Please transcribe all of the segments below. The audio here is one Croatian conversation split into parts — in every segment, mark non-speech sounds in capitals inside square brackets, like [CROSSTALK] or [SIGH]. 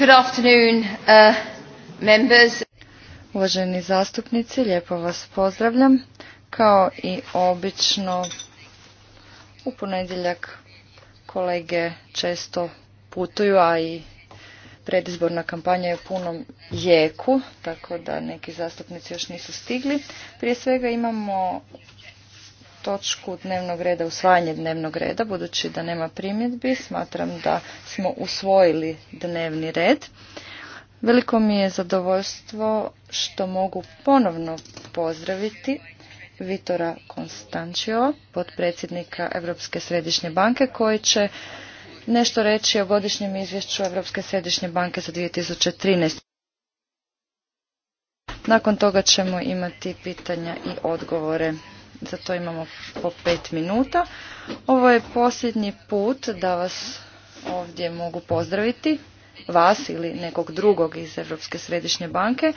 Good afternoon, uh, Uvaženi zastupnici, lijepo vas pozdravljam. Kao i obično u ponedjeljak kolege često putuju, a i predizborna kampanja je u punom jeku, tako da neki zastupnici još nisu stigli. Prije svega imamo točku dnevnog reda, usvajanje dnevnog reda, budući da nema primjedbi, smatram da smo usvojili dnevni red. Veliko mi je zadovoljstvo što mogu ponovno pozdraviti Vitora Konstančio, podpredsjednika Europske središnje banke, koji će nešto reći o godišnjem izvješću Europske središnje banke za 2013. Nakon toga ćemo imati pitanja i odgovore za to imamo po pet minuta. Ovo je posljednji put da vas ovdje mogu pozdraviti, vas ili nekog drugog iz Europske središnje banke.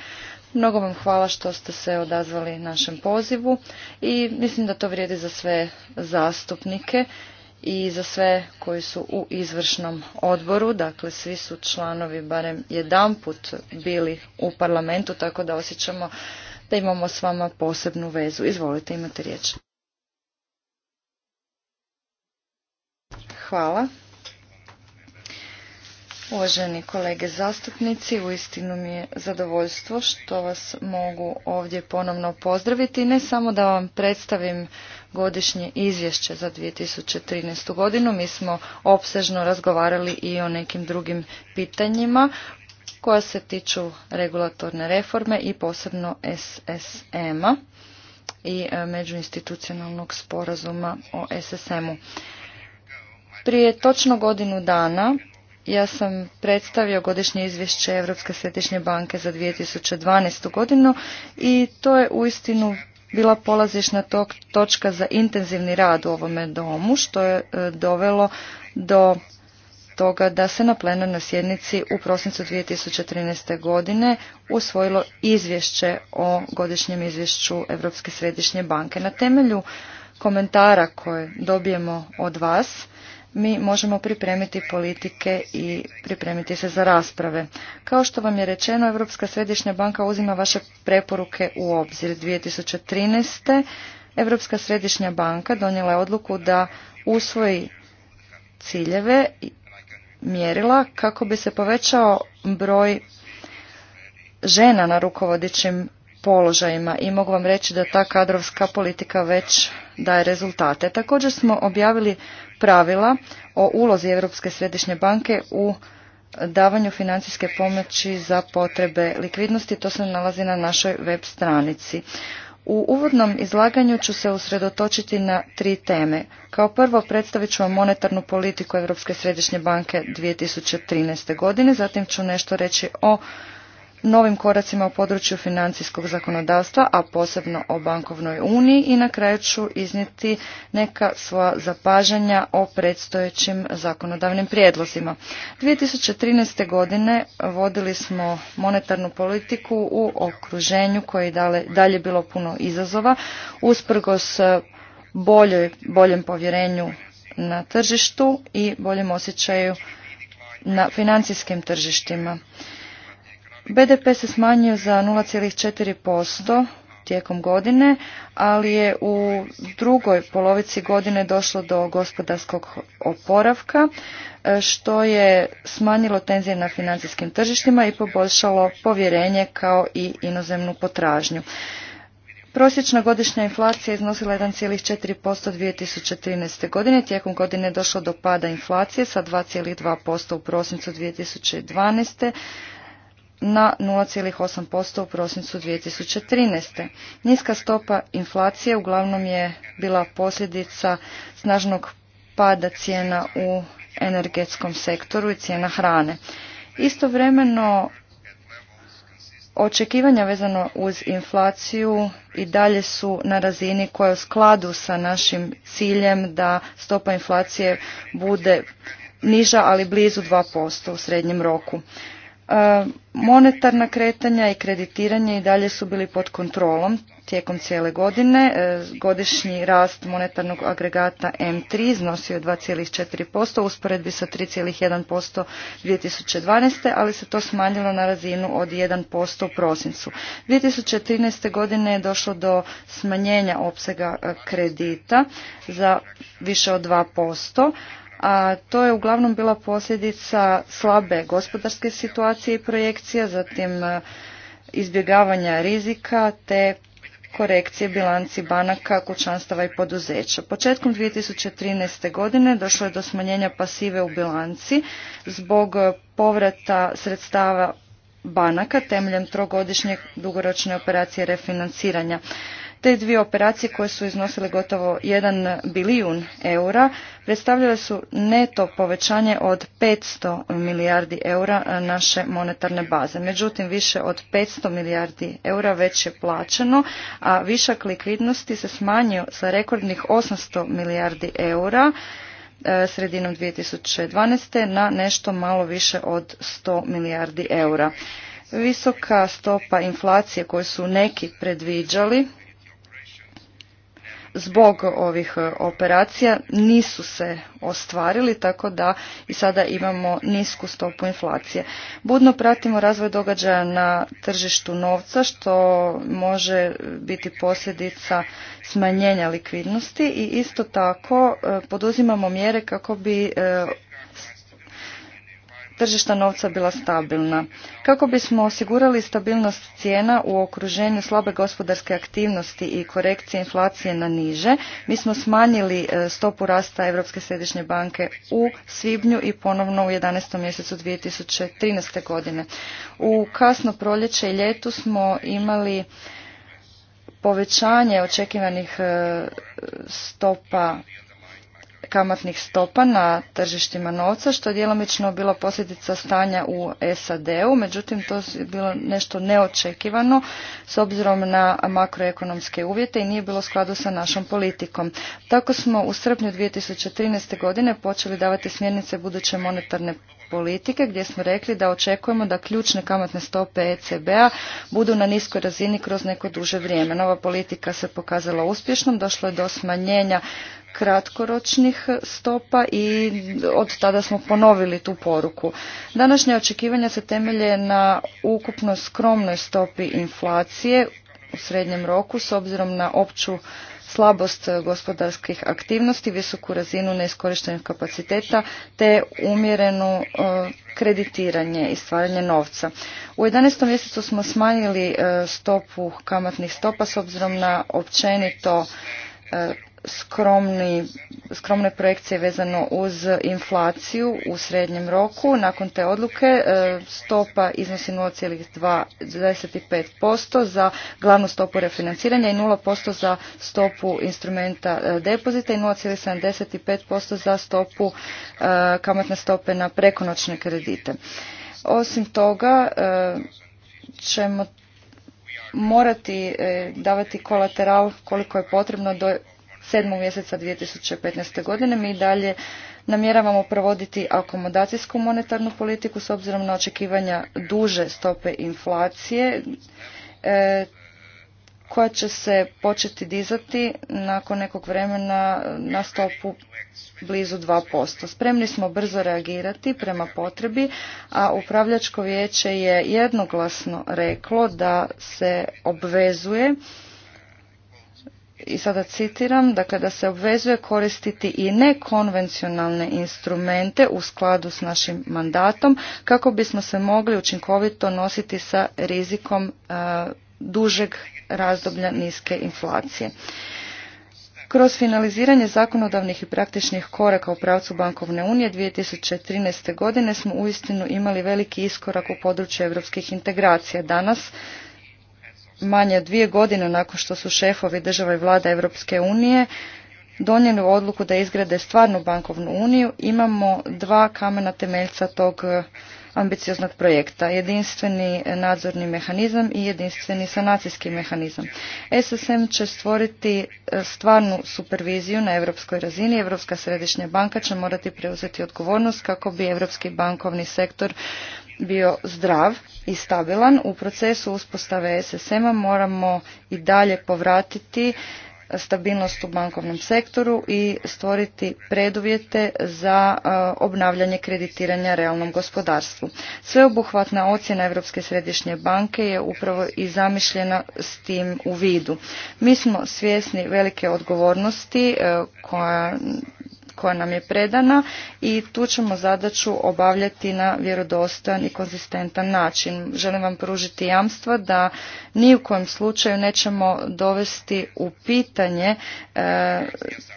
Mnogo vam hvala što ste se odazvali našem pozivu i mislim da to vrijedi za sve zastupnike i za sve koji su u izvršnom odboru, dakle svi su članovi barem jedanput bili u parlamentu, tako da osjećamo da imamo s vama posebnu vezu. Izvolite, imate riječ. Hvala. Uvaženi kolege zastupnici, uistinu mi je zadovoljstvo što vas mogu ovdje ponovno pozdraviti. Ne samo da vam predstavim godišnje izvješće za 2013. godinu, mi smo opsežno razgovarali i o nekim drugim pitanjima koja se tiču regulatorne reforme i posebno SSM-a i e, međuinstitucionalnog sporazuma o SSM-u. Prije točno godinu dana ja sam predstavio godišnje izvješće Europske središnje banke za 2012. godinu i to je uistinu bila polazišna točka za intenzivni rad u ovome domu, što je e, dovelo do toga da se na plenarnoj sjednici u prosincu 2013. godine usvojilo izvješće o godišnjem izvješću Europske središnje banke. Na temelju komentara koje dobijemo od vas, mi možemo pripremiti politike i pripremiti se za rasprave. Kao što vam je rečeno, Europska središnja banka uzima vaše preporuke u obzir. 2013. Europska središnja banka donijela je odluku da usvoji ciljeve mjerila kako bi se povećao broj žena na rukovodećim položajima i mogu vam reći da ta kadrovska politika već daje rezultate. Također smo objavili pravila o ulozi Europske središnje banke u davanju financijske pomoći za potrebe likvidnosti. To se nalazi na našoj web stranici. U uvodnom izlaganju ću se usredotočiti na tri teme. Kao prvo predstavit ću vam monetarnu politiku Europske središnje banke 2013. godine, zatim ću nešto reći o novim koracima u području financijskog zakonodavstva, a posebno o bankovnoj uniji i na kraju ću iznijeti neka svoja zapažanja o predstojećim zakonodavnim prijedlozima. 2013. godine vodili smo monetarnu politiku u okruženju koje je dalje bilo puno izazova, usprkos boljoj, boljem povjerenju na tržištu i boljem osjećaju na financijskim tržištima. BDP se smanjio za 0,4% tijekom godine, ali je u drugoj polovici godine došlo do gospodarskog oporavka, e, što je smanjilo tenzije na financijskim tržištima i poboljšalo povjerenje kao i inozemnu potražnju. Prosječna godišnja inflacija iznosila 1,4% 2013. godine. Tijekom godine je došlo do pada inflacije sa 2,2% u prosincu 2012 na 0,8% u prosincu 2013. Niska stopa inflacije uglavnom je bila posljedica snažnog pada cijena u energetskom sektoru i cijena hrane. Istovremeno očekivanja vezano uz inflaciju i dalje su na razini koja je u skladu sa našim ciljem da stopa inflacije bude niža, ali blizu 2% u srednjem roku. E, monetarna kretanja i kreditiranje i dalje su bili pod kontrolom tijekom cijele godine. E, godišnji rast monetarnog agregata M3 iznosio je 2,4% u usporedbi sa 3,1% 2012. ali se to smanjilo na razinu od 1% u prosincu. 2013. godine je došlo do smanjenja opsega e, kredita za više od 2%, a to je uglavnom bila posljedica slabe gospodarske situacije i projekcija, zatim e, izbjegavanja rizika te korekcije bilanci banaka, kućanstava i poduzeća. Početkom 2013. godine došlo je do smanjenja pasive u bilanci zbog povrata sredstava banaka temeljem trogodišnje dugoročne operacije refinanciranja. Te dvije operacije koje su iznosile gotovo 1 bilijun eura predstavljale su neto povećanje od 500 milijardi eura e, naše monetarne baze. Međutim, više od 500 milijardi eura već je plaćeno, a višak likvidnosti se smanjio sa rekordnih 800 milijardi eura e, sredinom 2012. na nešto malo više od 100 milijardi eura. Visoka stopa inflacije koju su neki predviđali zbog ovih e, operacija nisu se ostvarili, tako da i sada imamo nisku stopu inflacije. Budno pratimo razvoj događaja na tržištu novca, što može biti posljedica smanjenja likvidnosti i isto tako e, poduzimamo mjere kako bi e, tržišta novca bila stabilna. Kako bismo osigurali stabilnost cijena u okruženju slabe gospodarske aktivnosti i korekcije inflacije na niže, mi smo smanjili e, stopu rasta Europske središnje banke u svibnju i ponovno u 11. mjesecu 2013. godine. U kasno proljeće i ljetu smo imali povećanje očekivanih e, stopa kamatnih stopa na tržištima novca, što je djelomično bila posljedica stanja u SAD-u, međutim to je bilo nešto neočekivano s obzirom na makroekonomske uvjete i nije bilo u skladu sa našom politikom. Tako smo u srpnju 2013. godine počeli davati smjernice buduće monetarne politike gdje smo rekli da očekujemo da ključne kamatne stope ECB-a budu na niskoj razini kroz neko duže vrijeme. Nova politika se pokazala uspješnom, došlo je do smanjenja kratkoročnih stopa i od tada smo ponovili tu poruku. Današnje očekivanja se temelje na ukupno skromnoj stopi inflacije u srednjem roku s obzirom na opću slabost gospodarskih aktivnosti, visoku razinu neiskorištenih kapaciteta te umjerenu e, kreditiranje i stvaranje novca. U 11. mjesecu smo smanjili e, stopu kamatnih stopa s obzirom na općenito e, skromni, skromne projekcije vezano uz inflaciju u srednjem roku. Nakon te odluke e, stopa iznosi 0,25% za glavnu stopu refinanciranja i 0% za stopu instrumenta e, depozita i 0,75% za stopu e, kamatne stope na prekonočne kredite. Osim toga ćemo morati davati kolateral koliko je potrebno do 7. mjeseca 2015. godine. Mi dalje namjeravamo provoditi akomodacijsku monetarnu politiku s obzirom na očekivanja duže stope inflacije e, koja će se početi dizati nakon nekog vremena na stopu blizu 2%. Spremni smo brzo reagirati prema potrebi, a upravljačko vijeće je jednoglasno reklo da se obvezuje i sada citiram, dakle da se obvezuje koristiti i nekonvencionalne instrumente u skladu s našim mandatom kako bismo se mogli učinkovito nositi sa rizikom e, dužeg razdoblja niske inflacije. Kroz finaliziranje zakonodavnih i praktičnih koraka u pravcu bankovne unije 2013. godine smo uistinu imali veliki iskorak u području europskih integracija. Danas manje dvije godine nakon što su šefovi država i vlada Europske unije donijeli odluku da izgrade stvarnu bankovnu uniju, imamo dva kamena temeljca tog e, ambicioznog projekta, jedinstveni nadzorni mehanizam i jedinstveni sanacijski mehanizam. SSM će stvoriti e, stvarnu superviziju na europskoj razini. Europska središnja banka će morati preuzeti odgovornost kako bi europski bankovni sektor bio zdrav i stabilan. U procesu uspostave SSM-a moramo i dalje povratiti stabilnost u bankovnom sektoru i stvoriti preduvjete za e, obnavljanje kreditiranja realnom gospodarstvu. Sveobuhvatna ocjena Europske središnje banke je upravo i zamišljena s tim u vidu. Mi smo svjesni velike odgovornosti e, koja koja nam je predana i tu ćemo zadaću obavljati na vjerodostojan i konzistentan način. Želim vam pružiti jamstvo da ni u kojem slučaju nećemo dovesti u pitanje e,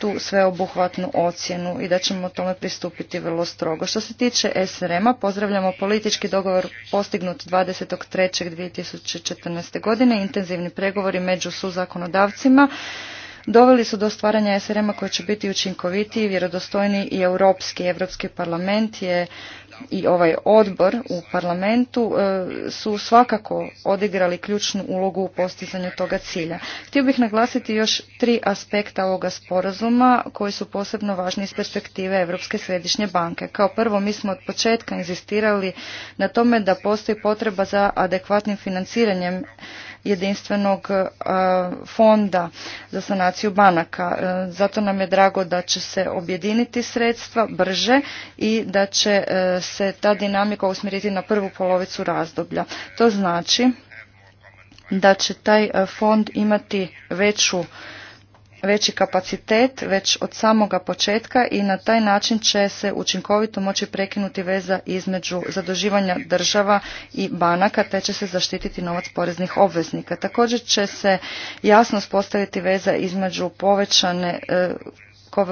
tu sveobuhvatnu ocjenu i da ćemo tome pristupiti vrlo strogo. Što se tiče SRM-a, pozdravljamo politički dogovor postignut 2014. godine, intenzivni pregovori među suzakonodavcima doveli su do stvaranja SRM-a koji će biti učinkovitiji, vjerodostojni i europski. Europski parlament je i ovaj odbor u parlamentu e, su svakako odigrali ključnu ulogu u postizanju toga cilja. Htio bih naglasiti još tri aspekta ovoga sporazuma koji su posebno važni iz perspektive Europske središnje banke. Kao prvo, mi smo od početka inzistirali na tome da postoji potreba za adekvatnim financiranjem jedinstvenog e, fonda za sanaciju banaka. E, zato nam je drago da će se objediniti sredstva brže i da će e, se ta dinamika usmjeriti na prvu polovicu razdoblja. To znači da će taj fond imati veću veći kapacitet već od samoga početka i na taj način će se učinkovito moći prekinuti veza između zaduživanja država i banaka te će se zaštititi novac poreznih obveznika. Također će se jasno spostaviti veza između povećane, e,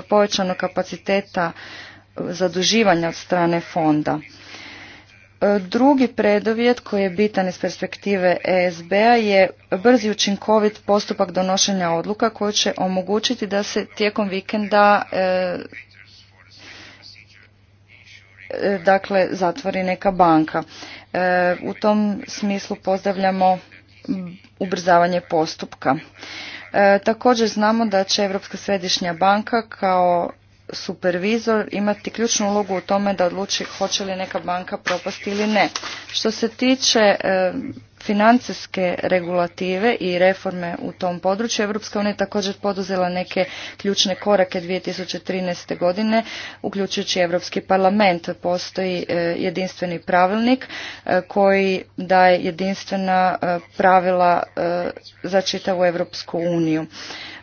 povećanog kapaciteta zaduživanja od strane fonda. E, drugi predovjet koji je bitan iz perspektive ESB-a je brzi učinkovit postupak donošenja odluka koji će omogućiti da se tijekom vikenda e, e, dakle zatvori neka banka. u tom smislu pozdravljamo ubrzavanje postupka. također znamo da će Europska središnja banka kao supervizor imati ključnu ulogu u tome da odluči hoće li neka banka propasti ili ne. Što se tiče e, financijske regulative i reforme u tom području, Europska unija je također poduzela neke ključne korake 2013. godine, uključujući Europski parlament. Postoji e, jedinstveni pravilnik e, koji daje jedinstvena pravila za čitavu Europsku uniju.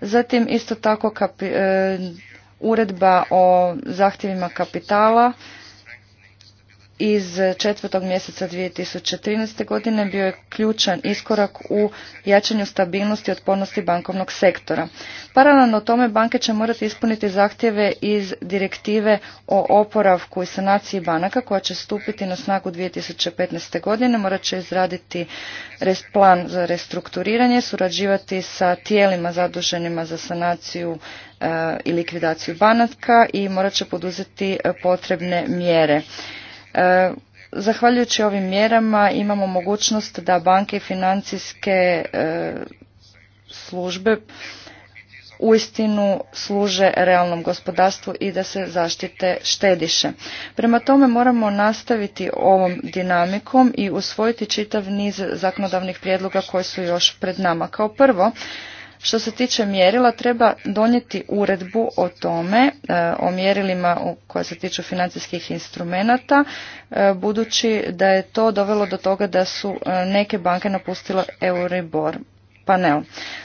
Zatim isto tako kapi, uredba o zahtjevima kapitala iz četvrtog mjeseca 2013. godine bio je ključan iskorak u jačanju stabilnosti i otpornosti bankovnog sektora. Paralelno tome banke će morati ispuniti zahtjeve iz direktive o oporavku i sanaciji banaka koja će stupiti na snagu 2015. godine. Morat će izraditi plan za restrukturiranje, surađivati sa tijelima zaduženima za sanaciju E, i likvidaciju banaka i morat će poduzeti e, potrebne mjere. E, zahvaljujući ovim mjerama imamo mogućnost da banke i financijske službe uistinu služe realnom gospodarstvu i da se zaštite štediše. Prema tome moramo nastaviti ovom dinamikom i usvojiti čitav niz zakonodavnih prijedloga koji su još pred nama. Kao prvo, što se tiče mjerila, treba donijeti uredbu o tome, e, o mjerilima koje se tiču financijskih instrumenata, e, budući da je to dovelo do toga da su e, neke banke napustile Euribor panel.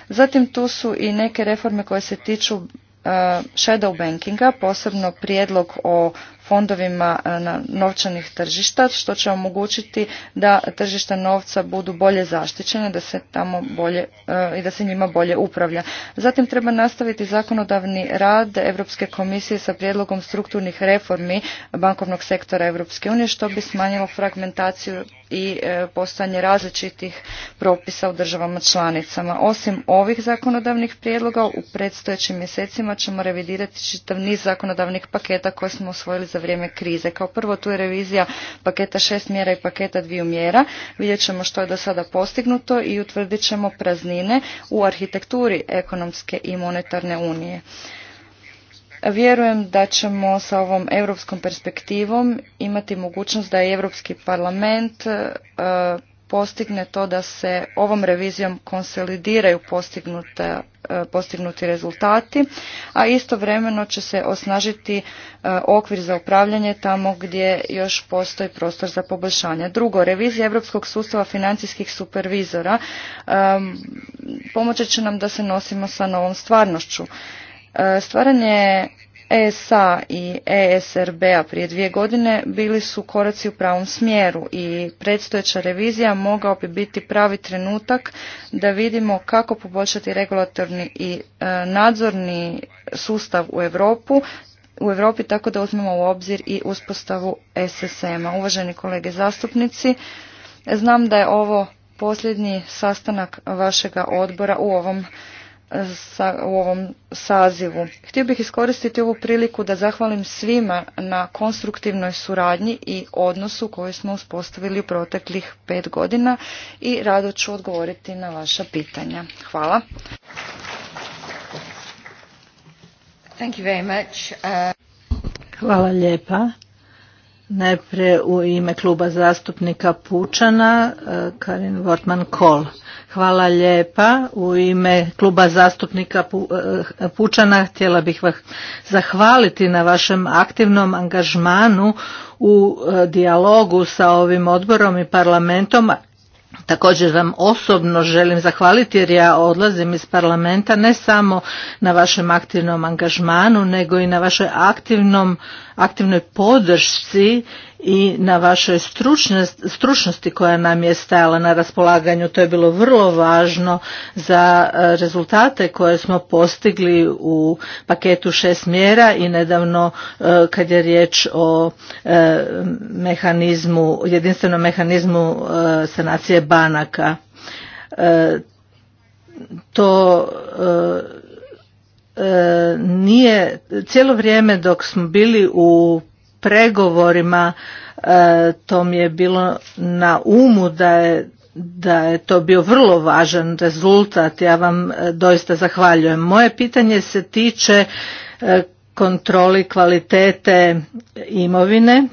Zatim tu su i neke reforme koje se tiču shadow bankinga, posebno prijedlog o fondovima e, na novčanih tržišta, što će omogućiti da tržišta novca budu bolje zaštićene, da se tamo bolje e, i da se njima bolje upravlja. Zatim treba nastaviti zakonodavni rad Europske komisije sa prijedlogom strukturnih reformi bankovnog sektora Europske unije, što bi smanjilo fragmentaciju i e, postojanje različitih propisa u državama članicama. Osim ovih zakonodavnih prijedloga, u predstojećim mjesecima ćemo revidirati čitav niz zakonodavnih paketa koje smo usvojili za za vrijeme krize. Kao prvo tu je revizija paketa šest mjera i paketa dviju mjera. Vidjet ćemo što je do sada postignuto i utvrdit ćemo praznine u arhitekturi ekonomske i monetarne unije. Vjerujem da ćemo sa ovom europskom perspektivom imati mogućnost da je Europski parlament e, postigne to da se ovom revizijom konsolidiraju e, postignuti rezultati, a istovremeno će se osnažiti e, okvir za upravljanje tamo gdje još postoji prostor za poboljšanje. Drugo, revizija Europskog sustava financijskih supervizora e, pomoći će nam da se nosimo sa novom stvarnošću. Stvaranje ESA i ESRB-a prije dvije godine bili su koraci u pravom smjeru i predstojeća revizija mogao bi biti pravi trenutak da vidimo kako poboljšati regulatorni i e, nadzorni sustav u Europu u Europi tako da uzmemo u obzir i uspostavu SSM-a. Uvaženi kolege zastupnici, znam da je ovo posljednji sastanak vašega odbora u ovom u ovom sazivu. Htio bih iskoristiti ovu priliku da zahvalim svima na konstruktivnoj suradnji i odnosu koji smo uspostavili u proteklih pet godina i rado ću odgovoriti na vaša pitanja. Hvala. Uh, Hvala lijepa. Najprije u ime kluba zastupnika Pučana, e, Karin wortman kol Hvala lijepa. U ime kluba zastupnika e, Pučana htjela bih vas zahvaliti na vašem aktivnom angažmanu u e, dijalogu sa ovim odborom i parlamentom. Također vam osobno želim zahvaliti jer ja odlazim iz parlamenta ne samo na vašem aktivnom angažmanu nego i na vašoj aktivnom aktivnoj podršci i na vašoj stručnosti koja nam je stajala na raspolaganju. To je bilo vrlo važno za e, rezultate koje smo postigli u paketu šest mjera i nedavno e, kad je riječ o e, mehanizmu, jedinstvenom mehanizmu sanacije banaka. To E, nije cijelo vrijeme dok smo bili u pregovorima e, to mi je bilo na umu da je da je to bio vrlo važan rezultat ja vam e, doista zahvaljujem moje pitanje se tiče kontroli kvalitete imovine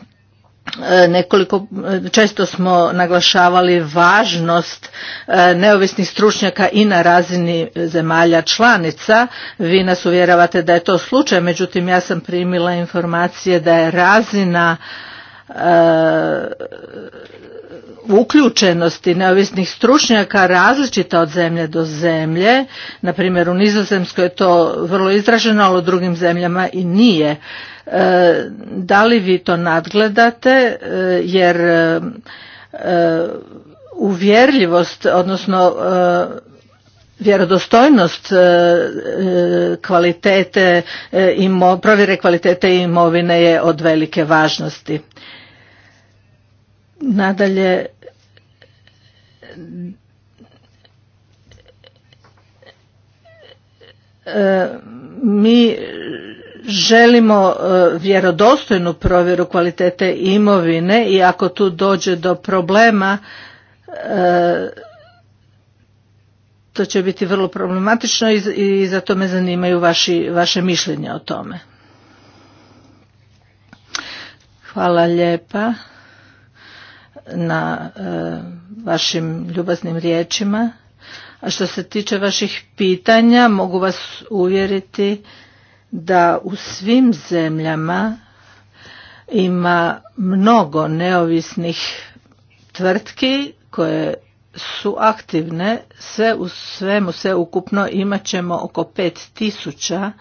E, nekoliko e, često smo naglašavali važnost e, neovisnih stručnjaka i na razini zemalja članica vi nas uvjeravate da je to slučaj međutim ja sam primila informacije da je razina uključenosti neovisnih stručnjaka različita od zemlje do zemlje na primjer u nizozemskoj je to vrlo izraženo ali u drugim zemljama i nije E, da li vi to nadgledate e, jer e, uvjerljivost odnosno vjerodostojnost kvalitete provjere kvalitete imovine je od velike važnosti nadalje mi želimo e, vjerodostojnu provjeru kvalitete imovine i ako tu dođe do problema e, to će biti vrlo problematično i zato me zanimaju vaši, vaše mišljenje o tome. Hvala lijepa na e, vašim ljubaznim riječima. A što se tiče vaših pitanja, mogu vas uvjeriti da u svim zemljama ima mnogo neovisnih tvrtki koje su aktivne, sve u svemu sve ukupno imat ćemo oko 5000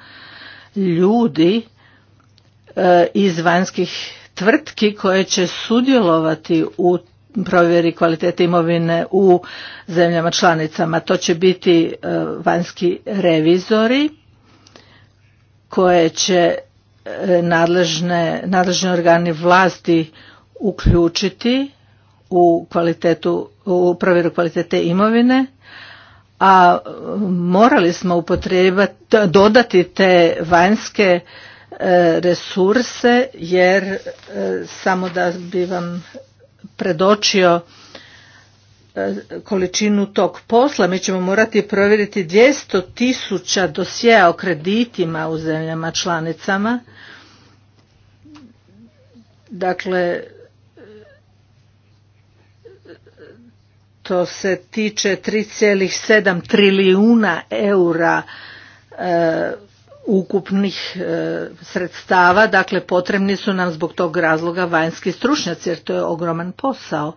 ljudi e, iz vanjskih tvrtki koje će sudjelovati u provjeri kvalitete imovine u zemljama članicama. To će biti e, vanjski revizori koje će e, nadležne, nadležne organi vlasti uključiti u kvalitetu u provjeru kvalitete imovine a morali smo upotrebati dodati te vanjske e, resurse jer e, samo da bi vam predočio količinu tog posla. Mi ćemo morati provjeriti 200 tisuća dosjeja o kreditima u zemljama članicama. Dakle, to se tiče 3,7 trilijuna eura e, ukupnih e, sredstava, dakle potrebni su nam zbog tog razloga vanjski stručnjaci jer to je ogroman posao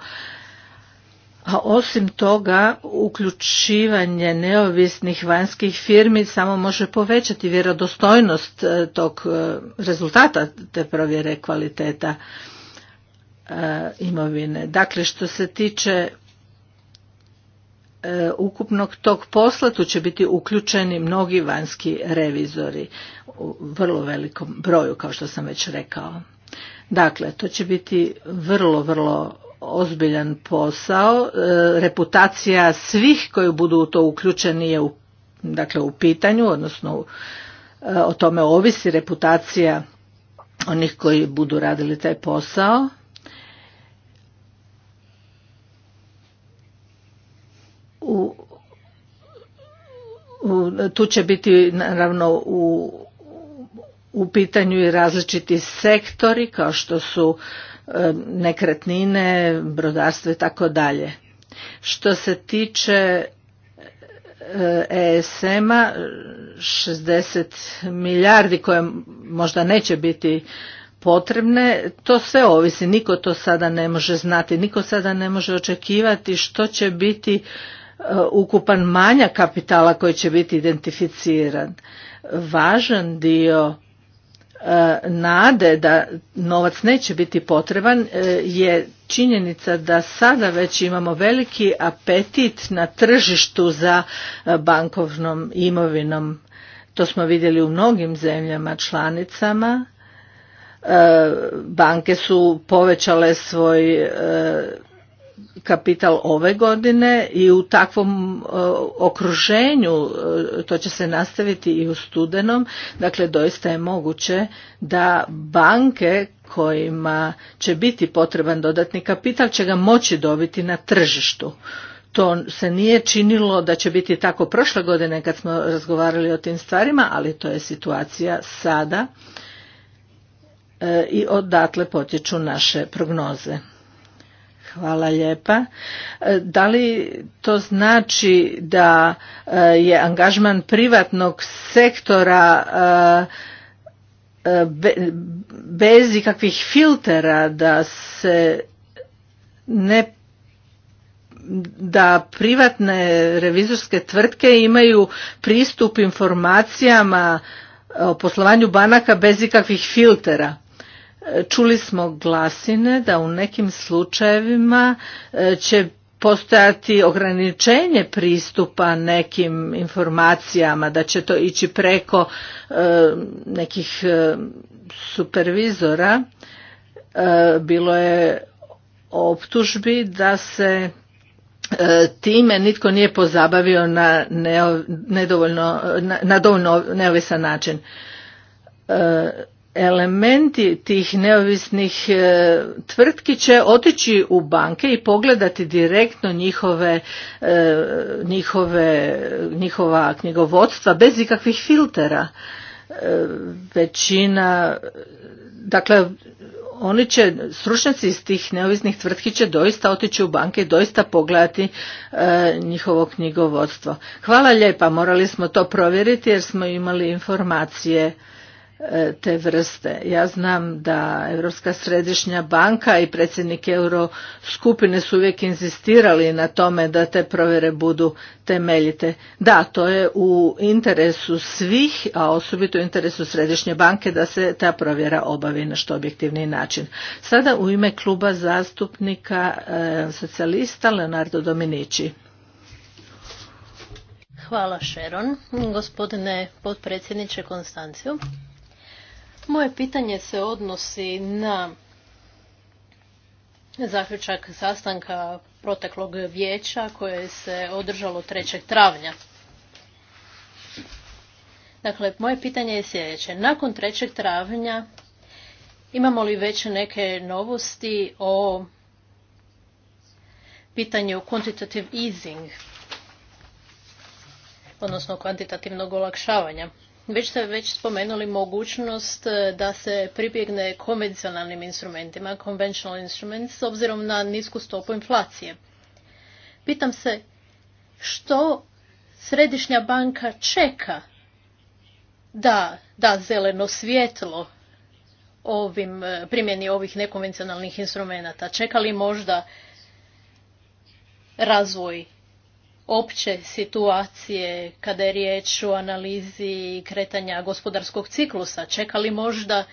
a osim toga uključivanje neovisnih vanjskih firmi samo može povećati vjerodostojnost e, tog e, rezultata te provjere kvaliteta e, imovine. Dakle, što se tiče ukupnog tog posla, tu će biti uključeni mnogi vanjski revizori u vrlo velikom broju, kao što sam već rekao. Dakle, to će biti vrlo, vrlo ozbiljan posao. E, reputacija svih koji budu u to uključeni je u, dakle, u pitanju, odnosno e, o tome ovisi reputacija onih koji budu radili taj posao. U, tu će biti naravno u, u pitanju i različiti sektori kao što su E, nekretnine, brodarstvo i tako dalje. Što se tiče ESM-a e 60 milijardi koje možda neće biti potrebne, to sve ovisi, niko to sada ne može znati, niko sada ne može očekivati što će biti e, ukupan manja kapitala koji će biti identificiran. Važan dio E, nade da novac neće biti potreban e, je činjenica da sada već imamo veliki apetit na tržištu za e, bankovnom imovinom. To smo vidjeli u mnogim zemljama članicama. Banke su povećale svoj kapital ove godine i u takvom e, okruženju e, to će se nastaviti i u studenom. Dakle, doista je moguće da banke kojima će biti potreban dodatni kapital će ga moći dobiti na tržištu. To se nije činilo da će biti tako prošle godine kad smo razgovarali o tim stvarima, ali to je situacija sada e, i odatle potječu naše prognoze. Hvala lijepa. E, da li to znači da e, je angažman privatnog sektora e, bez ikakvih filtera da se ne da privatne revizorske tvrtke imaju pristup informacijama o poslovanju banaka bez ikakvih filtera Čuli smo glasine da u nekim slučajevima e, će postojati ograničenje pristupa nekim informacijama, da će to ići preko e, nekih e, supervizora. Bilo je optužbi da se time nitko nije pozabavio na, nedovoljno, na dovoljno neovisan način elementi tih neovisnih e, tvrtki će otići u banke i pogledati direktno njihove, e, njihove, njihova knjigovodstva bez ikakvih filtera. E, većina, dakle, oni će, stručnjaci iz tih neovisnih tvrtki će doista otići u banke i doista pogledati njihovo knjigovodstvo. Hvala lijepa, morali smo to provjeriti jer smo imali informacije E, te vrste. Ja znam da Europska središnja banka i predsjednik euro skupine su uvijek inzistirali na tome da te provjere budu temeljite. Da, to je u interesu svih, a osobito u interesu središnje banke da se ta provjera obavi na što objektivniji način. Sada u ime kluba zastupnika e, socijalista Leonardo Dominici. Hvala Šeron. Gospodine potpredsjedniče Konstanciju. Moje pitanje se odnosi na zaključak sastanka proteklog vijeća koje se održalo 3. travnja. Dakle, moje pitanje je sljedeće. Nakon 3. travnja imamo li već neke novosti o pitanju quantitative easing, odnosno kvantitativnog olakšavanja? Vi ste već spomenuli mogućnost e, da se pribjegne konvencionalnim instrumentima, conventional instruments, s obzirom na nisku stopu inflacije. Pitam se što središnja banka čeka da da zeleno svjetlo ovim, e, primjeni ovih nekonvencionalnih instrumenata? Čeka li možda razvoj opće situacije kada je riječ o analizi kretanja gospodarskog ciklusa? Čeka li možda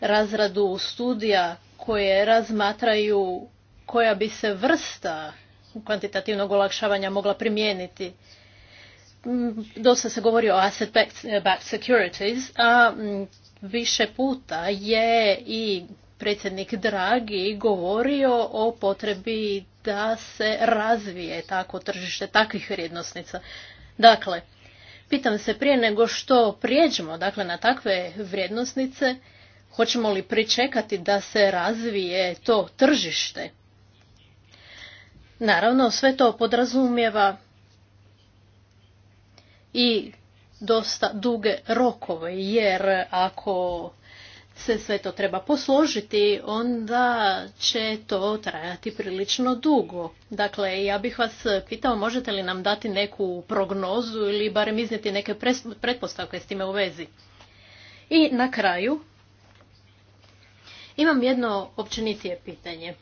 razradu studija koje razmatraju koja bi se vrsta kvantitativnog olakšavanja mogla primijeniti? Mm, dosta se govori o asset-backed securities, a mm, više puta je i predsjednik Dragi govorio o potrebi da se razvije tako tržište takvih vrijednosnica. Dakle, pitam se prije nego što prijeđemo dakle, na takve vrijednosnice, hoćemo li pričekati da se razvije to tržište? Naravno, sve to podrazumijeva i dosta duge rokove, jer ako se sve to treba posložiti, onda će to trajati prilično dugo. Dakle, ja bih vas pitao možete li nam dati neku prognozu ili barem iznijeti neke pretpostavke s time u vezi. I na kraju imam jedno općenitije pitanje.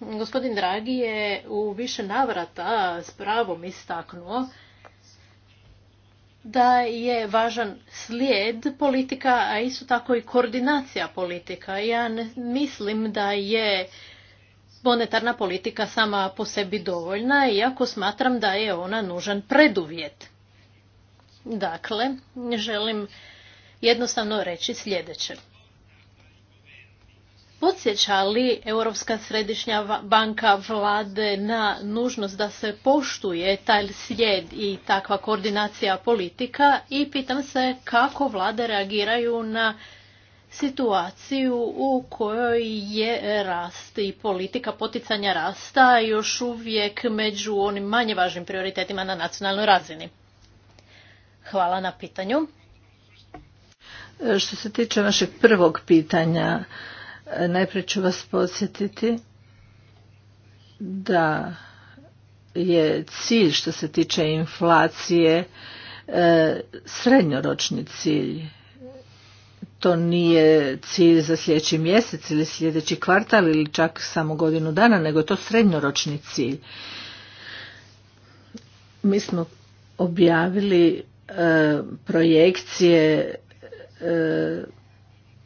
Gospodin Dragi je u više navrata s pravom istaknuo da je važan slijed politika, a isto tako i koordinacija politika. Ja ne mislim da je monetarna politika sama po sebi dovoljna, iako smatram da je ona nužan preduvjet. Dakle, želim jednostavno reći sljedeće. Podsjeća li Europska središnja banka vlade na nužnost da se poštuje taj slijed i takva koordinacija politika i pitam se kako vlade reagiraju na situaciju u kojoj je rast i politika poticanja rasta još uvijek među onim manje važnim prioritetima na nacionalnoj razini. Hvala na pitanju. E, što se tiče vašeg prvog pitanja, Najprije ću vas podsjetiti da je cilj što se tiče inflacije e, srednjoročni cilj. To nije cilj za sljedeći mjesec ili sljedeći kvartal ili čak samo godinu dana, nego je to srednjoročni cilj. Mi smo objavili e, projekcije e,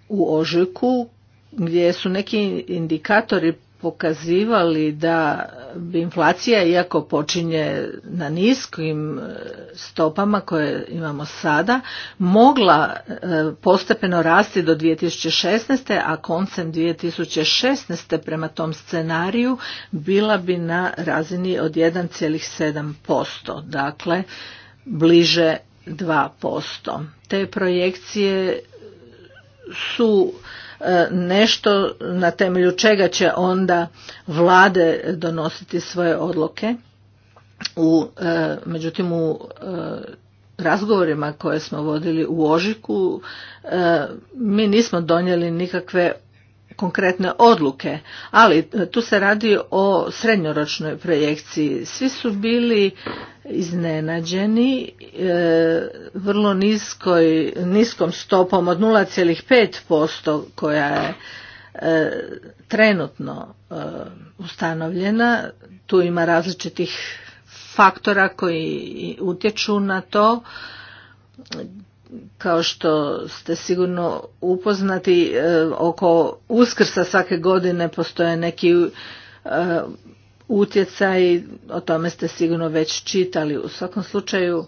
u ožujku gdje su neki indikatori pokazivali da bi inflacija iako počinje na niskim e, stopama koje imamo sada mogla e, postepeno rasti do 2016. a koncem 2016. prema tom scenariju bila bi na razini od 1,7%, dakle bliže 2%. Te projekcije su E, nešto na temelju čega će onda vlade donositi svoje odluke u e, međutim u e, razgovorima koje smo vodili u ožiku mi nismo donijeli nikakve konkretne odluke, ali tu se radi o srednjoročnoj projekciji. Svi su bili iznenađeni e, vrlo niskoj, niskom stopom od 0,5% koja je e, trenutno e, ustanovljena. Tu ima različitih faktora koji utječu na to. Kao što ste sigurno upoznati, oko uskrsa svake godine postoje neki utjecaj, o tome ste sigurno već čitali. U svakom slučaju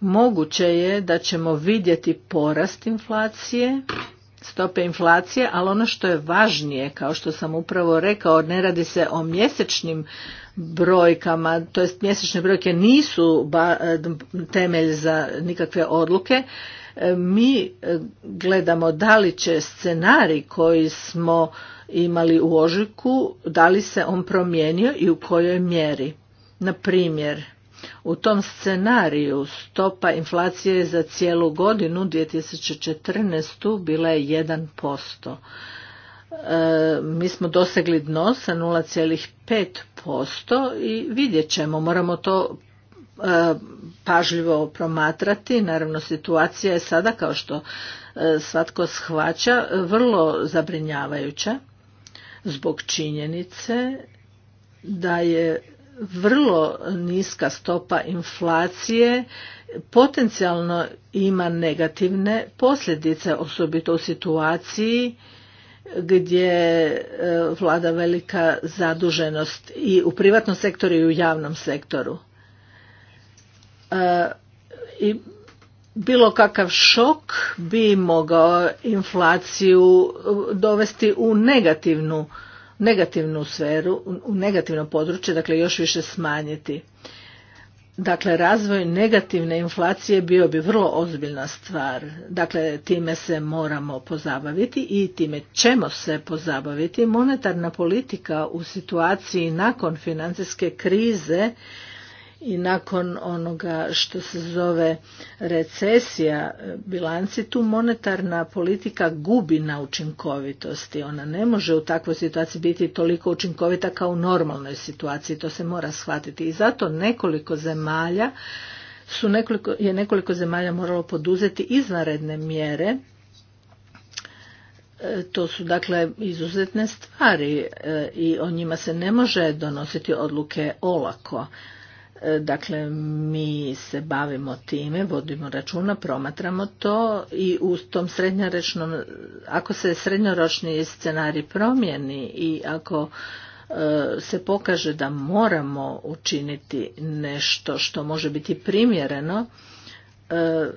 moguće je da ćemo vidjeti porast inflacije, stope inflacije, ali ono što je važnije, kao što sam upravo rekao, ne radi se o mjesečnim brojkama, to jest mjesečne brojke nisu e, temelj za nikakve odluke, E, mi e, gledamo da li će scenarij koji smo imali u ožujku, da li se on promijenio i u kojoj mjeri. Na primjer, u tom scenariju stopa inflacije za cijelu godinu 2014. bila je 1%. posto e, mi smo dosegli dno sa 0,5% i vidjet ćemo, moramo to E, pažljivo promatrati. Naravno, situacija je sada, kao što e, svatko shvaća, vrlo zabrinjavajuća zbog činjenice da je vrlo niska stopa inflacije potencijalno ima negativne posljedice, osobito u situaciji gdje e, vlada velika zaduženost i u privatnom sektoru i u javnom sektoru i bilo kakav šok bi mogao inflaciju uh, dovesti u negativnu negativnu sferu, u negativno područje, dakle još više smanjiti. Dakle, razvoj negativne inflacije bio bi vrlo ozbiljna stvar. Dakle, time se moramo pozabaviti i time ćemo se pozabaviti. Monetarna politika u situaciji nakon financijske krize i nakon onoga što se zove recesija e, bilanci, tu monetarna politika gubi na učinkovitosti. Ona ne može u takvoj situaciji biti toliko učinkovita kao u normalnoj situaciji, to se mora shvatiti. I zato nekoliko zemalja su nekoliko, je nekoliko zemalja moralo poduzeti izvanredne mjere e, to su dakle izuzetne stvari e, i o njima se ne može donositi odluke olako. E, dakle, mi se bavimo time, vodimo računa, promatramo to i u tom srednjoročnom, ako se srednjoročni scenarij promijeni i ako e, se pokaže da moramo učiniti nešto što može biti primjereno, e,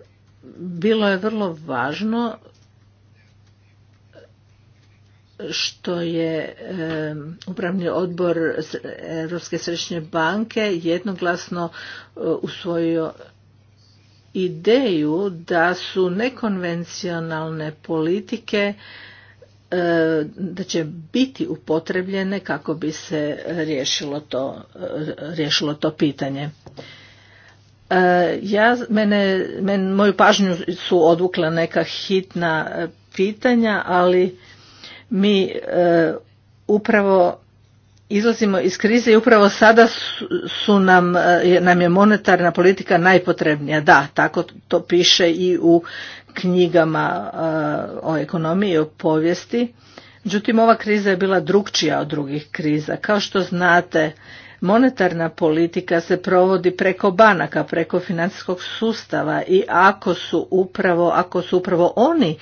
bilo je vrlo važno što je upravni odbor Europske središnje banke jednoglasno e, usvojio ideju da su nekonvencionalne politike e, da će biti upotrebljene kako bi se riješilo to, e, riješilo to pitanje. Ja, mene, men, moju pažnju su odvukla neka hitna pitanja, ali mi e, upravo izlazimo iz krize i upravo sada su nam, e, nam je monetarna politika najpotrebnija. Da, tako to piše i u knjigama e, o ekonomiji i o povijesti. Međutim, ova kriza je bila drukčija od drugih kriza. Kao što znate, monetarna politika se provodi preko banaka, preko financijskog sustava i ako su upravo, ako su upravo oni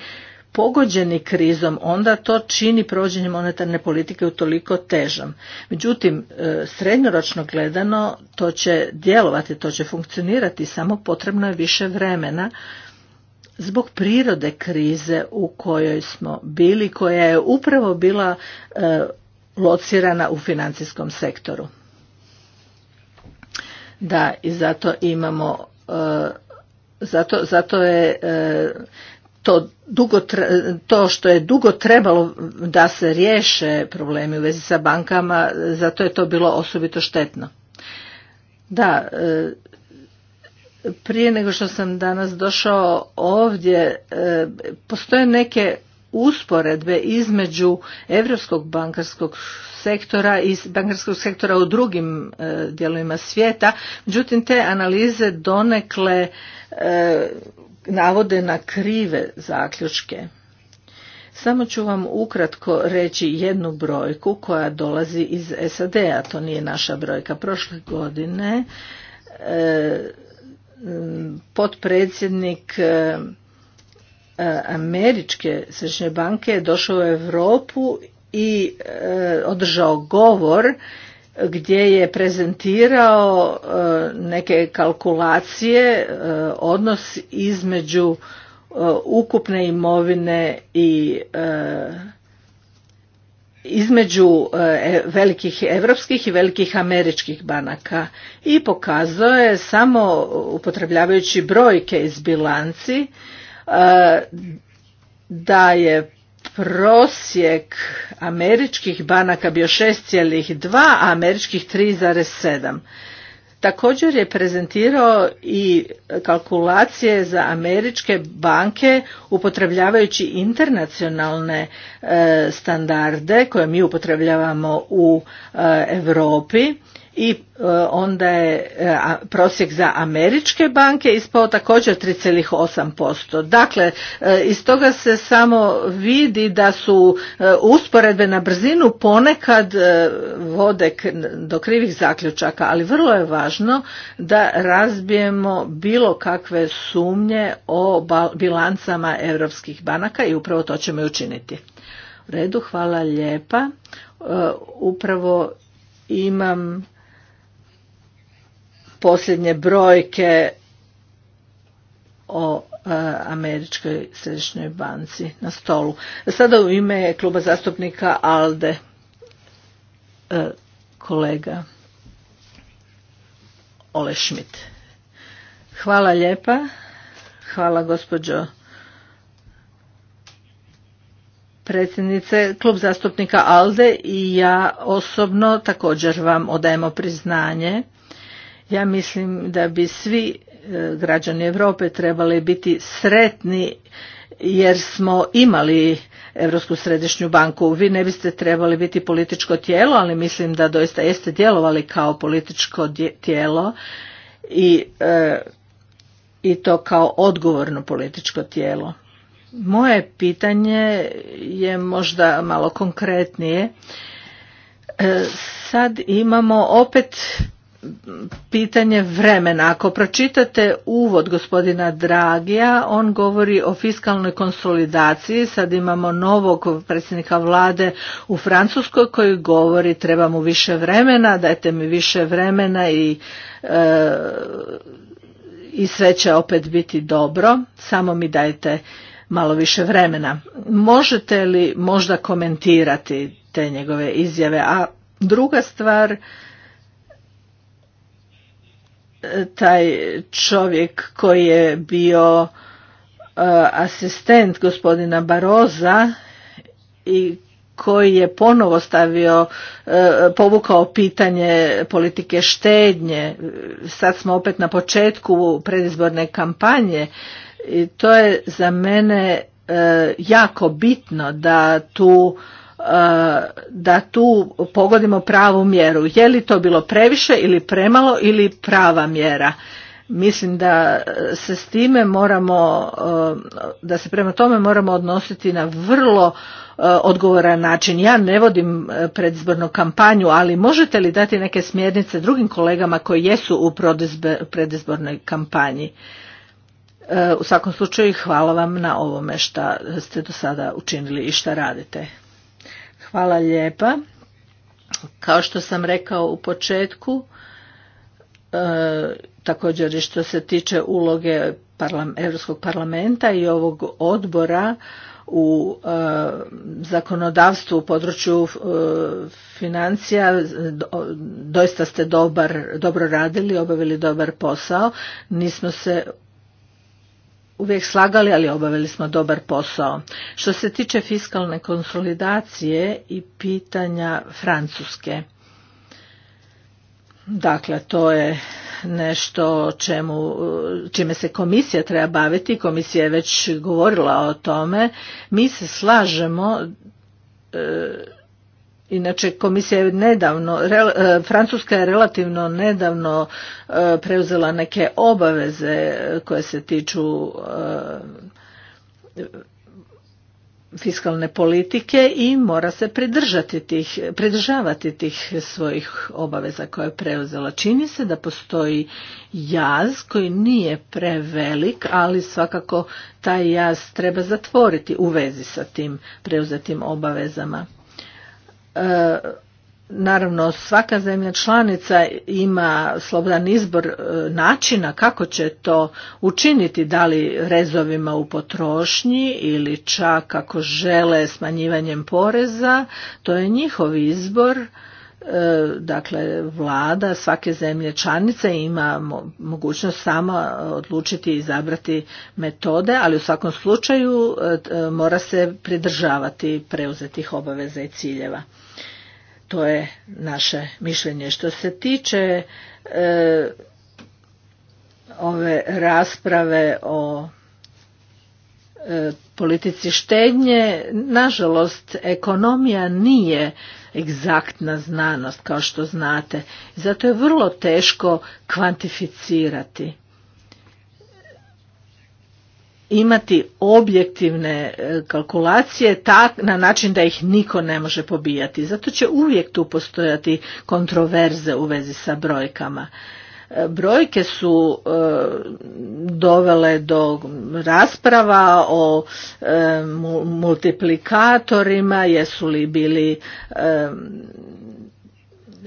pogođeni krizom, onda to čini provođenje monetarne politike u toliko težom. Međutim, e, srednjoročno gledano to će djelovati, to će funkcionirati, samo potrebno je više vremena zbog prirode krize u kojoj smo bili, koja je upravo bila e, locirana u financijskom sektoru. Da, i zato imamo e, zato, zato je to, dugo, to što je dugo trebalo da se riješe problemi u vezi sa bankama, zato je to bilo osobito štetno. Da, e, prije nego što sam danas došao ovdje, e, postoje neke usporedbe između europskog bankarskog sektora i bankarskog sektora u drugim e, dijelovima svijeta međutim te analize donekle navode na krive zaključke. Samo ću vam ukratko reći jednu brojku koja dolazi iz SAD-a, to nije naša brojka. Prošle godine e, potpredsjednik e, e, Američke središnje banke je došao u Europu i e, održao govor gdje je prezentirao e, neke kalkulacije e, odnos između e, ukupne imovine i između velikih europskih i velikih američkih banaka i pokazao je samo upotrebljavajući brojke iz bilanci da je prosjek američkih banaka bio 6,2, a američkih 3,7. Također je prezentirao i kalkulacije za američke banke upotrebljavajući internacionalne e, standarde koje mi upotrebljavamo u e, Europi i e, onda je e, prosjek za američke banke ispao također 3,8%. Dakle, e, iz toga se samo vidi da su usporedbe na brzinu ponekad vode do krivih zaključaka, ali vrlo je važno da razbijemo bilo kakve sumnje o bilancama europskih banaka i upravo to ćemo i učiniti. U redu, hvala lijepa. Upravo imam posljednje brojke o e, Američkoj središnjoj banci na stolu. Sada u ime kluba zastupnika ALDE e, kolega Ole Schmidt. Hvala lijepa. Hvala gospođo predsjednice. Klub zastupnika ALDE i ja osobno također vam odajemo priznanje ja mislim da bi svi e, građani Europe trebali biti sretni jer smo imali Europsku središnju banku. Vi ne biste trebali biti političko tijelo, ali mislim da doista jeste djelovali kao političko tijelo i, e, i to kao odgovorno političko tijelo. Moje pitanje je možda malo konkretnije. E, sad imamo opet pitanje vremena. Ako pročitate uvod gospodina Dragija, on govori o fiskalnoj konsolidaciji. Sad imamo novog predsjednika vlade u Francuskoj koji govori treba mu više vremena, dajte mi više vremena i, e, i sve će opet biti dobro, samo mi dajte malo više vremena. Možete li možda komentirati te njegove izjave? A druga stvar taj čovjek koji je bio e, asistent gospodina Baroza i koji je ponovo stavio, e, povukao pitanje politike štednje. Sad smo opet na početku predizborne kampanje i to je za mene e, jako bitno da tu da tu pogodimo pravu mjeru. Je li to bilo previše ili premalo ili prava mjera? Mislim da se s time moramo, eh, da se prema tome moramo odnositi na vrlo eh, odgovoran način. Ja ne vodim eh, predizbornu kampanju, ali možete li dati neke smjernice drugim kolegama koji jesu u predizbornoj kampanji? U svakom slučaju hvala vam na ovome što ste do sada učinili i što radite. Hvala lijepa. Kao što sam rekao u početku, e, također i što se tiče uloge Europskog parlamenta i ovog odbora u e, zakonodavstvu u području e, financija doista ste dobar, dobro radili, obavili dobar posao. Nismo se uvijek slagali, ali obavili smo dobar posao. Što se tiče fiskalne konsolidacije i pitanja Francuske, Dakle, to je nešto čemu, čime se komisija treba baviti, komisija je već govorila o tome. Mi se slažemo e, Inače, komisija je nedavno, e, Francuska je relativno nedavno e, preuzela neke obaveze koje se tiču e, fiskalne politike i mora se pridržati tih, pridržavati tih svojih obaveza koje je preuzela. Čini se da postoji jaz koji nije prevelik, ali svakako taj jaz treba zatvoriti u vezi sa tim preuzetim obavezama. E, naravno, svaka zemlja članica ima slobodan izbor e, načina kako će to učiniti, da li rezovima u potrošnji ili čak ako žele smanjivanjem poreza, to je njihov izbor. E, dakle, vlada svake zemlje članice ima mogućnost sama odlučiti i izabrati metode, ali u svakom slučaju mora se pridržavati preuzetih obaveza i ciljeva. To je naše mišljenje. Što se tiče e, ove rasprave o e, politici štednje, nažalost, ekonomija nije egzaktna znanost, kao što znate. Zato je vrlo teško kvantificirati imati objektivne e, kalkulacije tak, na način da ih niko ne može pobijati. Zato će uvijek tu postojati kontroverze u vezi sa brojkama. E, brojke su e, dovele do rasprava o multiplikatorima, jesu li bili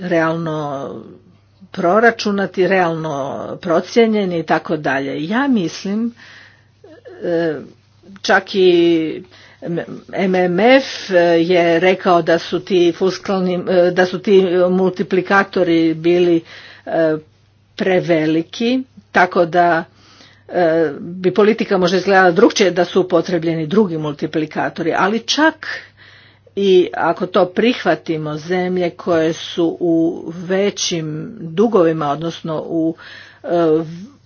realno proračunati, realno procijenjeni i tako dalje. Ja mislim E, čak i MMF e, je rekao da su ti fuskalni, e, da su ti multiplikatori bili preveliki, tako da bi politika možda izgledala drugčije da su upotrebljeni drugi multiplikatori, ali čak i ako to prihvatimo zemlje koje su u većim dugovima, odnosno u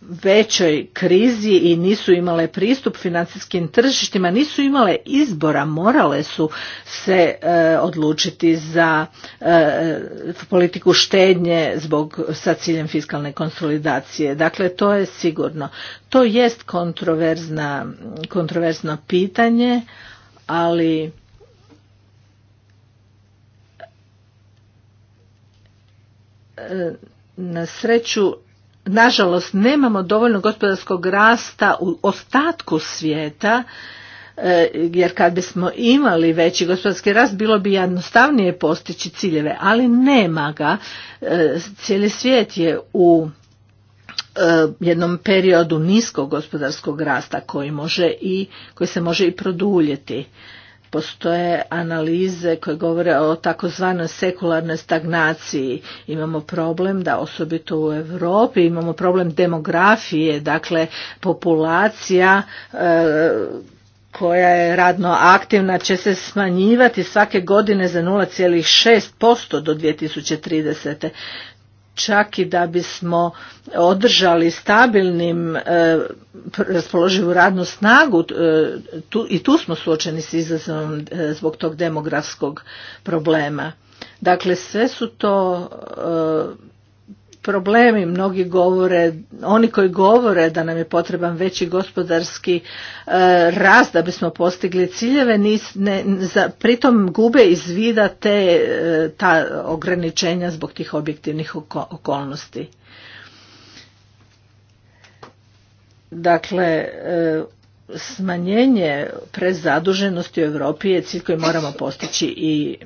većoj krizi i nisu imale pristup financijskim tržištima, nisu imale izbora, morale su se e, odlučiti za e, politiku štednje zbog sa ciljem fiskalne konsolidacije. Dakle, to je sigurno. To jest kontroverzna, kontroverzno pitanje, ali e, na sreću nažalost nemamo dovoljno gospodarskog rasta u ostatku svijeta e, jer kad bismo imali veći gospodarski rast bilo bi jednostavnije postići ciljeve, ali nema ga. E, cijeli svijet je u e, jednom periodu niskog gospodarskog rasta koji može i koji se može i produljiti postoje analize koje govore o takozvanoj sekularnoj stagnaciji. Imamo problem da osobito u Europi imamo problem demografije, dakle populacija e, koja je radno aktivna će se smanjivati svake godine za 0,6% do 2030 čak i da bismo održali stabilnim e, raspoloživu radnu snagu e, tu, i tu smo suočeni s izazovom e, zbog tog demografskog problema. Dakle, sve su to problemi. Mnogi govore, oni koji govore da nam je potreban veći gospodarski e, rast da bismo postigli ciljeve, nis, ne, za, pritom gube iz vida te, e, ta ograničenja zbog tih objektivnih okolnosti. Dakle, e, smanjenje prezaduženosti u Europi je cilj koji moramo postići i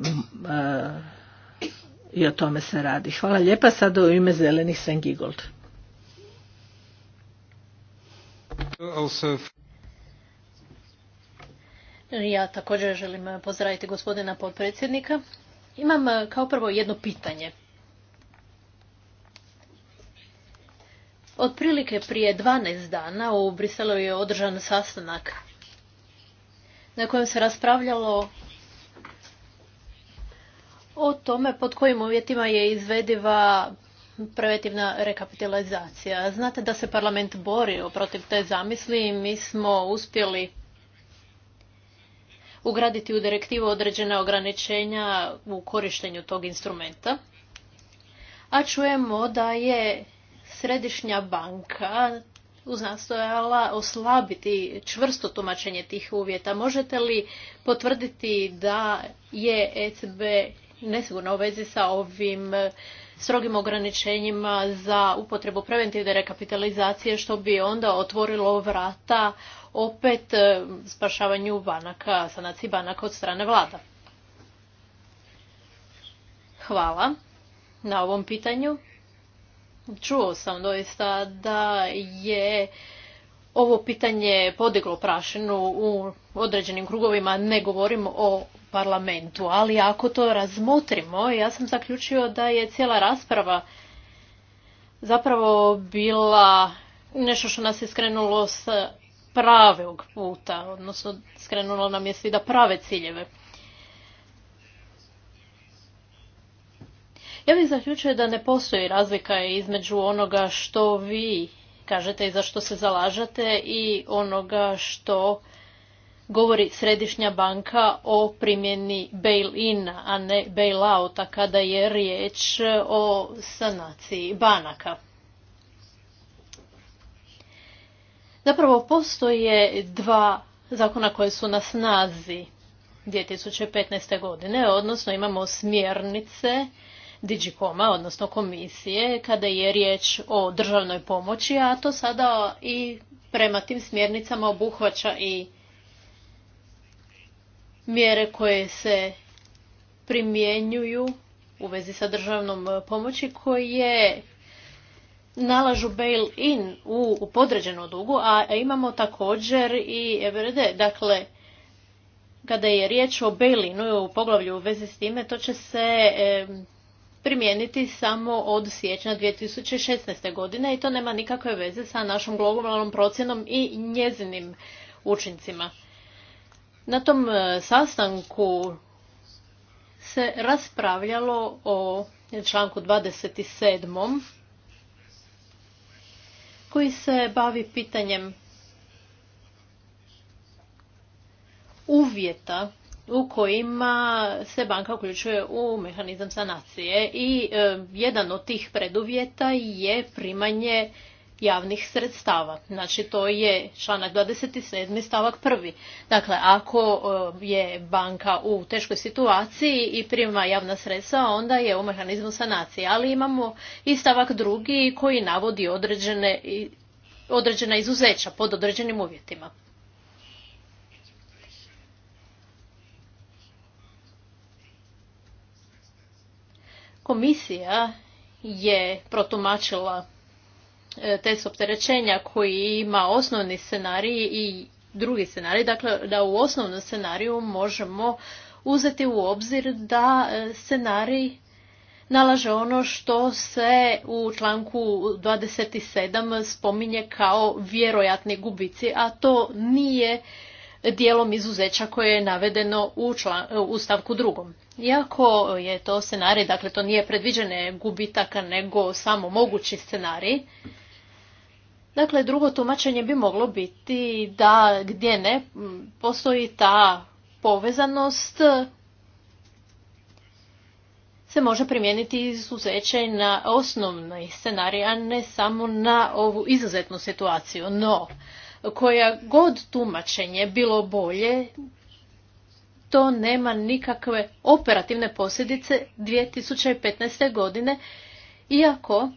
i o tome se radi. Hvala lijepa. Sada u ime zelenih Sven Gigold. Ja također želim pozdraviti gospodina potpredsjednika. Imam eh, kao prvo jedno pitanje. Otprilike prije 12 dana u Briselu je održan sastanak na kojem se raspravljalo o tome pod kojim uvjetima je izvediva preventivna rekapitalizacija. Znate da se parlament borio protiv te zamisli i mi smo uspjeli ugraditi u direktivu određena ograničenja u korištenju tog instrumenta. A čujemo da je središnja banka uznastojala oslabiti čvrsto tumačenje tih uvjeta. Možete li potvrditi da je ECB nesigurna u vezi sa ovim e, strogim ograničenjima za upotrebu preventivne rekapitalizacije što bi onda otvorilo vrata opet e, spašavanju banaka, sanaciji banaka od strane vlada. Hvala na ovom pitanju. Čuo sam doista da je ovo pitanje podiglo prašinu u određenim krugovima. Ne govorim o parlamentu, ali ako to razmotrimo, ja sam zaključio da je cijela rasprava zapravo bila nešto što nas je skrenulo s pravog puta, odnosno skrenulo nam je svi da prave ciljeve. Ja bih zaključio da ne postoji razlika između onoga što vi kažete i za što se zalažete i onoga što govori Središnja banka o primjeni bail-in, a ne bail-outa kada je riječ o sanaciji banaka. Zapravo postoje dva zakona koje su na snazi 2015. godine, odnosno imamo smjernice Digicoma, odnosno komisije, kada je riječ o državnoj pomoći, a to sada i prema tim smjernicama obuhvaća i mjere koje se primjenjuju u vezi sa državnom e, pomoći koje nalažu bail-in u podređenu dugu, a imamo također i EBRD. Dakle, kada je riječ o bail-inu u poglavlju u vezi s time, to će se e, primijeniti samo od siječnja 2016. godine i to nema nikakve veze sa našom globalnom procjenom i njezinim učincima. Na tom e, sastanku se raspravljalo o članku 27. koji se bavi pitanjem uvjeta u kojima se banka uključuje u mehanizam sanacije i e, jedan od tih preduvjeta je primanje javnih sredstava. Znači to je članak 27. stavak 1. Dakle, ako e, je banka u teškoj situaciji i prima javna sredstva, onda je u mehanizmu sanacije. Ali imamo i stavak 2. koji navodi određene, određena izuzeća pod određenim uvjetima. Komisija je protumačila E, test opterećenja koji ima osnovni scenarij i drugi scenarij, dakle da u osnovnom scenariju možemo uzeti u obzir da e, scenarij nalaže ono što se u članku 27 spominje kao vjerojatni gubici, a to nije dijelom izuzeća koje je navedeno u, član, e, u stavku drugom. Iako je to scenarij, dakle to nije predviđene gubitaka nego samo mogući scenarij, Dakle, drugo tumačenje bi moglo biti da gdje ne postoji ta povezanost se može primijeniti izuzeće na osnovni scenarij, a ne samo na ovu izuzetnu situaciju. No, koja god tumačenje bilo bolje, to nema nikakve operativne posljedice 2015. godine, iako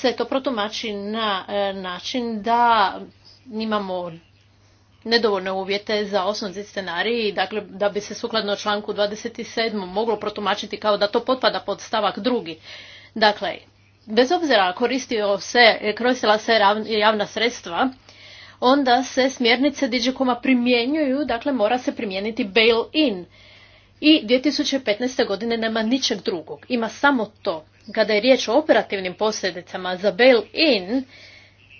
se to protumači na e, način da imamo nedovoljne uvjete za osnovni scenarij, dakle da bi se sukladno članku 27. moglo protumačiti kao da to potpada pod stavak drugi. Dakle, bez obzira koristio se, koristila se javna sredstva, onda se smjernice Digicoma primjenjuju, dakle mora se primijeniti bail-in. I 2015. godine nema ničeg drugog, ima samo to. Kada je riječ o operativnim posljedicama za bail-in,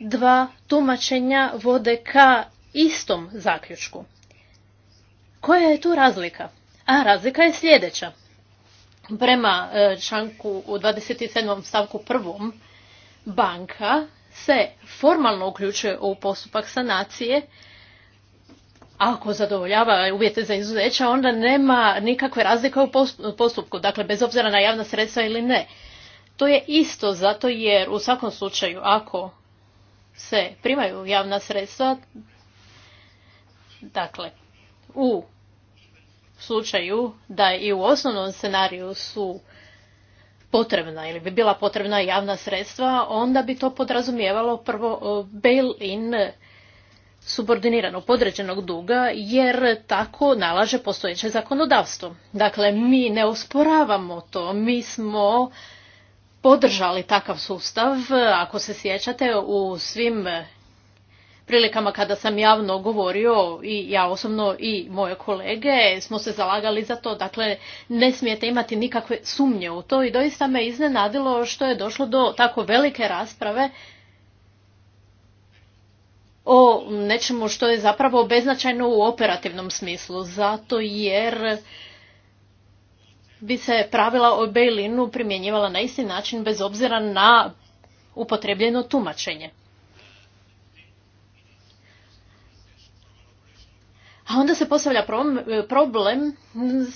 dva tumačenja vode ka istom zaključku. Koja je tu razlika? A razlika je sljedeća. Prema e, članku u 27. stavku 1. banka se formalno uključuje u postupak sanacije, ako zadovoljava uvjete za izuzeća, onda nema nikakve razlike u postupku, dakle bez obzira na javna sredstva ili ne. To je isto zato jer u svakom slučaju ako se primaju javna sredstva, dakle, u slučaju da i u osnovnom scenariju su potrebna ili bi bila potrebna javna sredstva, onda bi to podrazumijevalo prvo e, bail-in subordiniranog podređenog duga, jer tako nalaže postojeće zakonodavstvo. Dakle, mi ne osporavamo to, mi smo podržali takav sustav, ako se sjećate, u svim prilikama kada sam javno govorio i ja osobno i moje kolege smo se zalagali za to. Dakle, ne smijete imati nikakve sumnje u to i doista me iznenadilo što je došlo do tako velike rasprave o nečemu što je zapravo beznačajno u operativnom smislu, zato jer bi se pravila o Bejlinu primjenjivala na isti način bez obzira na upotrebljeno tumačenje. A onda se postavlja problem,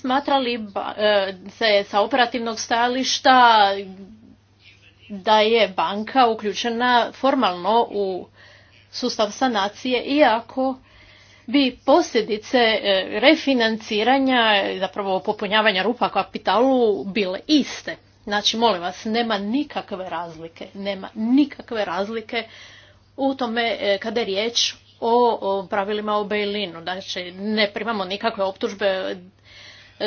smatra li e, se sa operativnog stajališta da je banka uključena formalno u sustav sanacije, iako bi posljedice e, refinanciranja, zapravo popunjavanja rupa kapitalu bile iste. Znači, molim vas, nema nikakve razlike, nema nikakve razlike u tome e, kada je riječ o pravilima o Bejlinu. Znači, ne primamo nikakve optužbe e,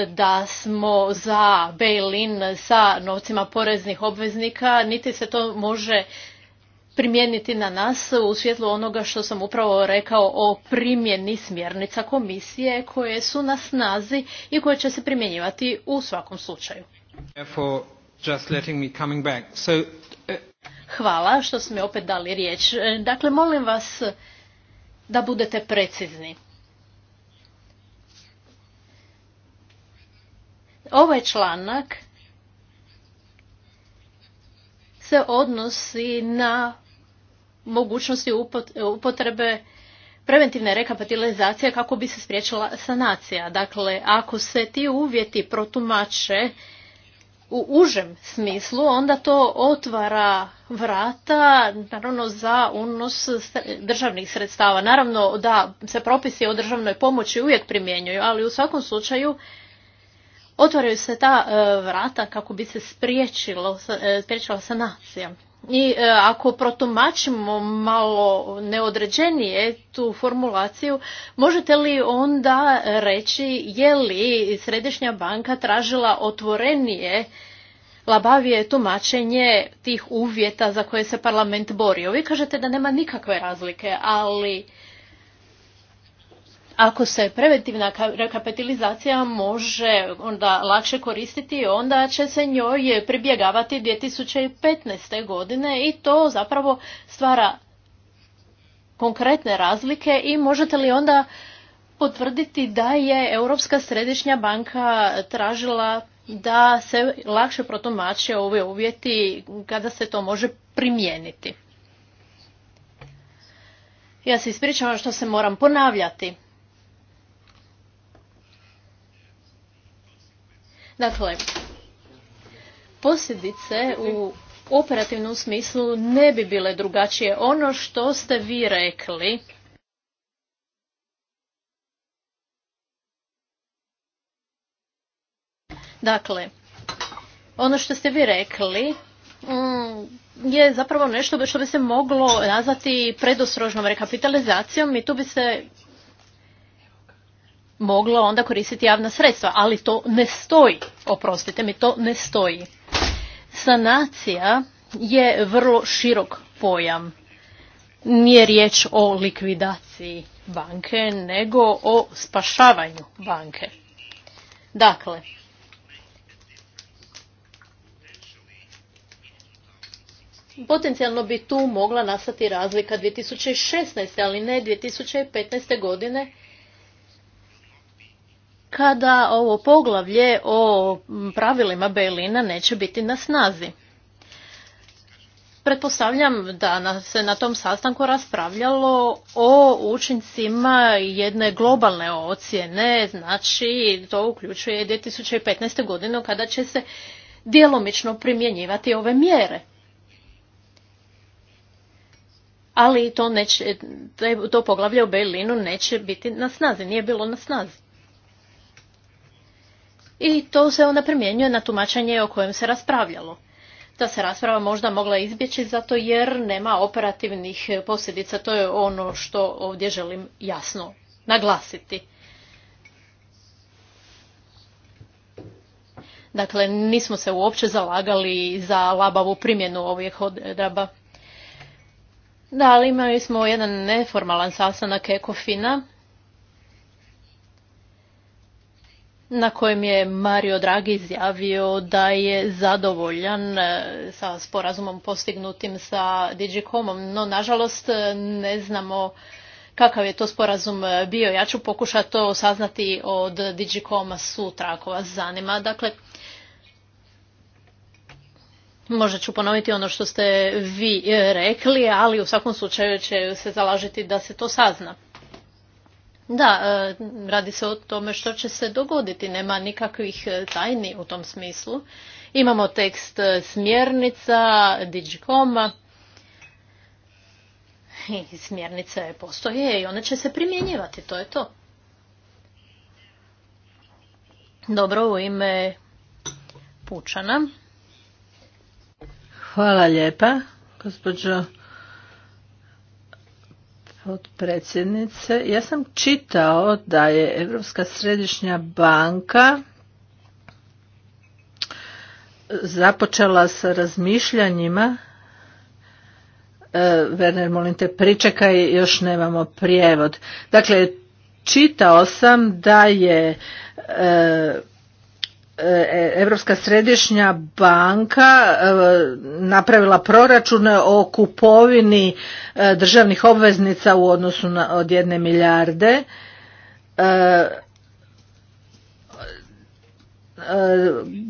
da smo za Bejlin sa novcima poreznih obveznika, niti se to može primijeniti na nas u svjetlu onoga što sam upravo rekao o primjeni smjernica komisije koje su na snazi i koje će se primjenjivati u svakom slučaju. Uh, Hvala što ste mi opet dali riječ. E, dakle, molim vas da budete precizni. Ovaj članak se odnosi na mogućnosti upotrebe preventivne rekapitalizacije kako bi se spriječila sanacija. Dakle, ako se ti uvjeti protumače u užem smislu, onda to otvara vrata naravno za unos državnih sredstava. Naravno da se propisi o državnoj pomoći uvijek primjenjuju, ali u svakom slučaju otvaraju se ta e, vrata kako bi se e, spriječila sanacija. I e, ako protumačimo malo neodređenije tu formulaciju, možete li onda reći je li Središnja banka tražila otvorenije labavije tumačenje tih uvjeta za koje se parlament borio? Vi kažete da nema nikakve razlike, ali ako se preventivna rekapitalizacija može onda lakše koristiti, onda će se njoj pribjegavati 2015. godine i to zapravo stvara konkretne razlike i možete li onda potvrditi da je Europska središnja banka tražila da se lakše protumače ove uvjeti kada se to može primijeniti. Ja se ispričavam što se moram ponavljati. Dakle, posljedice u operativnom smislu ne bi bile drugačije. Ono što ste vi rekli, Dakle, ono što ste vi rekli mm, je zapravo nešto što bi se moglo nazvati predosrožnom rekapitalizacijom i tu bi se moglo onda koristiti javna sredstva, ali to ne stoji. Oprostite mi, to ne stoji. Sanacija je vrlo širok pojam. Nije riječ o likvidaciji banke, nego o spašavanju banke. Dakle, Potencijalno bi tu mogla nastati razlika 2016. ali ne 2015. godine kada ovo poglavlje o pravilima Berlina neće biti na snazi. Pretpostavljam da se na tom sastanku raspravljalo o učincima jedne globalne ocjene, znači to uključuje 2015. godinu kada će se djelomično primjenjivati ove mjere. Ali to, neće, to poglavlje u Berlinu neće biti na snazi, nije bilo na snazi i to se onda primjenjuje na tumačenje o kojem se raspravljalo. Ta se rasprava možda mogla izbjeći zato jer nema operativnih posljedica, to je ono što ovdje želim jasno naglasiti. Dakle, nismo se uopće zalagali za labavu primjenu ovih odredaba. Da, ali imali smo jedan neformalan sastanak Ekofina na kojem je Mario Draghi izjavio da je zadovoljan e, sa sporazumom postignutim sa Digicomom, no nažalost e, ne znamo kakav je to sporazum bio. Ja ću pokušati to saznati od Digicoma sutra ako vas zanima. Dakle, Možda ću ponoviti ono što ste vi e, rekli, ali u svakom slučaju će se zalažiti da se to sazna. Da, e, radi se o tome što će se dogoditi, nema nikakvih e, tajni u tom smislu. Imamo tekst e, smjernica, digicoma, i smjernice postoje i one će se primjenjivati, to je to. Dobro, u ime Pučana. Hvala lijepa, gospođo potpredsjednice. Ja sam čitao da je Europska središnja banka započela sa razmišljanjima e, Werner, molim te, pričekaj, još nemamo prijevod. Dakle, čitao sam da je e, Europska e, središnja banka e, napravila proračune o kupovini e, državnih obveznica u odnosu na, od jedne milijarde.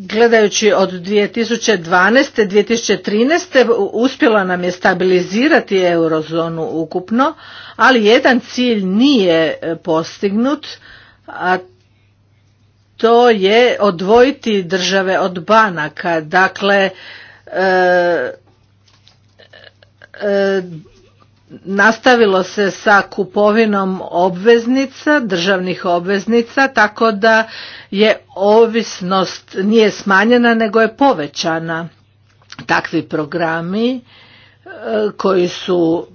Gledajući od 2012. 2013. uspjela nam je stabilizirati eurozonu ukupno, ali jedan cilj nije postignut, a to je odvojiti države od banaka. Dakle, e, e, nastavilo se sa kupovinom obveznica, državnih obveznica, tako da je ovisnost nije smanjena nego je povećana. Takvi programi e, koji su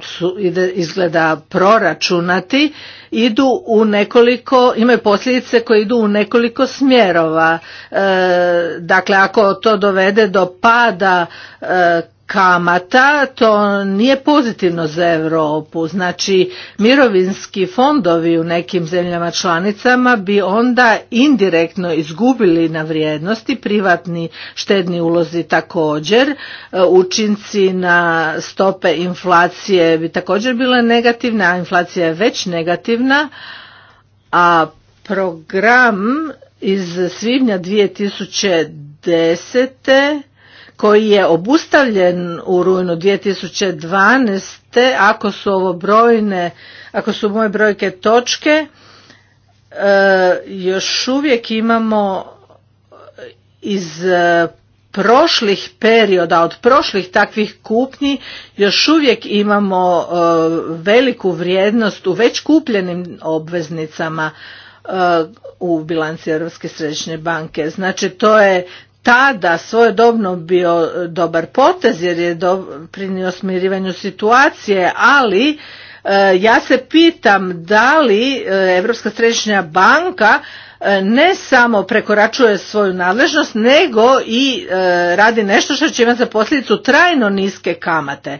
su ide, izgleda proračunati idu u nekoliko imaju posljedice koje idu u nekoliko smjerova e, dakle ako to dovede do pada e, kamata to nije pozitivno za Europu. Znači mirovinski fondovi u nekim zemljama članicama bi onda indirektno izgubili na vrijednosti, privatni štedni ulozi također, e, učinci na stope inflacije bi također bile negativne, a inflacija je već negativna, a program iz svibnja 2010 koji je obustavljen u rujnu 2012. ako su ovo brojne, ako su moje brojke točke, e, još uvijek imamo iz e, prošlih perioda, od prošlih takvih kupnji još uvijek imamo e, veliku vrijednost u već kupljenim obveznicama u bilanci Europske središnje banke. Znači to je tada svojedobno bio e, dobar potez jer je prinio smirivanju situacije, ali e, ja se pitam da li Europska središnja banka e, ne samo prekoračuje svoju nadležnost, nego i radi nešto što će imati za posljedicu trajno niske kamate.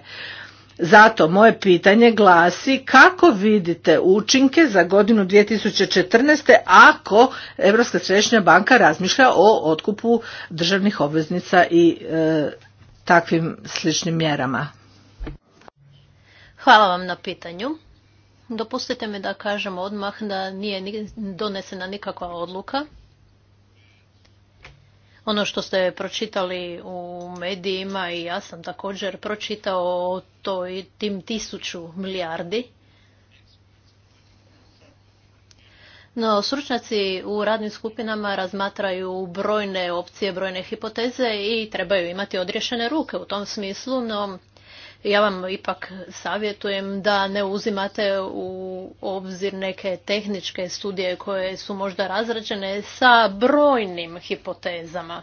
Zato moje pitanje glasi kako vidite učinke za godinu 2014. ako Europska središnja banka razmišlja o otkupu državnih obveznica i e, takvim sličnim mjerama? Hvala vam na pitanju. Dopustite mi da kažem odmah da nije donesena nikakva odluka ono što ste pročitali u medijima i ja sam također pročitao o toj, tim tisuću milijardi. No, stručnjaci u radnim skupinama razmatraju brojne opcije, brojne hipoteze i trebaju imati odriješene ruke u tom smislu, no ja vam ipak savjetujem da ne uzimate u obzir neke tehničke studije koje su možda razrađene sa brojnim hipotezama.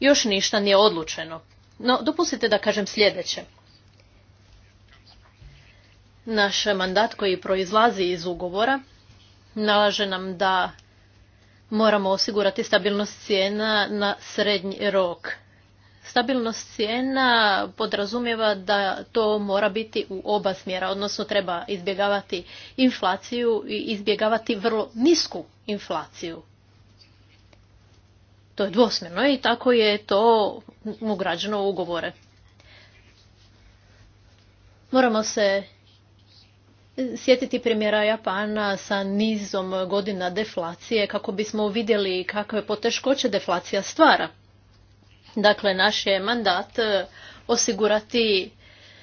Još ništa nije odlučeno. No, dopustite da kažem sljedeće. Naš mandat koji proizlazi iz ugovora nalaže nam da moramo osigurati stabilnost cijena na srednji rok. Stabilnost cijena podrazumijeva da to mora biti u oba smjera, odnosno treba izbjegavati inflaciju i izbjegavati vrlo nisku inflaciju. To je dvosmjerno i tako je to ugrađeno u ugovore. Moramo se sjetiti primjera Japana sa nizom godina deflacije kako bismo vidjeli kakve poteškoće deflacija stvara. Dakle, naš je mandat e, osigurati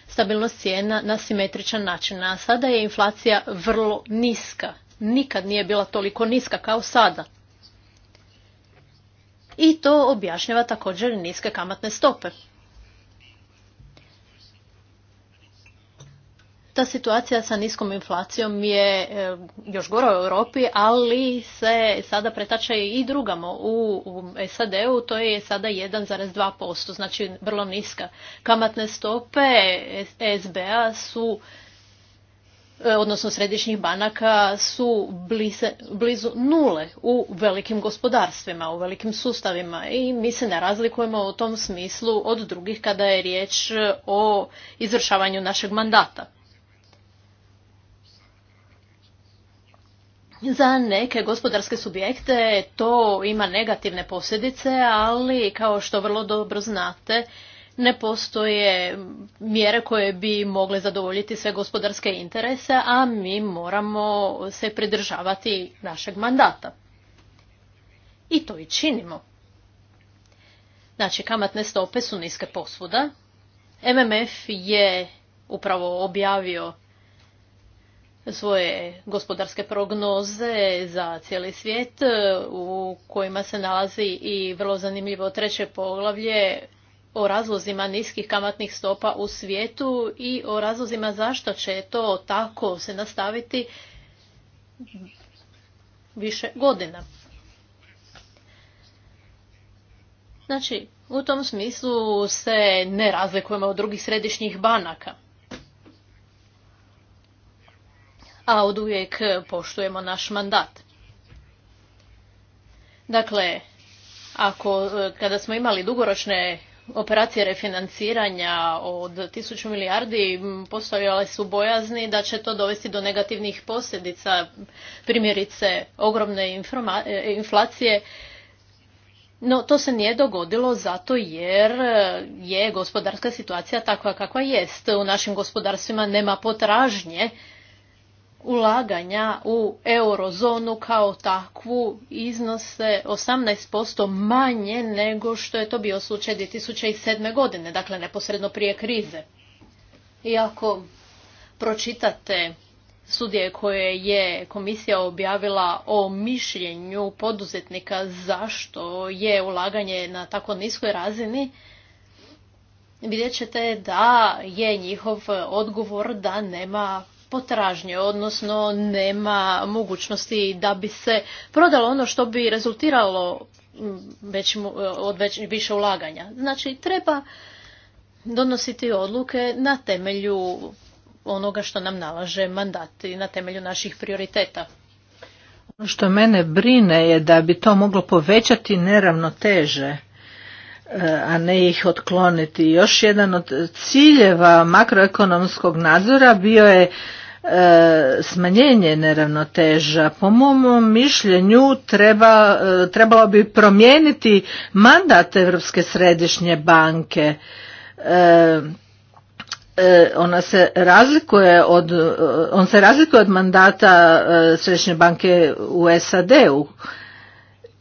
stabilnost cijena na simetričan način. A sada je inflacija vrlo niska. Nikad nije bila toliko niska kao sada. I to objašnjava također niske kamatne stope. situacija sa niskom inflacijom je e, još gora u Europi, ali se sada pretače i drugamo. U SAD-u to je sada 1,2%, znači vrlo niska. Kamatne stope SBA su e, odnosno središnjih banaka su blizu nule u velikim gospodarstvima, u velikim sustavima i mi se ne razlikujemo u tom smislu od drugih kada je riječ o izvršavanju našeg mandata. Za neke gospodarske subjekte to ima negativne posljedice, ali kao što vrlo dobro znate, ne postoje mjere koje bi mogle zadovoljiti sve gospodarske interese, a mi moramo se pridržavati našeg mandata. I to i činimo. Znači, kamatne stope su niske posvuda. MMF je upravo objavio svoje gospodarske prognoze za cijeli svijet e, u kojima se nalazi i vrlo zanimljivo treće poglavlje o razlozima niskih kamatnih stopa u svijetu i o razlozima zašto će to tako se nastaviti više godina. Znači, u tom smislu se ne razlikujemo od drugih središnjih banaka. a od uvijek poštujemo naš mandat. Dakle, ako e, kada smo imali dugoročne operacije refinanciranja od tisuću milijardi postojale su bojazni da će to dovesti do negativnih posljedica, primjerice ogromne e, inflacije. No, to se nije dogodilo zato jer e, je gospodarska situacija takva kakva jest. U našim gospodarstvima nema potražnje ulaganja u eurozonu kao takvu iznose 18% manje nego što je to bio slučaj 2007. godine, dakle neposredno prije krize. I ako pročitate studije koje je komisija objavila o mišljenju poduzetnika zašto je ulaganje na tako niskoj razini, vidjet ćete da je njihov odgovor da nema potražnje, odnosno nema mogućnosti da bi se prodalo ono što bi rezultiralo mm, već, e, od već, više ulaganja. Znači treba donositi odluke na temelju onoga što nam nalaže mandat i na temelju naših prioriteta. Ono što mene brine je da bi to moglo povećati neravnoteže e, a ne ih otkloniti. Još jedan od ciljeva makroekonomskog nadzora bio je E, smanjenje neravnoteža. Po mom mišljenju treba, e, trebalo bi promijeniti mandat Europske središnje banke. E, ona se razlikuje od, on se razlikuje od mandata Središnje banke u SAD-u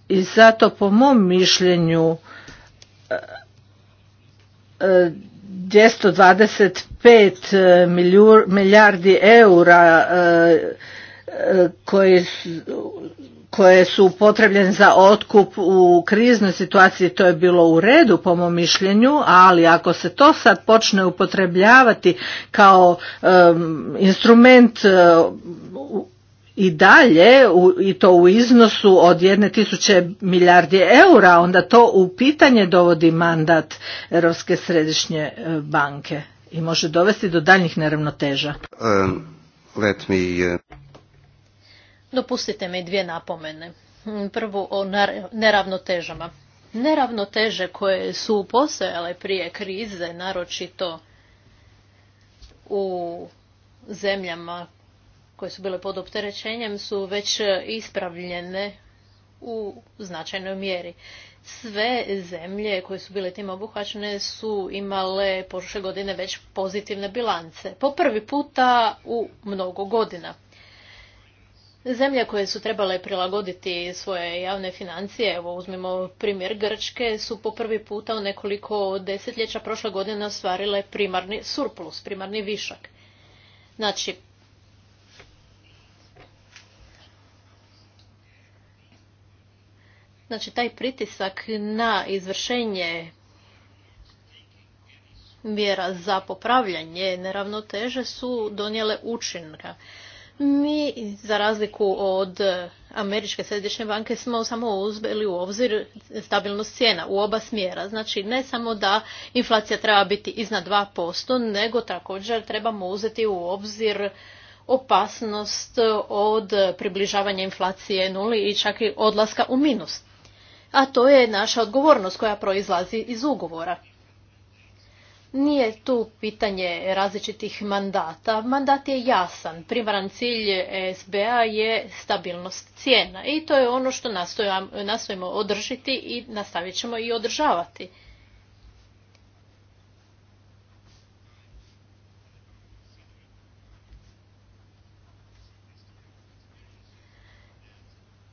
i zato po mom mišljenju 225 e, milijardi eura e, e, koje su upotrebljene za otkup u kriznoj situaciji to je bilo u redu po mom mišljenju, ali ako se to sad počne upotrebljavati kao instrument i dalje i to u iznosu od jedne tisuće milijardi eura onda to u pitanje dovodi mandat Europske središnje e, banke i može dovesti do daljnjih neravnoteža. Um, uh, Dopustite mi dvije napomene. Mm, Prvo o neravnotežama. Neravnoteže koje su postojale prije krize, naročito u zemljama koje su bile pod opterećenjem su već ispravljene u značajnoj mjeri. Sve zemlje koje su bile tim obuhvaćene su imale prošle godine već pozitivne bilance. Po prvi puta u mnogo godina. Zemlje koje su trebale prilagoditi svoje javne financije, evo uzmimo primjer Grčke, su po prvi puta u nekoliko desetljeća prošle godine ostvarile primarni surplus, primarni višak. Znači, Znači, taj pritisak na izvršenje mjera za popravljanje neravnoteže su donijele učinka. Mi, za razliku od Američke središnje banke, smo samo uzbeli u obzir stabilnost cijena u oba smjera. Znači, ne samo da inflacija treba biti iznad 2%, nego također trebamo uzeti u obzir opasnost od približavanja inflacije nuli i čak i odlaska u minus a to je naša odgovornost koja proizlazi iz ugovora. Nije tu pitanje različitih mandata. Mandat je jasan. Primaran cilj SBA je stabilnost cijena i to je ono što nastojimo održiti i nastavit ćemo i održavati.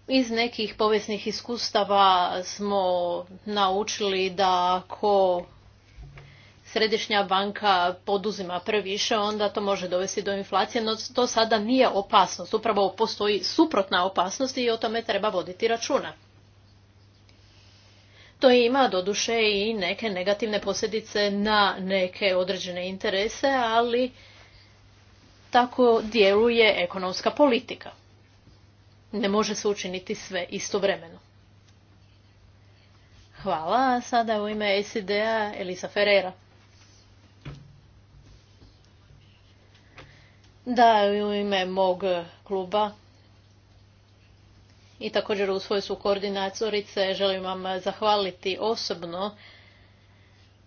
Iz nekih povijesnih iskustava smo naučili da ako središnja banka poduzima previše, onda to može dovesti do inflacije, no to sada nije opasnost. Upravo postoji suprotna opasnost i o tome treba voditi računa. To ima doduše i neke negativne posljedice na neke određene interese, ali tako djeluje ekonomska politika. Ne može se učiniti sve istovremeno. Hvala. Sada u ime SID-a Elisa Ferreira. Da, u ime mog kluba i također u svojoj su želim vam zahvaliti osobno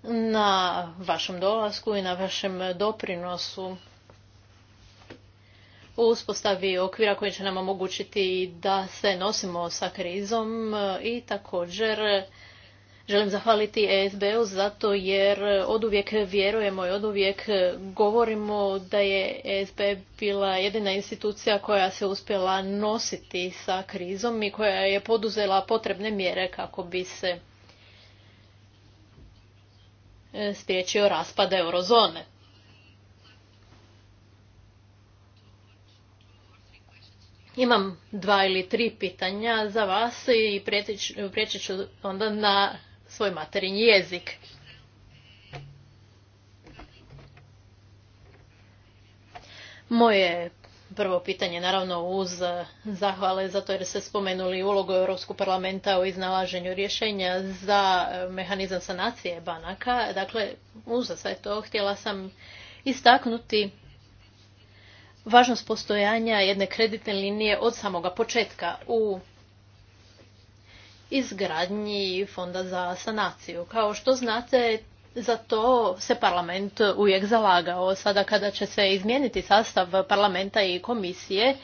na vašem dolasku i na vašem doprinosu uspostavi okvira koji će nam omogućiti da se nosimo sa krizom e, i također želim zahvaliti ESB-u zato jer oduvijek vjerujemo i oduvijek govorimo da je ESB bila jedina institucija koja se uspjela nositi sa krizom i koja je poduzela potrebne mjere kako bi se e, spriječio raspad eurozone. Imam dva ili tri pitanja za vas i prijeći ću onda na svoj materinji jezik. Moje prvo pitanje, naravno uz zahvale, zato jer ste spomenuli ulogu Europskog parlamenta o iznalaženju rješenja za mehanizam sanacije banaka. Dakle, uz sve to htjela sam istaknuti važnost postojanja jedne kreditne linije od samoga početka u izgradnji fonda za sanaciju. Kao što znate, za to se parlament uvijek zalagao. Sada kada će se izmijeniti sastav parlamenta i komisije,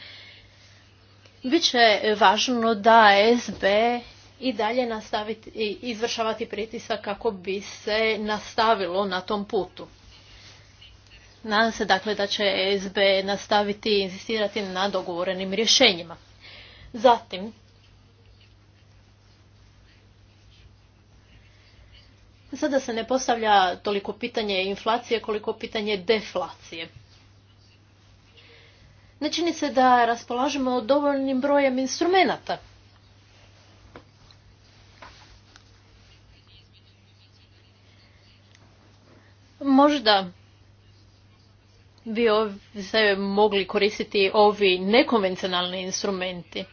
bit će važno da SB i dalje nastaviti, izvršavati pritisak kako bi se nastavilo na tom putu. Nadam se dakle da će SB nastaviti insistirati na dogovorenim rješenjima. Zatim, sada se ne postavlja toliko pitanje inflacije koliko pitanje deflacije. Ne čini se da raspolažemo dovoljnim brojem instrumenata. Možda bi se mogli koristiti ovi nekonvencionalni instrumenti.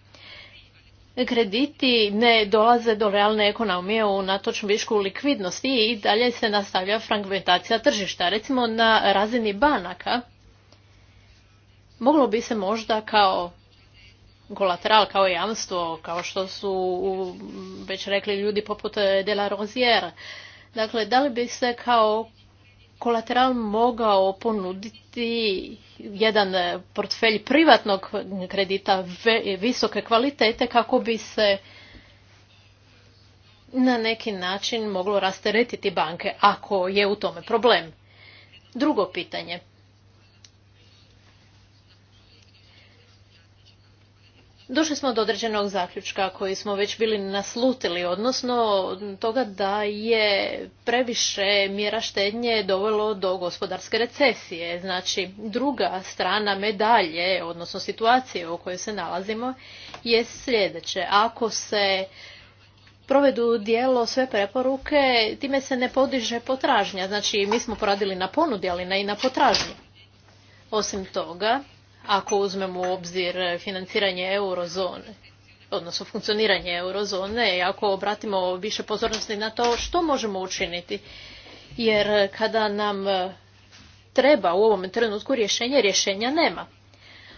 Krediti ne dolaze do realne ekonomije u natoč višku likvidnosti i dalje se nastavlja fragmentacija tržišta. Recimo na razini banaka moglo bi se možda kao kolateral, kao jamstvo, kao što su već rekli ljudi poput De La Dakle, da li bi se kao kolateral mogao ponuditi jedan portfelj privatnog kredita visoke kvalitete kako bi se na neki način moglo rasteretiti banke ako je u tome problem. Drugo pitanje. Došli smo do određenog zaključka koji smo već bili naslutili, odnosno toga da je previše mjera štednje dovelo do gospodarske recesije. Znači, druga strana medalje, odnosno situacije u kojoj se nalazimo, je sljedeće. Ako se provedu dijelo sve preporuke, time se ne podiže potražnja. Znači, mi smo poradili na ponudi, ali ne i na potražnju. Osim toga, ako uzmemo u obzir financiranje eurozone, odnosno funkcioniranje eurozone i ako obratimo više pozornosti na to što možemo učiniti. Jer kada nam e, treba u ovom trenutku rješenje, rješenja nema.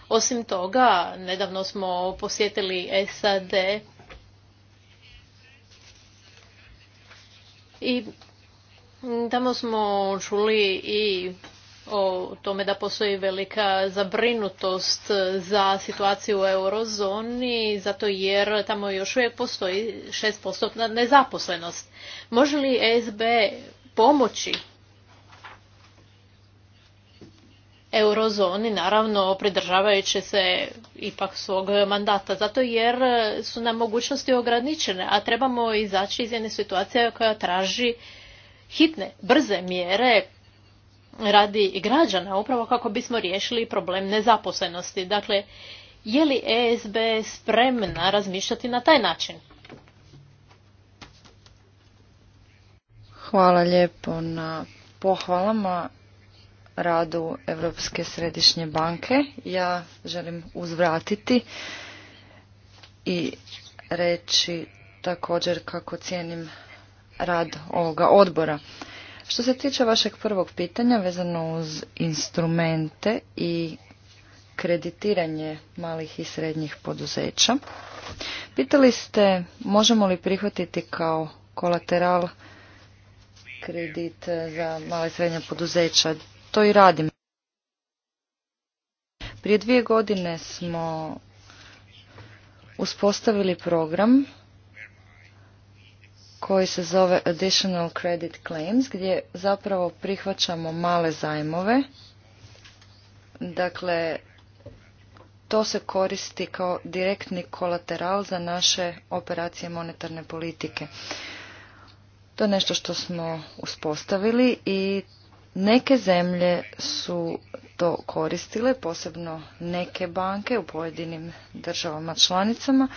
Osim toga, nedavno smo posjetili SAD i tamo smo čuli i o tome da postoji velika zabrinutost za situaciju u eurozoni, zato jer tamo još uvijek postoji 6% nezaposlenost. Može li e SB pomoći eurozoni, naravno pridržavajući se ipak svog mandata, zato jer su nam mogućnosti ograničene, a trebamo izaći iz jedne situacije koja traži hitne, brze mjere radi građana, upravo kako bismo riješili problem nezaposlenosti. Dakle, je li ESB spremna razmišljati na taj način? Hvala lijepo na pohvalama radu Europske središnje banke. Ja želim uzvratiti i reći također kako cijenim rad ovoga odbora. Što se tiče vašeg prvog pitanja vezano uz instrumente i kreditiranje malih i srednjih poduzeća, pitali ste možemo li prihvatiti kao kolateral kredit za male i srednje poduzeća. To i radimo. Prije dvije godine smo uspostavili program koji se zove Additional Credit Claims, gdje zapravo prihvaćamo male zajmove. Dakle, to se koristi kao direktni kolateral za naše operacije monetarne politike. To je nešto što smo uspostavili i neke zemlje su to koristile, posebno neke banke u pojedinim državama članicama.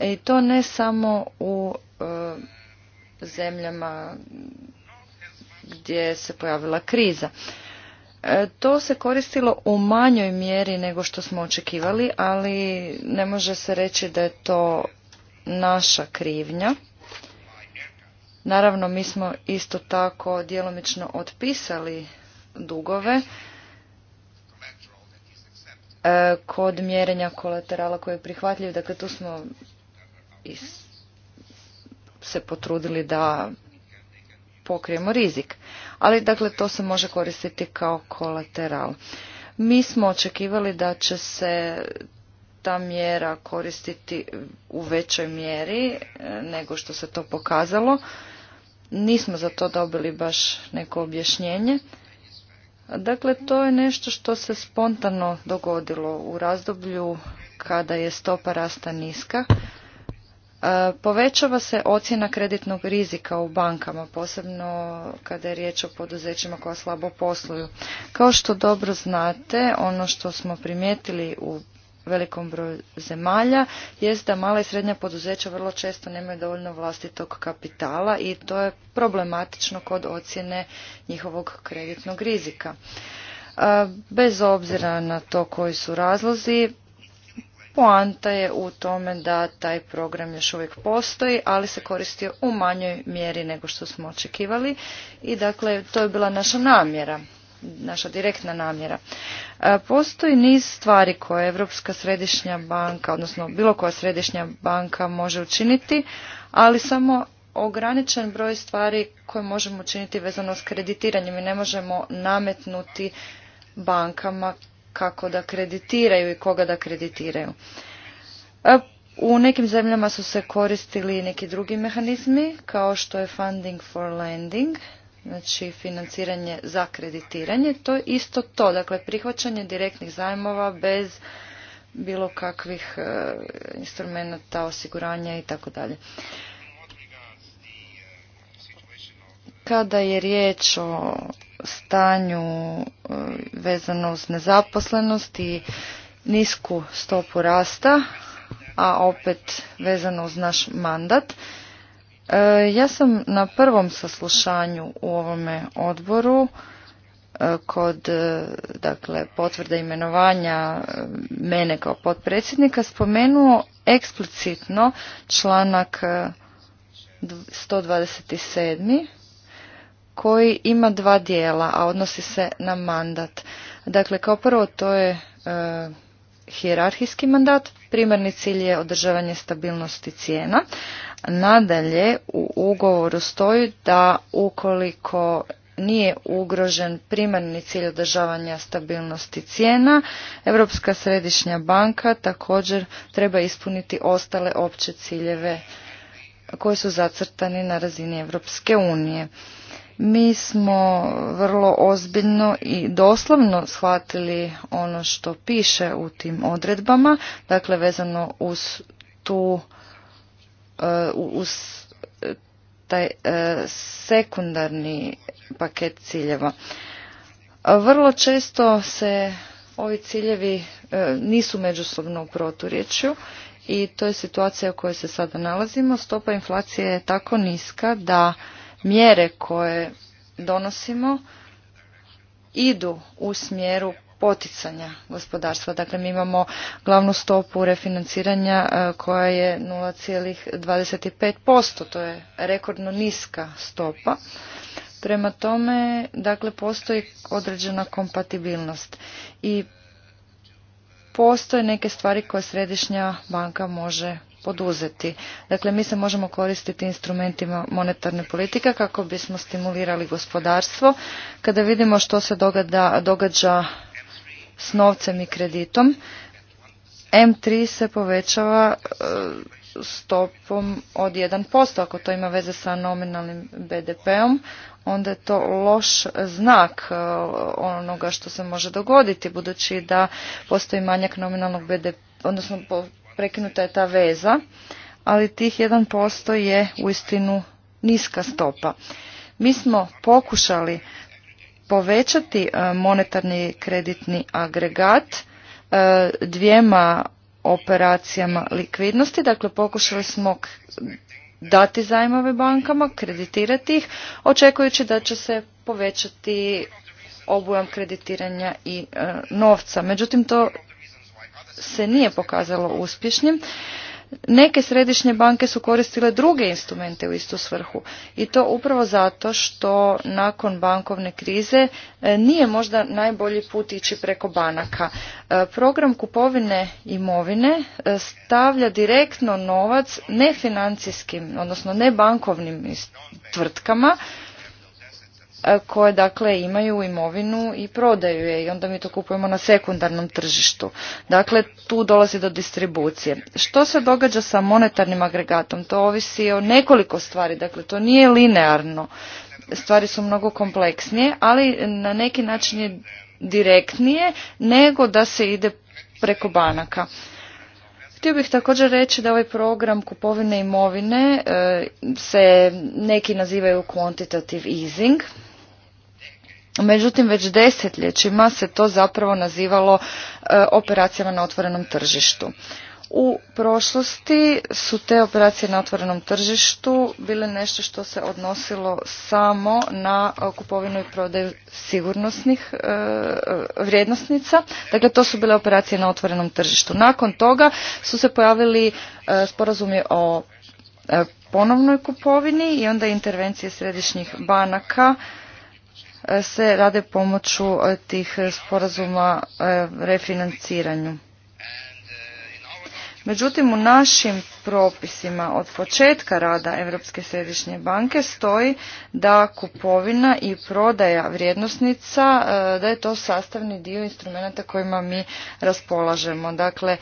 I to ne samo u e, zemljama gdje se pojavila kriza. E, to se koristilo u manjoj mjeri nego što smo očekivali, ali ne može se reći da je to naša krivnja. Naravno, mi smo isto tako djelomično otpisali dugove e, kod mjerenja kolaterala koji je prihvatljiv. Dakle, tu smo se potrudili da pokrijemo rizik. Ali dakle to se može koristiti kao kolateral. Mi smo očekivali da će se ta mjera koristiti u većoj mjeri e, nego što se to pokazalo. Nismo za to dobili baš neko objašnjenje. Dakle, to je nešto što se spontano dogodilo u razdoblju kada je stopa rasta niska. E, povećava se ocjena kreditnog rizika u bankama, posebno kada je riječ o poduzećima koja slabo posluju. Kao što dobro znate, ono što smo primijetili u velikom broju zemalja jest da mala i srednja poduzeća vrlo često nemaju dovoljno vlastitog kapitala i to je problematično kod ocjene njihovog kreditnog rizika. E, bez obzira na to koji su razlozi, Poanta je u tome da taj program još uvijek postoji, ali se koristio u manjoj mjeri nego što smo očekivali i dakle to je bila naša namjera naša direktna namjera. E, postoji niz stvari koje Europska središnja banka, odnosno bilo koja središnja banka može učiniti, ali samo ograničen broj stvari koje možemo učiniti vezano s kreditiranjem i ne možemo nametnuti bankama kako da kreditiraju i koga da kreditiraju. U nekim zemljama su se koristili neki drugi mehanizmi, kao što je funding for lending, znači financiranje za kreditiranje. To je isto to, dakle prihvaćanje direktnih zajmova bez bilo kakvih instrumenata instrumenta osiguranja i tako dalje. Kada je riječ o stanju e, vezano uz nezaposlenost i nisku stopu rasta, a opet vezano uz naš mandat. E, ja sam na prvom saslušanju u ovome odboru e, kod dakle, potvrde imenovanja mene kao potpredsjednika spomenuo eksplicitno članak 127 koji ima dva dijela, a odnosi se na mandat. Dakle, kao prvo to je e, hijerarhijski mandat, primarni cilj je održavanje stabilnosti cijena. Nadalje, u ugovoru stoji da ukoliko nije ugrožen primarni cilj održavanja stabilnosti cijena, Europska središnja banka također treba ispuniti ostale opće ciljeve koji su zacrtani na razini Europske unije. Mi smo vrlo ozbiljno i doslovno shvatili ono što piše u tim odredbama, dakle vezano uz tu e, uz e, taj e, sekundarni paket ciljeva. Vrlo često se ovi ciljevi nisu međusobno u proturječju i to je situacija u kojoj se sada nalazimo. Stopa inflacije je tako niska da mjere koje donosimo idu u smjeru poticanja gospodarstva. Dakle, mi imamo glavnu stopu refinanciranja e, koja je 0,25%, to je rekordno niska stopa. Prema tome, dakle, postoji određena kompatibilnost i postoje neke stvari koje Središnja banka može poduzeti. Dakle, mi se možemo koristiti instrumentima monetarne politike kako bismo stimulirali gospodarstvo. Kada vidimo što se događa, događa s novcem i kreditom, M3 se povećava e, stopom od 1%. Ako to ima veze sa nominalnim BDP-om, onda je to loš znak e, onoga što se može dogoditi, budući da postoji manjak nominalnog BDP, odnosno prekinuta je ta veza, ali tih 1% je uistinu niska stopa. Mi smo pokušali povećati e, monetarni kreditni agregat e, dvijema operacijama likvidnosti, dakle pokušali smo dati zajmove bankama, kreditirati ih, očekujući da će se povećati obujam kreditiranja i e, novca. Međutim, to se nije pokazalo uspješnim. Neke središnje banke su koristile druge instrumente u istu svrhu i to upravo zato što nakon bankovne krize e, nije možda najbolji put ići preko banaka. E, program kupovine imovine e, stavlja direktno novac nefinancijskim, odnosno nebankovnim tvrtkama E, koje dakle imaju imovinu i prodaju je i onda mi to kupujemo na sekundarnom tržištu. Dakle, tu dolazi do distribucije. Što se događa sa monetarnim agregatom? To ovisi o nekoliko stvari, dakle to nije linearno. Stvari su mnogo kompleksnije, ali na neki način je direktnije nego da se ide preko banaka. Htio bih također reći da ovaj program kupovine imovine e, se neki nazivaju quantitative easing, Međutim, već desetljećima se to zapravo nazivalo e, operacijama na otvorenom tržištu. U prošlosti su te operacije na otvorenom tržištu bile nešto što se odnosilo samo na e, kupovinu i prodaju sigurnosnih e, vrijednosnica. Dakle, to su bile operacije na otvorenom tržištu. Nakon toga su se pojavili sporazumi o ponovnoj kupovini i onda intervencije središnjih banaka se rade pomoću e, tih sporazuma e, refinanciranju. Međutim, u našim propisima od početka rada Europske središnje banke stoji da kupovina i prodaja vrijednosnica, e, da je to sastavni dio instrumenta kojima mi raspolažemo. Dakle,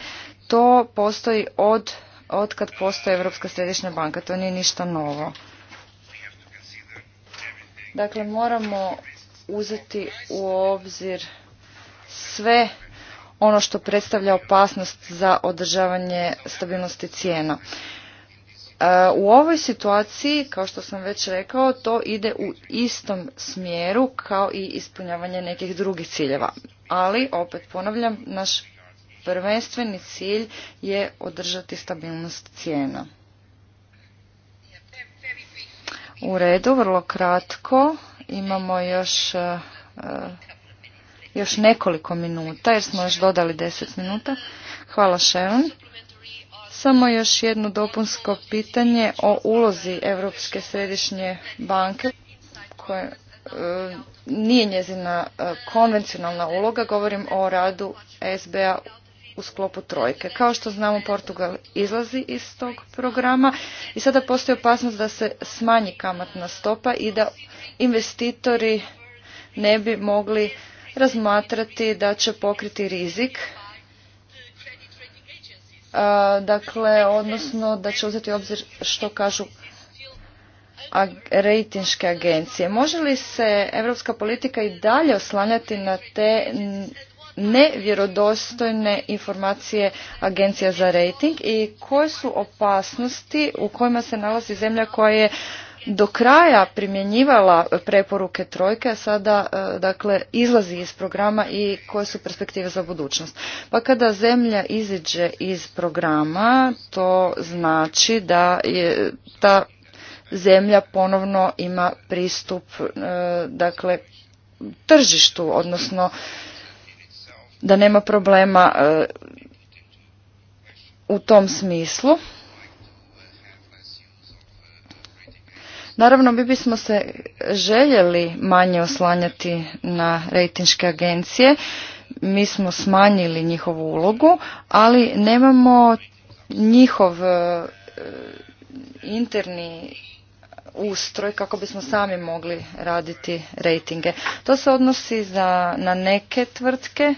to postoji od, od kad postoji Europska središnja banka, to nije ništa novo. Dakle, moramo uzeti u obzir sve ono što predstavlja opasnost za održavanje stabilnosti cijena. E, u ovoj situaciji, kao što sam već rekao, to ide u istom smjeru kao i ispunjavanje nekih drugih ciljeva. Ali, opet ponavljam, naš prvenstveni cilj je održati stabilnost cijena. U redu, vrlo kratko. Imamo još, e, e, još nekoliko minuta, jer smo još dodali deset minuta. Hvala Sharon. Samo još jedno dopunsko pitanje o ulozi Europske središnje banke koje e, nije njezina konvencionalna uloga, govorim o radu SBA u sklopu trojke. Kao što znamo, Portugal izlazi iz tog programa i sada postoji opasnost da se smanji kamatna stopa i da investitori ne bi mogli razmatrati da će pokriti rizik dakle, odnosno da će uzeti u obzir što kažu rejtinške agencije. Može li se evropska politika i dalje oslanjati na te nevjerodostojne informacije agencija za rating i koje su opasnosti u kojima se nalazi zemlja koja je do kraja primjenjivala preporuke trojke, a sada e, dakle izlazi iz programa i koje su perspektive za budućnost. Pa kada zemlja iziđe iz programa, to znači da je ta zemlja ponovno ima pristup e, dakle tržištu, odnosno da nema problema e, u tom smislu. Naravno, mi bismo se željeli manje oslanjati na rejtinške agencije. Mi smo smanjili njihovu ulogu, ali nemamo njihov e, interni ustroj kako bismo sami mogli raditi rejtinge. To se odnosi na neke tvrtke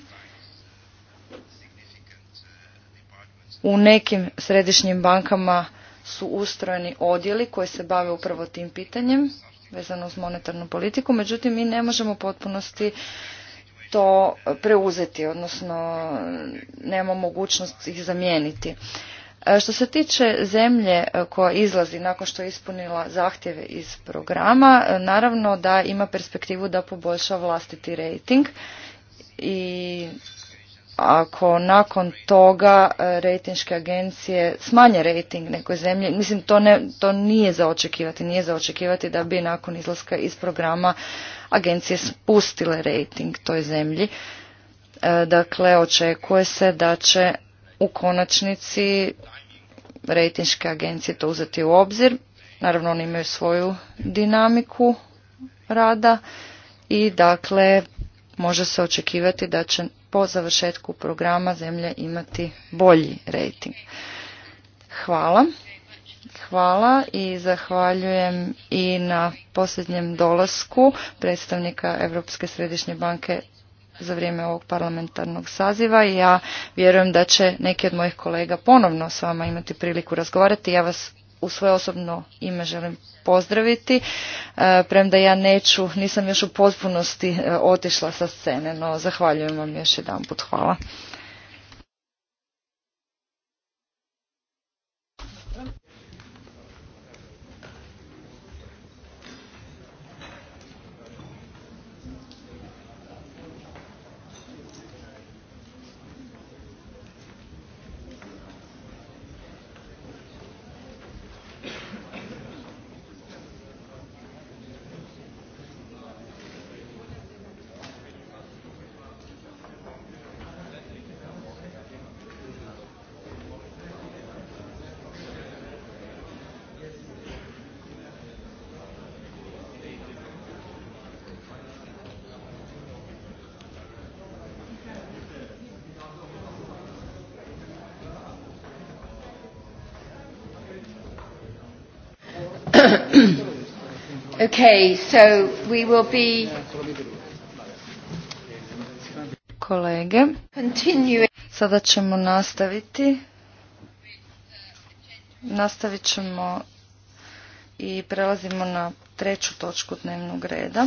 U nekim središnjim bankama su ustrojeni odjeli koji se bave upravo tim pitanjem vezano uz monetarnu politiku, međutim mi ne možemo potpunosti to preuzeti, odnosno nema mogućnost ih zamijeniti. E, što se tiče zemlje e, koja izlazi nakon što je ispunila zahtjeve iz programa, e, naravno da ima perspektivu da poboljša vlastiti rating i ako nakon toga e, rejtinške agencije smanje rejting nekoj zemlji, mislim to, ne, to nije za očekivati, nije za očekivati da bi nakon izlaska iz programa agencije spustile rejting toj zemlji. E, dakle, očekuje se da će u konačnici rejtinške agencije to uzeti u obzir. Naravno, oni imaju svoju dinamiku rada i dakle može se očekivati da će po završetku programa zemlje imati bolji rejting. Hvala. Hvala i zahvaljujem i na posljednjem dolasku predstavnika Europske središnje banke za vrijeme ovog parlamentarnog saziva i ja vjerujem da će neki od mojih kolega ponovno s vama imati priliku razgovarati. Ja vas u svoje osobno ime želim pozdraviti, e, premda ja neću, nisam još u potpunosti e, otišla sa scene, no zahvaljujem vam još put. hvala. Okay, so we will be kolege. Sada ćemo nastaviti. Nastavit ćemo i prelazimo na treću točku dnevnog reda.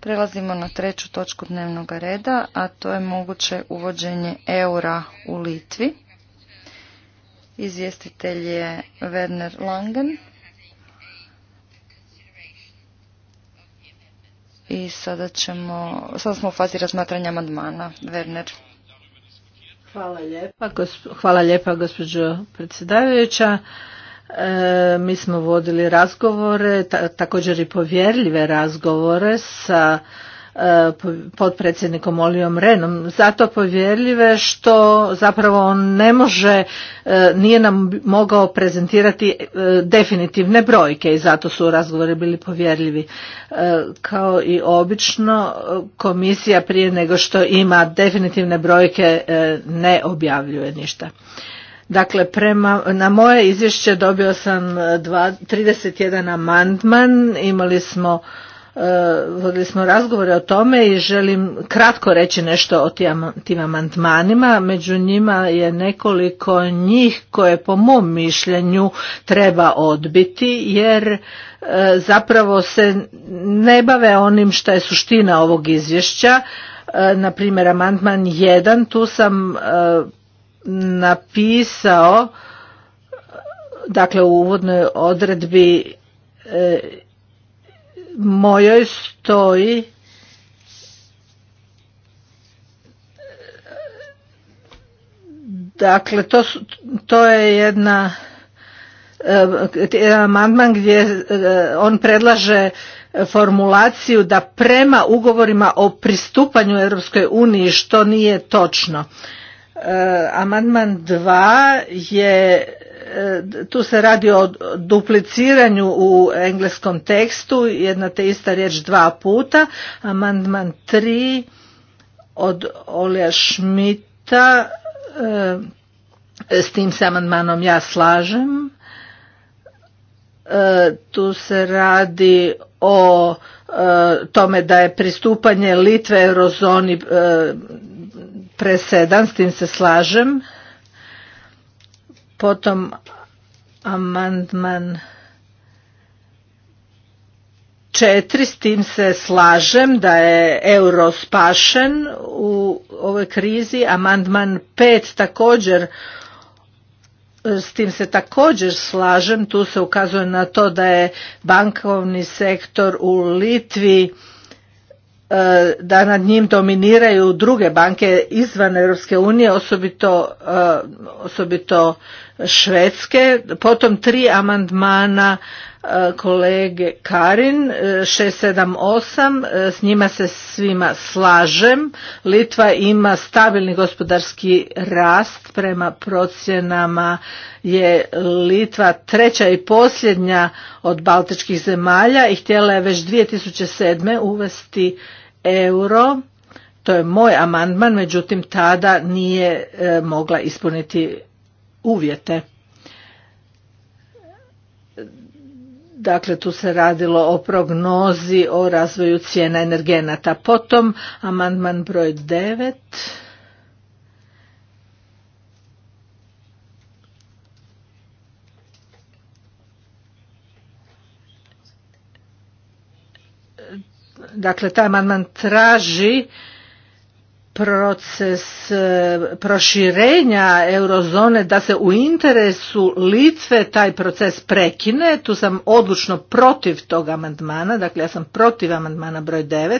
Prelazimo na treću točku dnevnog reda, a to je moguće uvođenje eura u Litvi. Izvjestitelj je Werner Langen. I sada ćemo, sada smo u fazi razmatranja amandmana. Werner. Hvala lijepa, hvala gospođo predsjedavajuća. E, mi smo vodili razgovore, također i povjerljive razgovore sa E, potpredsjednikom Olijom Renom. Zato povjerljive što zapravo on ne može, e, nije nam mogao prezentirati e, definitivne brojke i zato su razgovori bili povjerljivi. Kao i obično, komisija prije nego što ima definitivne brojke ne objavljuje ništa. Dakle, prema, na moje izvješće dobio sam dva, 31 amandman, imali smo E, vodili smo razgovore o tome i želim kratko reći nešto o tim amandmanima. Među njima je nekoliko njih koje po mom mišljenju treba odbiti jer e, zapravo se ne bave onim što je suština ovog izvješća. E, naprimjer, primjer, amandman 1, tu sam napisao, dakle u uvodnoj odredbi mojoj stoji dakle to, su, to je jedna e, jedan amandman gdje e, on predlaže formulaciju da prema ugovorima o pristupanju Europskoj uniji što nije točno. Eh, amandman 2 je eh, tu se radi o dupliciranju u engleskom tekstu, jedna te ista riječ dva puta. Amandman 3 od Olja Šmita, eh, s tim se amandmanom ja slažem. Tu se radi o tome da je pristupanje Litve eurozoni presedan, s tim se slažem. Potom amandman 4, s tim se slažem da je euro spašen u ovoj krizi. Amandman 5 također s tim se također slažem, tu se ukazuje na to da je bankovni sektor u Litvi E, da nad njim dominiraju druge banke izvan Europske unije, osobito, e, osobito švedske. Potom tri amandmana e, kolege Karin, 678, s njima se svima slažem. Litva ima stabilni gospodarski rast, prema procjenama je Litva treća i posljednja od baltičkih zemalja i htjela je već 2007. uvesti euro. To je moj amandman, međutim tada nije e, mogla ispuniti uvjete. Dakle, tu se radilo o prognozi, o razvoju cijena energenata. Potom, amandman broj 9 dakle taj amandman traži proces e, proširenja eurozone da se u interesu Litve taj proces prekine. Tu sam odlučno protiv tog amandmana, dakle ja sam protiv amandmana broj 9.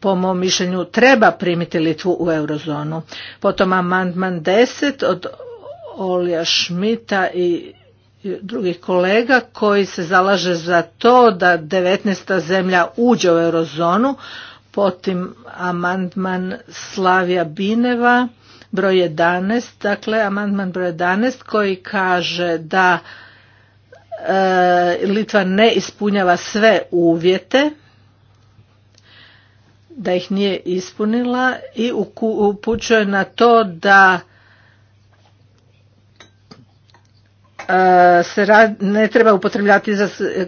Po mom mišljenju treba primiti Litvu u eurozonu. Potom amandman 10 od Olja Šmita i drugih kolega koji se zalaže za to da 19. zemlja uđe u eurozonu, potim amandman Slavija Bineva, broj 11, dakle amandman broj 11 koji kaže da e, Litva ne ispunjava sve uvjete, da ih nije ispunila i upućuje na to da Eh, se ne treba upotrebljati za eh,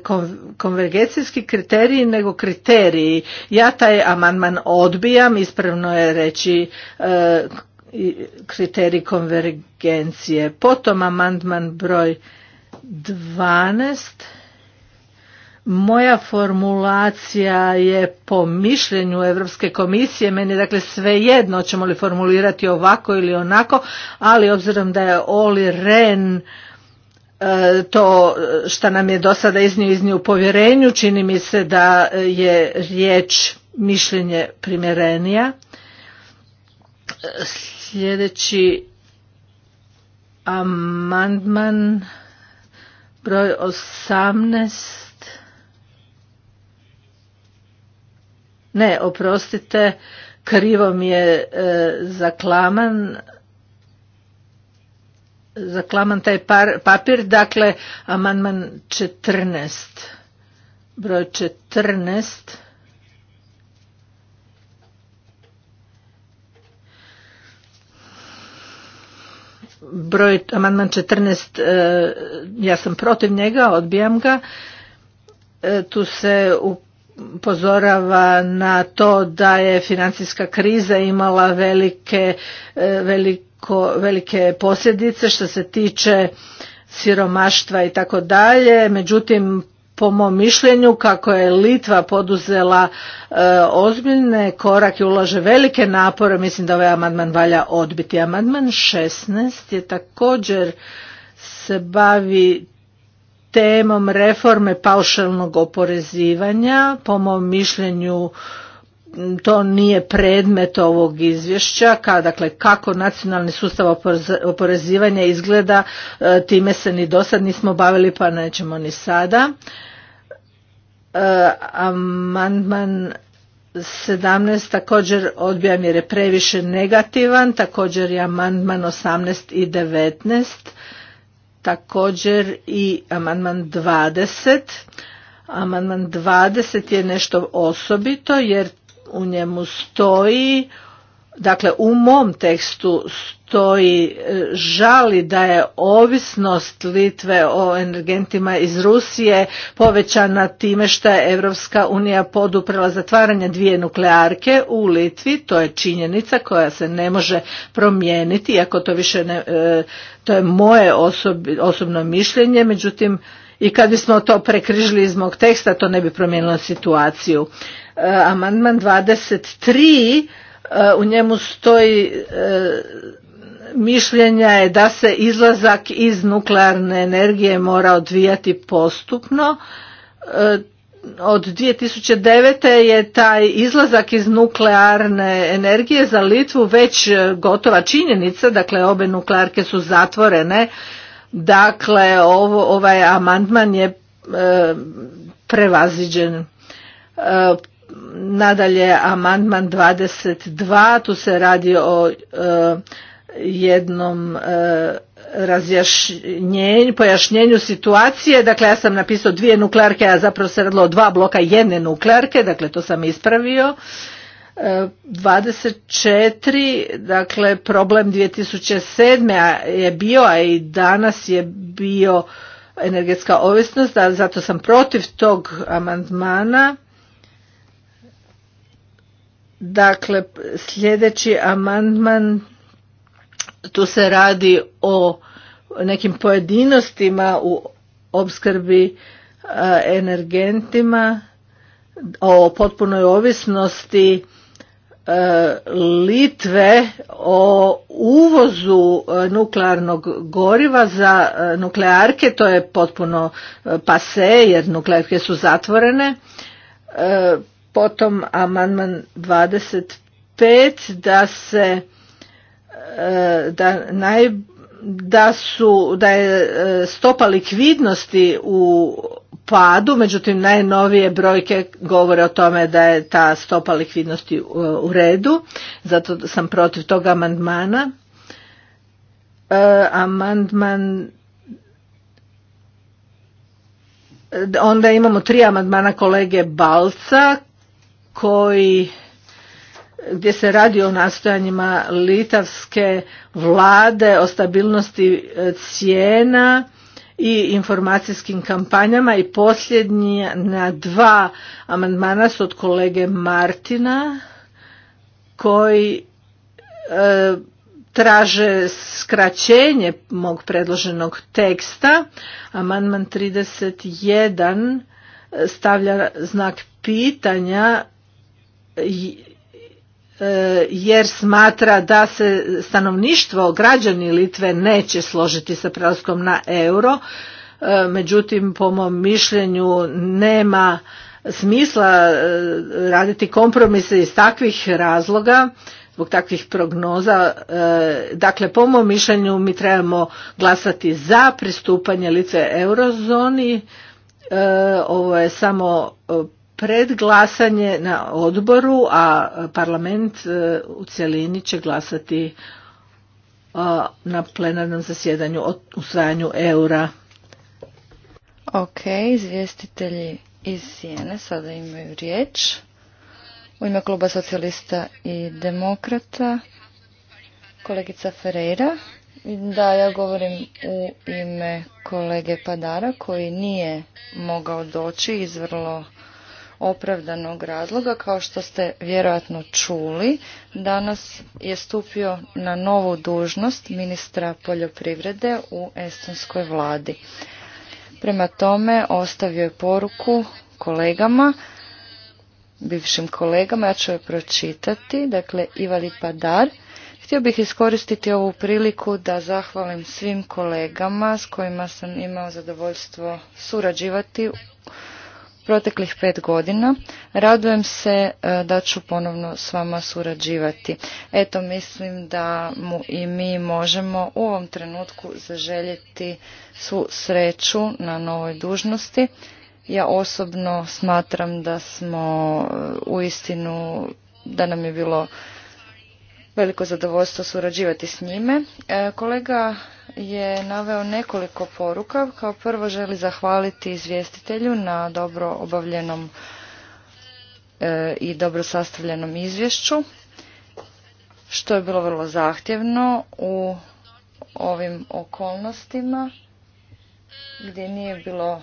konvergencijski kriteriji nego kriteriji. Ja taj amandman odbijam, ispravno je reći eh, kriterij konvergencije. Potom amandman broj 12. Moja formulacija je po mišljenju Europske komisije, meni je dakle svejedno ćemo li formulirati ovako ili onako, ali obzirom da je Oli Ren E, to što nam je do sada iznio iznio u povjerenju, čini mi se da je riječ mišljenje primjerenija. E, sljedeći amandman broj 18. Ne, oprostite, krivo mi je e, zaklaman zaklaman taj par, papir, dakle amandman 14, broj 14. Broj amandman 14, e, ja sam protiv njega, odbijam ga. E, tu se upozorava na to da je financijska kriza imala velike, e, velik velike posljedice što se tiče siromaštva i tako dalje. Međutim, po mom mišljenju kako je Litva poduzela e, ozbiljne korake, ulaže velike napore, mislim da ovaj amandman valja odbiti. Amandman 16 je također se bavi temom reforme paušalnog oporezivanja. Po mom mišljenju to nije predmet ovog izvješća, dakle kako nacionalni sustav oporezivanja izgleda, e, time se ni do dosad nismo bavili pa nećemo ni sada. E, amandman 17 također odbijam jer je previše negativan, također je amandman 18 i 19, također i amandman 20. Amandman 20 je nešto osobito jer u njemu stoji dakle u mom tekstu stoji e, žali da je ovisnost Litve o energentima iz Rusije povećana time što je Europska unija poduprela zatvaranje dvije nuklearke u Litvi, to je činjenica koja se ne može promijeniti, iako to više ne, e, to je moje osobno mišljenje, međutim i kad bismo to prekrižili iz mog teksta to ne bi promijenilo situaciju. Eh, amandman 23 eh, u njemu stoji eh, mišljenja je da se izlazak iz nuklearne energije mora odvijati postupno od 2009. je taj izlazak iz nuklearne energije za Litvu već gotova činjenica, dakle obe nuklearke su zatvorene, dakle ovo, ovaj amandman je prevaziđen. E, nadalje amandman 22 tu se radi o e, jednom e, razjašnjenju, pojašnjenju situacije. Dakle, ja sam napisao dvije nuklearke, a zapravo se radilo o dva bloka jedne nuklearke, dakle to sam ispravio. 24, e, dakle problem 2007. je bio, a i danas je bio energetska ovisnost, zato sam protiv tog amandmana. Dakle, sljedeći amandman, tu se radi o nekim pojedinostima u opskrbi e, energentima, o potpunoj ovisnosti e, Litve o uvozu e, nuklearnog goriva za nuklearke, to je potpuno pase jer nuklearke su zatvorene. Potom amandman 25 da se e, da naj da su da je e, stopa likvidnosti u padu, međutim najnovije brojke govore o tome da je ta stopa likvidnosti u redu, zato sam protiv tog amandmana. E, amandman onda imamo tri amandmana kolege Balca koji gdje se radi o nastojanjima litavske vlade o stabilnosti e, cijena i informacijskim kampanjama i posljednji na dva amandmana su od kolege Martina koji e, traže skraćenje mog predloženog teksta. Amandman 31 e, stavlja znak pitanja E, jer smatra da se stanovništvo, građani Litve neće složiti sa prelaskom na euro. E, međutim, po mom mišljenju nema smisla e, raditi kompromise iz takvih razloga, zbog takvih prognoza. Dakle, po mom mišljenju mi trebamo glasati za pristupanje Litve eurozoni. Ovo je samo pred glasanje na odboru, a parlament e, u cjelini će glasati e, na plenarnom zasjedanju o usvajanju eura. Ok, izvjestitelji iz Sijene sada imaju riječ. U ime kluba socijalista i demokrata, kolegica Ferreira. Da, ja govorim u ime kolege Padara koji nije mogao doći iz vrlo opravdanog razloga. Kao što ste vjerojatno čuli, danas je stupio na novu dužnost ministra poljoprivrede u estonskoj vladi. Prema tome ostavio je poruku kolegama, bivšim kolegama, ja ću je pročitati, dakle Ivali Padar. Htio bih iskoristiti ovu priliku da zahvalim svim kolegama s kojima sam imao zadovoljstvo surađivati proteklih pet godina. Radujem se e, da ću ponovno s vama surađivati. Eto, mislim da mu i mi možemo u ovom trenutku zaželjeti svu sreću na novoj dužnosti. Ja osobno smatram da smo e, u istinu, da nam je bilo veliko zadovoljstvo surađivati s njime. E, kolega je naveo nekoliko poruka. Kao prvo želi zahvaliti izvjestitelju na dobro obavljenom e, i dobro sastavljenom izvješću, što je bilo vrlo zahtjevno u ovim okolnostima gdje nije bilo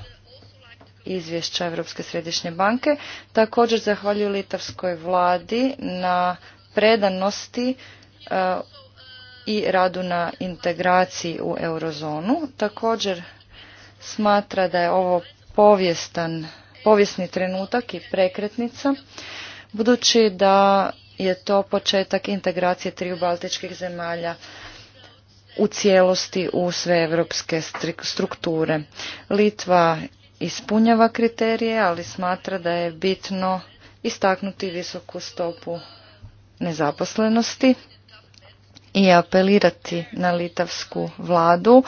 izvješća Europske središnje banke. Također zahvalju litavskoj vladi na predanosti e, i radu na integraciji u eurozonu. Također smatra da je ovo povijestan, povijesni trenutak i prekretnica, budući da je to početak integracije triju baltičkih zemalja u cijelosti u sve evropske strukture. Litva ispunjava kriterije, ali smatra da je bitno istaknuti visoku stopu nezaposlenosti i apelirati na litavsku vladu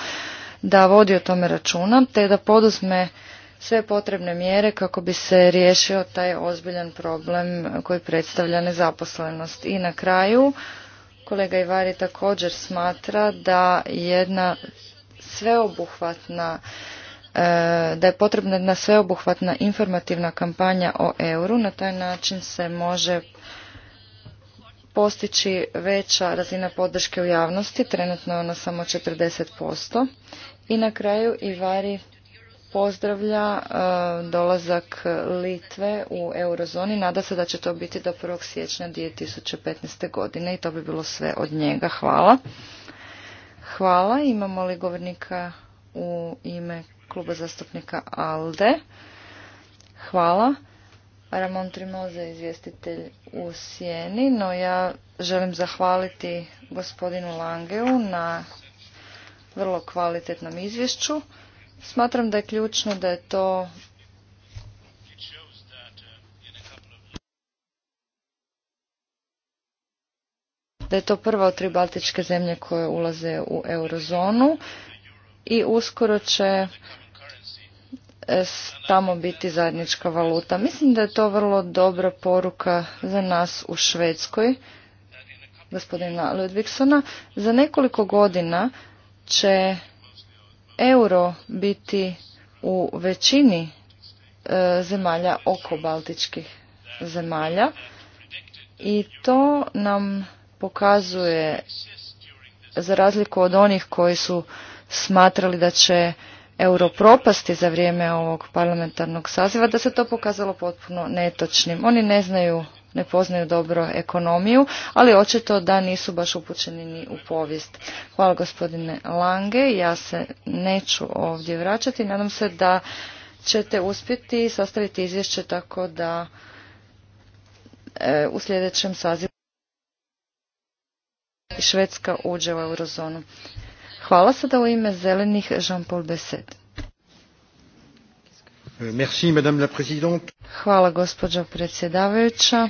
da vodi o tome računa te da poduzme sve potrebne mjere kako bi se riješio taj ozbiljan problem koji predstavlja nezaposlenost. I na kraju, kolega Ivari također smatra da jedna sveobuhvatna e, da je potrebna jedna sveobuhvatna informativna kampanja o euru. Na taj način se može postići veća razina podrške u javnosti, trenutno je ona samo 40%. I na kraju Ivari pozdravlja e, dolazak Litve u eurozoni. Nada se da će to biti do 1. siječnja 2015. godine i to bi bilo sve od njega. Hvala. Hvala. Imamo li govornika u ime kluba zastupnika ALDE? Hvala. Ramon Trimoza, izvjestitelj u Sjeni, no ja želim zahvaliti gospodinu Langeu na vrlo kvalitetnom izvješću. Smatram da je ključno da je to da je to prva od tri baltičke zemlje koje ulaze u eurozonu i uskoro će tamo biti zajednička valuta. Mislim da je to vrlo dobra poruka za nas u Švedskoj, gospodina Ludvigsona. Za nekoliko godina će euro biti u većini e, zemalja oko baltičkih zemalja i to nam pokazuje za razliku od onih koji su smatrali da će euro za vrijeme ovog parlamentarnog saziva, da se to pokazalo potpuno netočnim. Oni ne znaju, ne poznaju dobro ekonomiju, ali očito da nisu baš upućeni ni u povijest. Hvala gospodine Lange, ja se neću ovdje vraćati, nadam se da ćete uspjeti sastaviti izvješće tako da e, u sljedećem sazivu Švedska uđe u eurozonu. Hvala sada u ime zelenih Jean-Paul Besset. Euh, Hvala gospođo predsjedavajuća.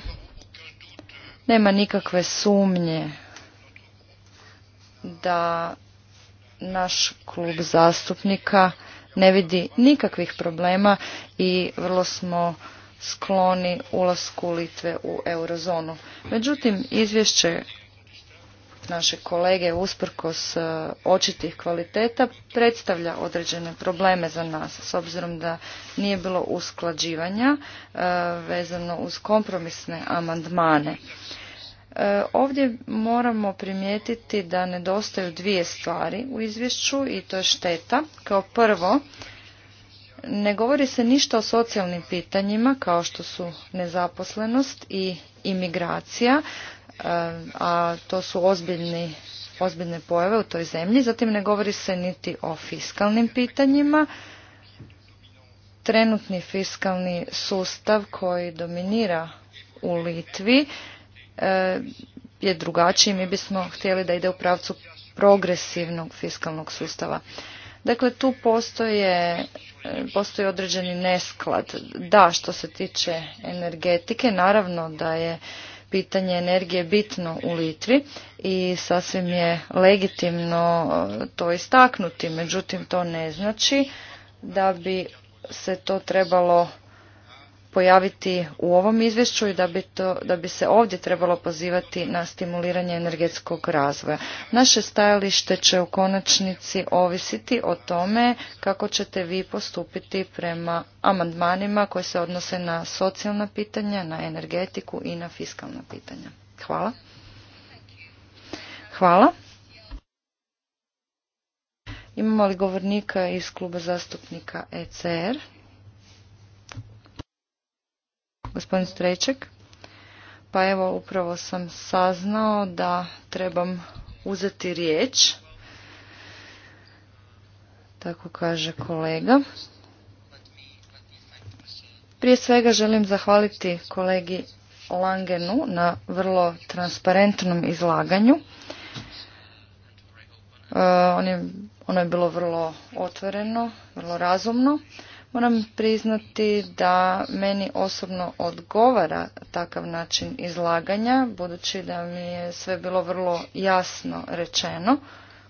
Nema nikakve sumnje da naš klub zastupnika ne vidi nikakvih problema i vrlo smo skloni ulasku Litve u eurozonu. Međutim, izvješće naše kolege usprkos e, očitih kvaliteta predstavlja određene probleme za nas s obzirom da nije bilo usklađivanja e, vezano uz kompromisne amandmane. E, ovdje moramo primijetiti da nedostaju dvije stvari u izvješću i to je šteta. Kao prvo, ne govori se ništa o socijalnim pitanjima kao što su nezaposlenost i imigracija a to su ozbiljni, ozbiljne pojave u toj zemlji. Zatim ne govori se niti o fiskalnim pitanjima. Trenutni fiskalni sustav koji dominira u Litvi e, je drugačiji. Mi bismo htjeli da ide u pravcu progresivnog fiskalnog sustava. Dakle, tu postoje, e, postoji određeni nesklad. Da, što se tiče energetike, naravno da je pitanje energije bitno u Litvi i sasvim je legitimno e, to istaknuti. Međutim, to ne znači da bi se to trebalo pojaviti u ovom izvješću i da bi, to, da bi se ovdje trebalo pozivati na stimuliranje energetskog razvoja. Naše stajalište će u konačnici ovisiti o tome kako ćete vi postupiti prema amandmanima koji se odnose na socijalna pitanja, na energetiku i na fiskalna pitanja. Hvala. Hvala. Imamo li govornika iz kluba zastupnika ECR? Gospodin Streček. Pa evo, upravo sam saznao da trebam uzeti riječ. Tako kaže kolega. Prije svega želim zahvaliti kolegi Langenu na vrlo transparentnom izlaganju. Ono je, ono je bilo vrlo otvoreno, vrlo razumno. Moram priznati da meni osobno odgovara takav način izlaganja, budući da mi je sve bilo vrlo jasno rečeno,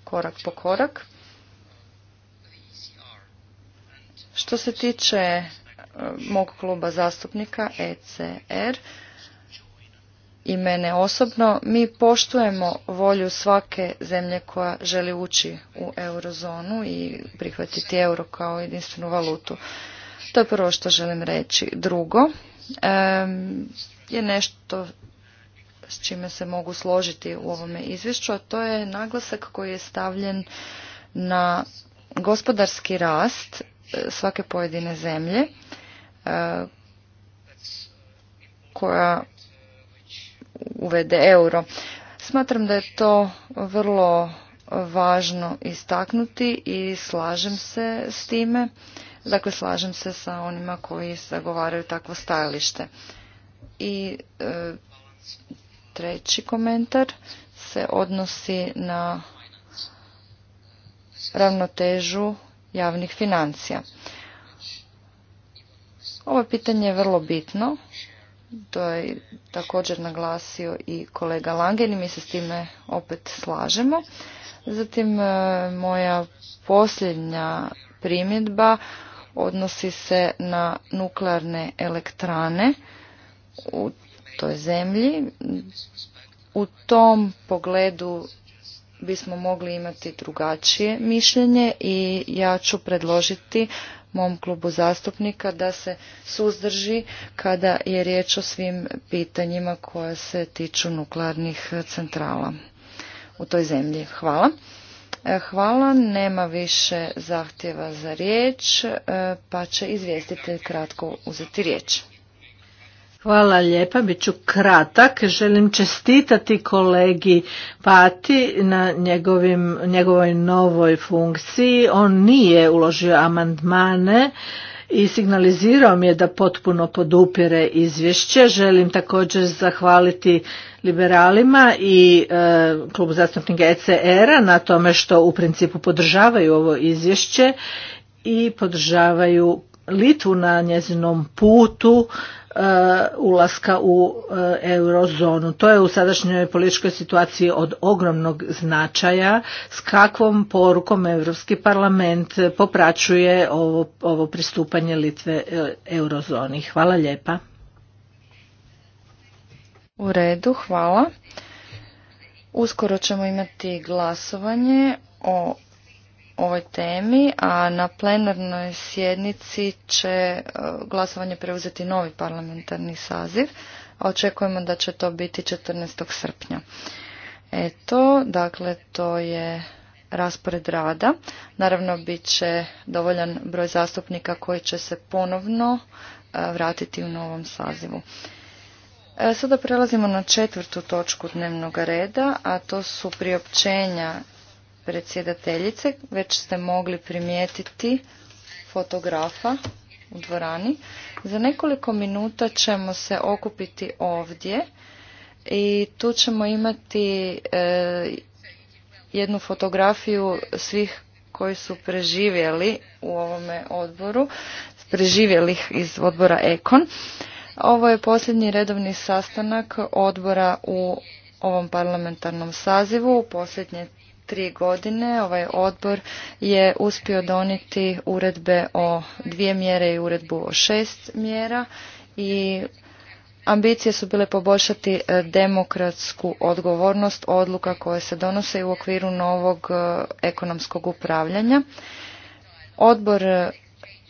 korak po korak. Što se tiče eh, mog kluba zastupnika ECR, i mene osobno, mi poštujemo volju svake zemlje koja želi ući u eurozonu i prihvatiti euro kao jedinstvenu valutu. To je prvo što želim reći. Drugo, je nešto s čime se mogu složiti u ovome izvješću, a to je naglasak koji je stavljen na gospodarski rast e, svake pojedine zemlje e, koja uvede euro. Smatram da je to vrlo važno istaknuti i slažem se s time. Dakle, slažem se sa onima koji zagovaraju takvo stajalište. I e, treći komentar se odnosi na ravnotežu javnih financija. Ovo pitanje je vrlo bitno to je također naglasio i kolega Langen i mi se s time opet slažemo. Zatim e, moja posljednja primjedba odnosi se na nuklearne elektrane u toj zemlji. U tom pogledu bismo mogli imati drugačije mišljenje i ja ću predložiti mom klubu zastupnika da se suzdrži kada je riječ o svim pitanjima koja se tiču nuklearnih centrala u toj zemlji. Hvala. E, hvala, nema više zahtjeva za riječ, e, pa će izvjestitelj kratko uzeti riječ. Hvala lijepa, bit ću kratak. Želim čestitati kolegi Pati na njegovim, njegovoj novoj funkciji. On nije uložio amandmane i signalizirao mi je da potpuno podupire izvješće. Želim također zahvaliti liberalima i e, klubu zastupnika ECR-a na tome što u principu podržavaju ovo izvješće i podržavaju Litvu na njezinom putu E, ulaska u e, eurozonu. To je u sadašnjoj političkoj situaciji od ogromnog značaja s kakvom porukom Europski parlament popraćuje ovo, ovo pristupanje Litve e, eurozoni. Hvala lijepa. U redu, hvala. Uskoro ćemo imati glasovanje o ovoj temi, a na plenarnoj sjednici će e, glasovanje preuzeti novi parlamentarni saziv, a očekujemo da će to biti 14. srpnja. Eto, dakle, to je raspored rada. Naravno, bit će dovoljan broj zastupnika koji će se ponovno e, vratiti u novom sazivu. E, sada prelazimo na četvrtu točku dnevnog reda, a to su priopćenja predsjedateljice. Već ste mogli primijetiti fotografa u dvorani. Za nekoliko minuta ćemo se okupiti ovdje i tu ćemo imati e, jednu fotografiju svih koji su preživjeli u ovome odboru, preživjeli iz odbora Ekon. Ovo je posljednji redovni sastanak odbora u ovom parlamentarnom sazivu. U posljednje tri godine ovaj odbor je uspio donijeti uredbe o dvije mjere i uredbu o šest mjera i ambicije su bile poboljšati e, demokratsku odgovornost odluka koje se donose u okviru novog e, ekonomskog upravljanja. Odbor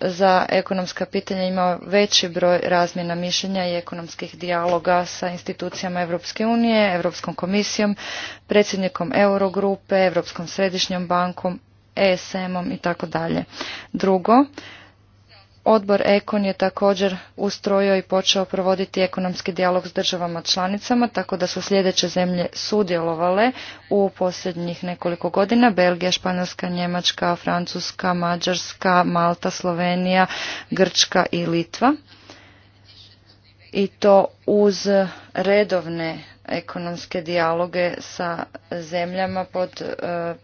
za ekonomska pitanja imao veći broj razmjena mišljenja i ekonomskih dijaloga sa institucijama Europske unije, Europskom komisijom, predsjednikom Eurogrupe, Europskom središnjom bankom, ESM-om i tako dalje. Drugo, Odbor Ekon je također ustrojio i počeo provoditi ekonomski dijalog s državama članicama, tako da su sljedeće zemlje sudjelovale u posljednjih nekoliko godina. Belgija, Španjolska, Njemačka, Francuska, Mađarska, Malta, Slovenija, Grčka i Litva. I to uz redovne ekonomske dijaloge sa zemljama pod eh,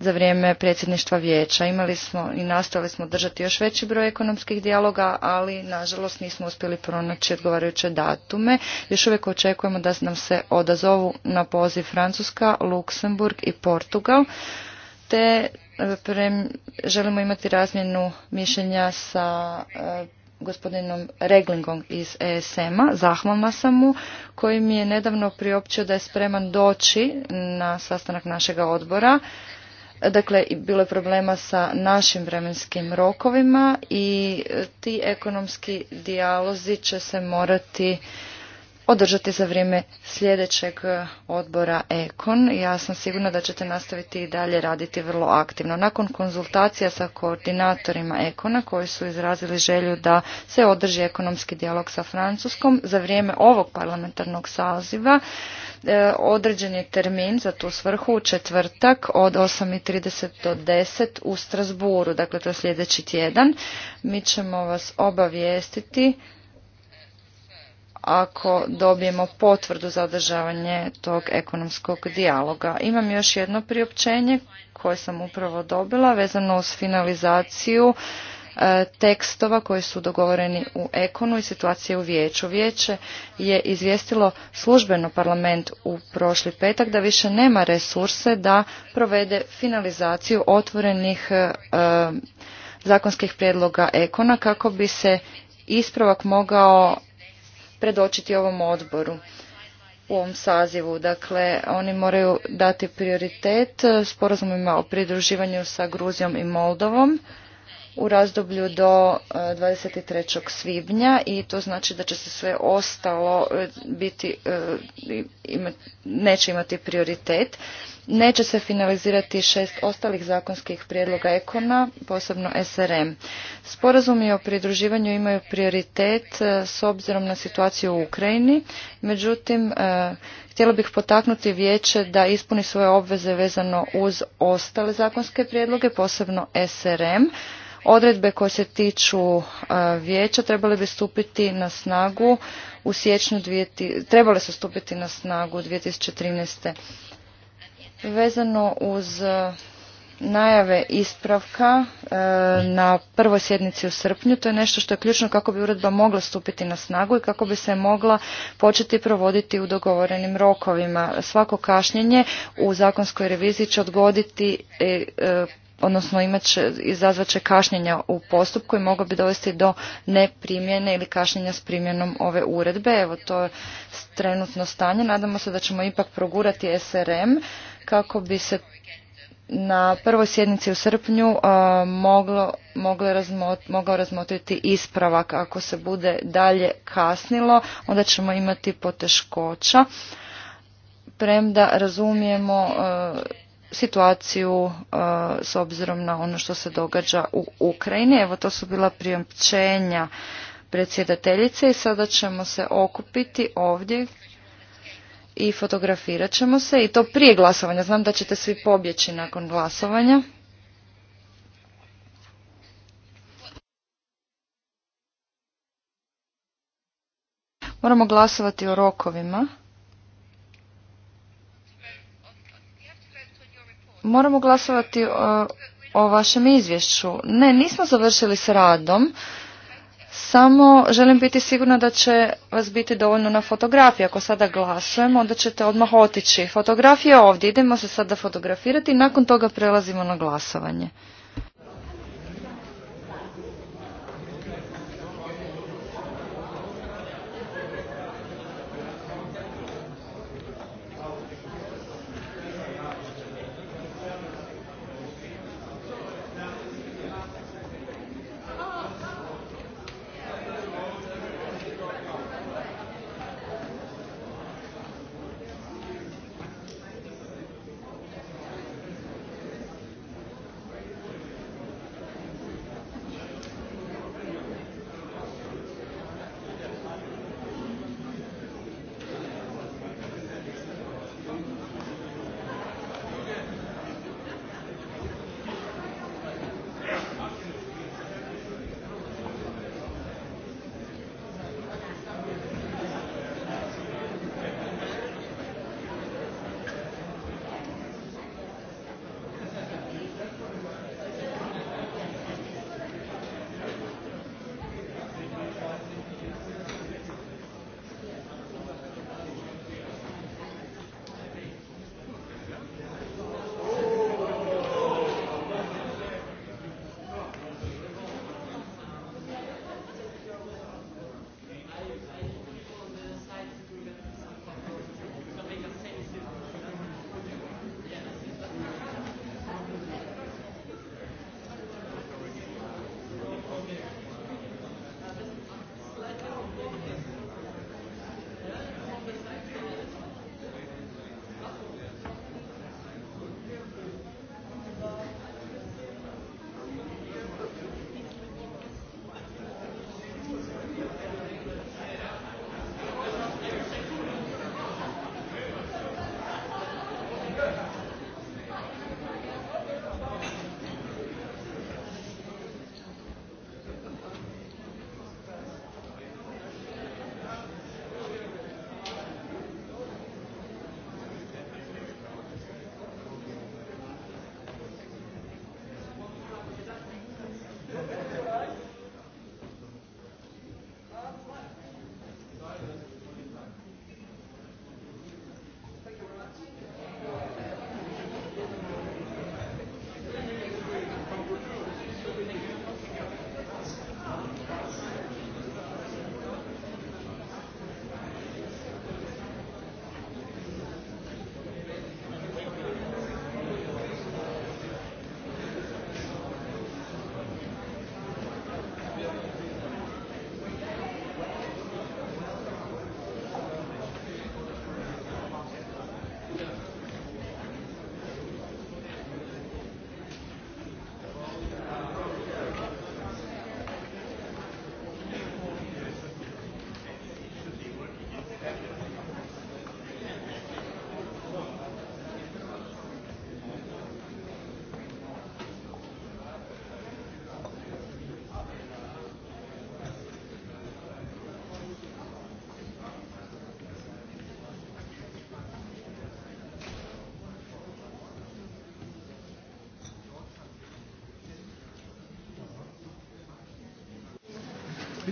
za vrijeme predsjedništva vijeća. Imali smo i nastavili smo držati još veći broj ekonomskih dijaloga, ali nažalost nismo uspjeli pronaći odgovarajuće datume. Još uvijek očekujemo da nam se odazovu na poziv Francuska, Luksemburg i Portugal, te e, želimo imati razmjenu mišljenja sa e, gospodinom Reglingom iz ESM-a, zahvalna sam mu, koji mi je nedavno priopćio da je spreman doći na sastanak našega odbora Dakle, bilo je problema sa našim vremenskim rokovima i ti ekonomski dijalozi će se morati održati za vrijeme sljedećeg e, odbora Ekon. Ja sam sigurna da ćete nastaviti i dalje raditi vrlo aktivno. Nakon konzultacija sa koordinatorima Ekona koji su izrazili želju da se održi ekonomski dijalog sa Francuskom za vrijeme ovog parlamentarnog saziva e, određen je termin za tu svrhu u četvrtak od 8.30 do 10 u Strasburu, dakle to je sljedeći tjedan. Mi ćemo vas obavijestiti ako dobijemo potvrdu za održavanje tog ekonomskog dijaloga. Imam još jedno priopćenje koje sam upravo dobila vezano uz finalizaciju e, tekstova koji su dogovoreni u Ekonu i situacije u Vijeću. Vijeće je izvijestilo službeno parlament u prošli petak da više nema resurse da provede finalizaciju otvorenih e, zakonskih prijedloga Ekona kako bi se ispravak mogao predočiti ovom odboru u ovom sazivu. Dakle, oni moraju dati prioritet sporazumima o pridruživanju sa Gruzijom i Moldovom u razdoblju do 23. E, svibnja i to znači da će se sve ostalo e, biti, e, neće imati prioritet. Neće se finalizirati šest ostalih zakonskih prijedloga Ekona, posebno SRM. Sporazumi o pridruživanju imaju prioritet e, s obzirom na situaciju u Ukrajini, međutim, e, htjela bih potaknuti vijeće da ispuni svoje obveze vezano uz ostale zakonske prijedloge, posebno SRM. Odredbe koje se tiču e, vijeća trebale bi stupiti na snagu u siječnju, trebale su stupiti na snagu 2013. Vezano uz e, najave ispravka e, na prvoj sjednici u srpnju, to je nešto što je ključno kako bi uredba mogla stupiti na snagu i kako bi se mogla početi provoditi u dogovorenim rokovima. Svako kašnjenje u zakonskoj reviziji će odgoditi e, odnosno imat će, izazvat će kašnjenja u postupku i moglo bi dovesti do neprimjene ili kašnjenja s primjenom ove uredbe. Evo to je trenutno stanje. Nadamo se da ćemo ipak progurati SRM kako bi se na prvoj sjednici u srpnju moglo, mogao razmotriti ispravak. Ako se bude dalje kasnilo, onda ćemo imati poteškoća. Premda razumijemo situaciju s obzirom na ono što se događa u Ukrajini. Evo to su bila priopćenja predsjedateljice i sada ćemo se okupiti ovdje i fotografirat ćemo se i to prije glasovanja. Znam da ćete svi pobjeći nakon glasovanja. Moramo glasovati o rokovima. Moramo glasovati o, vašem izvješću. Ne, nismo završili s radom. Samo želim biti sigurna da će vas biti dovoljno na fotografiji. Ako sada glasujemo, onda ćete odmah otići. Fotografija ovdje. Idemo se sada fotografirati i nakon toga prelazimo na glasovanje.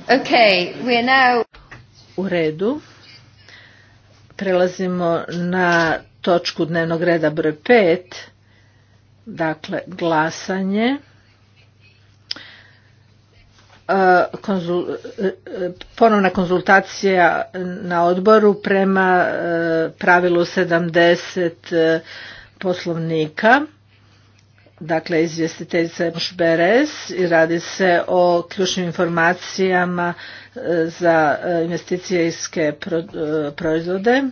Okay, we are now... U redu. Prelazimo na točku dnevnog reda broj 5. Dakle, glasanje. E, e, ponovna konzultacija na odboru prema e, pravilu 70 poslovnika dakle izvjestiteljica Beres i radi se o ključnim informacijama e, za e, investicijske e, proizvode.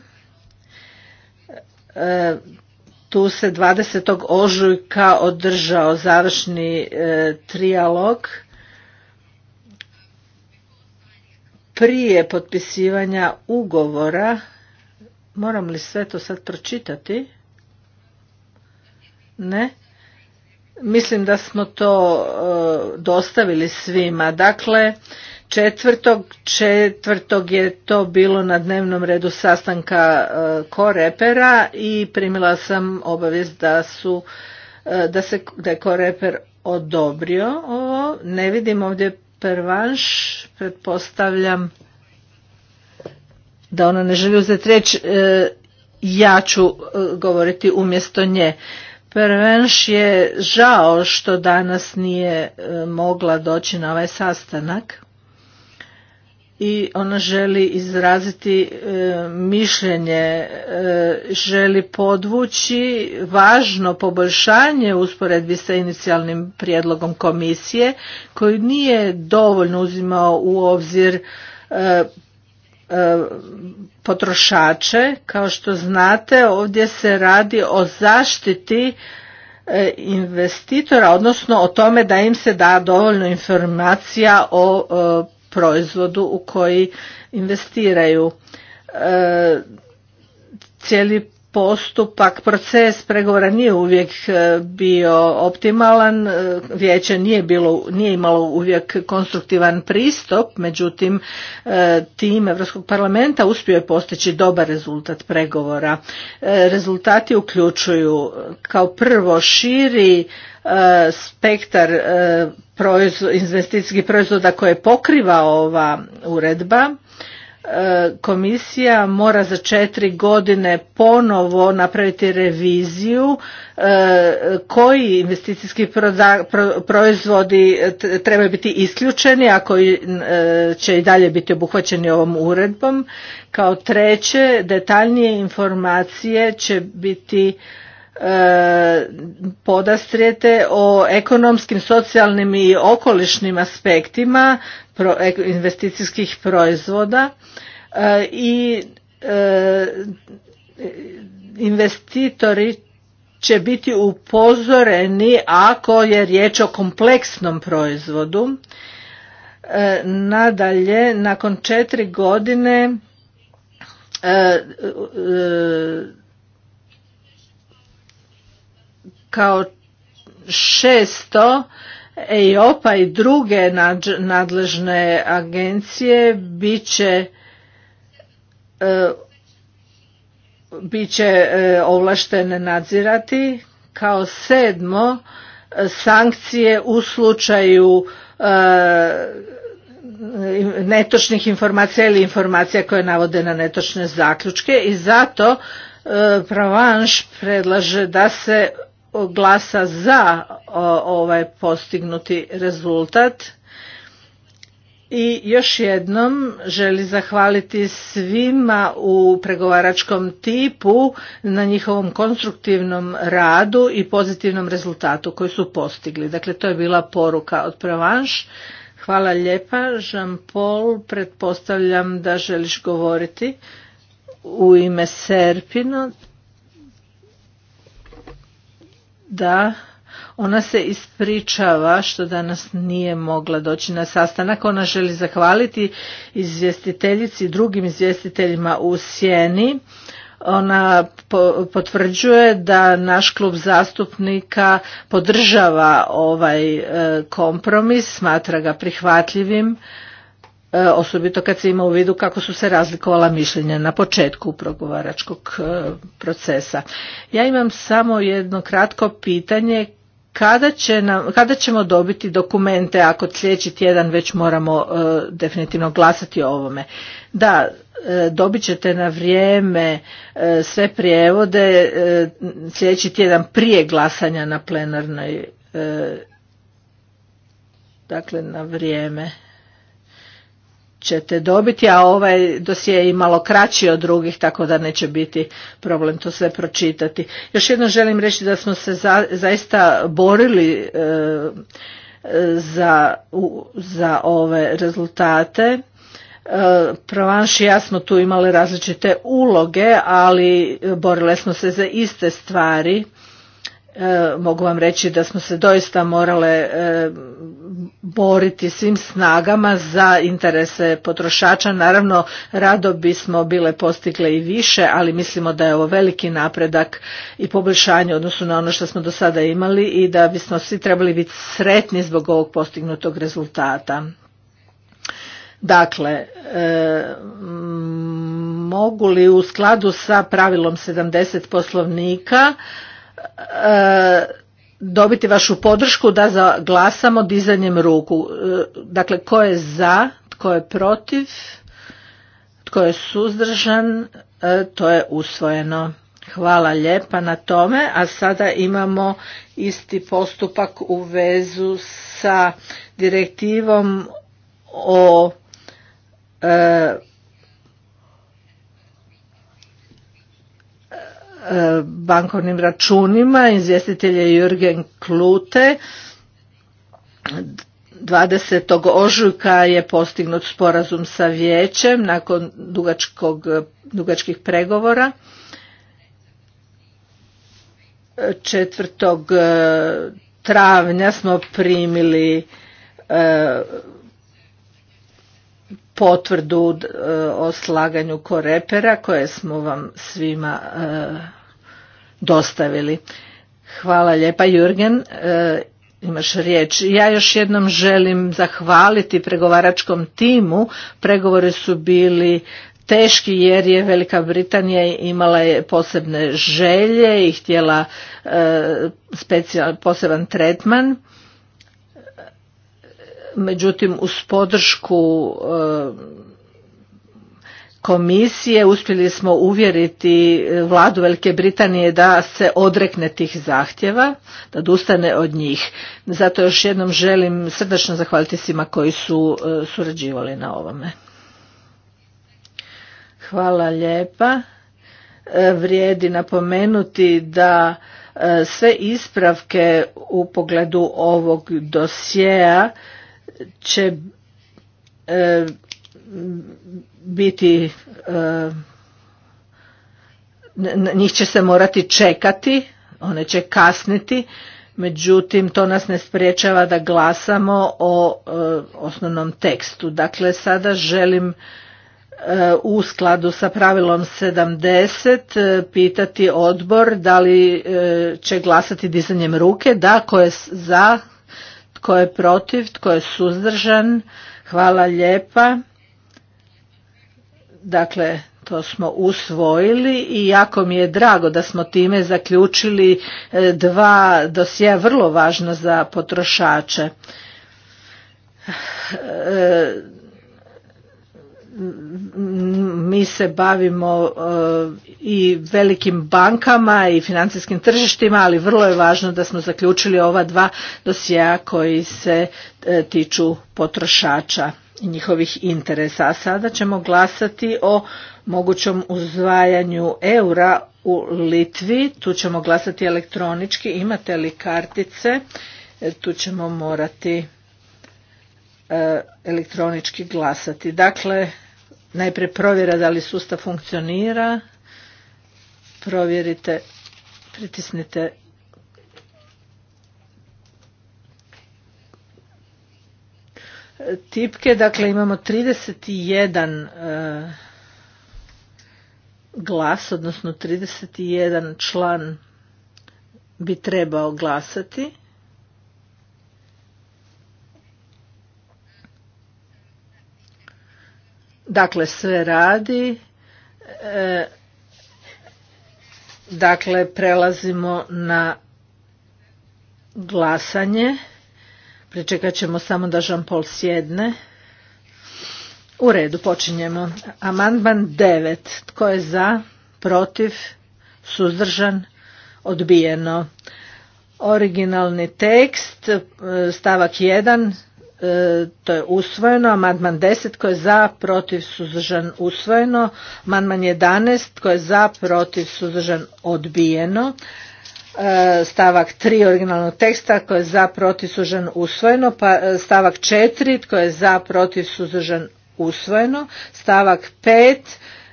Tu se 20. ožujka održao završni trijalog prije potpisivanja ugovora. Moram li sve to sad pročitati? Ne. Mislim da smo to e, dostavili svima. Dakle, četvrtog, četvrtog je to bilo na dnevnom redu sastanka e, korepera i primila sam obavijest da su e, da, se, da je koreper odobrio ovo. Ne vidim ovdje pervanš, pretpostavljam da ona ne želi uzeti riječ, ja ću govoriti umjesto nje. Prvenš je žao što danas nije e, mogla doći na ovaj sastanak i ona želi izraziti e, mišljenje, e, želi podvući važno poboljšanje usporedbi sa inicijalnim prijedlogom komisije koji nije dovoljno uzimao u obzir E, potrošače. Kao što znate, ovdje se radi o zaštiti e, investitora, odnosno o tome da im se da dovoljno informacija o e, proizvodu u koji investiraju. Cijeli postupak, proces pregovora nije uvijek e, bio optimalan, e, vijeće nije, bilo, nije imalo uvijek konstruktivan pristup, međutim e, tim Europskog parlamenta uspio je postići dobar rezultat pregovora. Rezultati uključuju kao prvo širi spektar investicijskih proizvoda koje pokriva ova uredba, E, komisija mora za četiri godine ponovo napraviti reviziju e, koji investicijski proizvodi trebaju biti isključeni a koji e, će i dalje biti obuhvaćeni ovom uredbom kao treće detaljnije informacije će biti E, podastrijete o ekonomskim, socijalnim i okolišnim aspektima e, investicijskih proizvoda e, i investitori će biti upozoreni ako je riječ o kompleksnom proizvodu. Nadalje, nakon četiri godine kao šesto EIOPA i druge nadležne agencije bit će e, e, ovlaštene nadzirati kao sedmo e, sankcije u slučaju netočnih informacija ili informacija koje navode na netočne zaključke i zato Pravanš predlaže da se glasa za ovaj postignuti rezultat. I još jednom želi zahvaliti svima u pregovaračkom tipu na njihovom konstruktivnom radu i pozitivnom rezultatu koji su postigli. Dakle, to je bila poruka od Provanš. Hvala lijepa. Jean-Paul, pretpostavljam da želiš govoriti u ime Serpino da ona se ispričava što danas nije mogla doći na sastanak. Ona želi zahvaliti izvjestiteljici i drugim izvjestiteljima u sjeni. Ona potvrđuje da naš klub zastupnika podržava ovaj e, kompromis, smatra ga prihvatljivim E, osobito kad se ima u vidu kako su se razlikovala mišljenja na početku progovaračkog e, procesa. Ja imam samo jedno kratko pitanje kada, će kada ćemo dobiti dokumente ako sljedeći tjedan već moramo e, definitivno glasati o ovome? Da, dobit ćete na vrijeme sve prijevode sljedeći tjedan prije glasanja na plenarnoj, dakle na vrijeme ćete dobiti, a ovaj dosije je i malo kraći od drugih, tako da neće biti problem to sve pročitati. Još jednom želim reći da smo se zaista borili e, za, za ove rezultate. E, Provanš i ja smo tu imali različite uloge, ali borile smo se za iste stvari. E, mogu vam reći da smo se doista morale e, boriti svim snagama za interese potrošača. Naravno, rado bismo bile postigle i više, ali mislimo da je ovo veliki napredak i poboljšanje odnosu na ono što smo do sada imali i da bismo svi trebali biti sretni zbog ovog postignutog rezultata. Dakle, e, mogu li u skladu sa pravilom 70 poslovnika E, dobiti vašu podršku da glasamo dizanjem ruku. E, dakle, ko je za, tko je protiv, tko je suzdržan, e, to je usvojeno. Hvala lijepa na tome, a sada imamo isti postupak u vezu sa direktivom o E, bankovnim računima. Izvjestitelj je Jürgen Klute. 20. ožujka je postignut sporazum sa vijećem nakon dugačkih pregovora. 4. E, travnja smo primili e, potvrdu o slaganju korepera koje smo vam svima dostavili. Hvala lijepa Jurgen. E, imaš riječ. Ja još jednom želim zahvaliti pregovaračkom timu. Pregovori su bili teški jer je Velika Britanija imala je posebne želje i htjela e, specijal, poseban tretman. Međutim, uz podršku e, komisije uspjeli smo uvjeriti e, vladu Velike Britanije da se odrekne tih zahtjeva, da odustane od njih. Zato još jednom želim srdačno zahvaliti svima koji su e, surađivali na ovome. Hvala lijepa. E, vrijedi napomenuti da sve ispravke u pogledu ovog dosjea će biti e, njih će se morati čekati, one će kasniti, međutim to nas ne spriječava da glasamo o e, osnovnom tekstu. Dakle, sada želim e, u skladu sa pravilom 70 pitati odbor da li će glasati dizanjem ruke, da, ko je za, tko je protiv, tko je suzdržan, hvala lijepa. Dakle, to smo usvojili i jako mi je drago da smo time zaključili e, dva dosija vrlo važna za potrošače. E, mi se bavimo e, i velikim bankama i financijskim tržištima, ali vrlo je važno da smo zaključili ova dva dosija koji se tiču potrošača njihovih interesa. A sada ćemo glasati o mogućom uzvajanju eura u Litvi. Tu ćemo glasati elektronički. Imate li kartice? E, tu ćemo morati e, elektronički glasati. Dakle, najprije provjera da li sustav funkcionira. Provjerite, pritisnite tipke, dakle imamo 31 e, glas, odnosno 31 član bi trebao glasati. Dakle, sve radi. E, dakle, prelazimo na glasanje. Pričekat ćemo samo da Jean Paul sjedne. U redu, počinjemo. Amandman 9. Tko je za, protiv, suzdržan, odbijeno. Originalni tekst, e, stavak 1, e, to je usvojeno. Amandman 10, tko je za, protiv, suzdržan, usvojeno. Amandman 11, tko je za, protiv, suzdržan, odbijeno. E, stavak 3 originalnog teksta tko je za protiv suzdržan usvojeno pa e, stavak 4 tko je za protiv suzdržan usvojeno stavak 5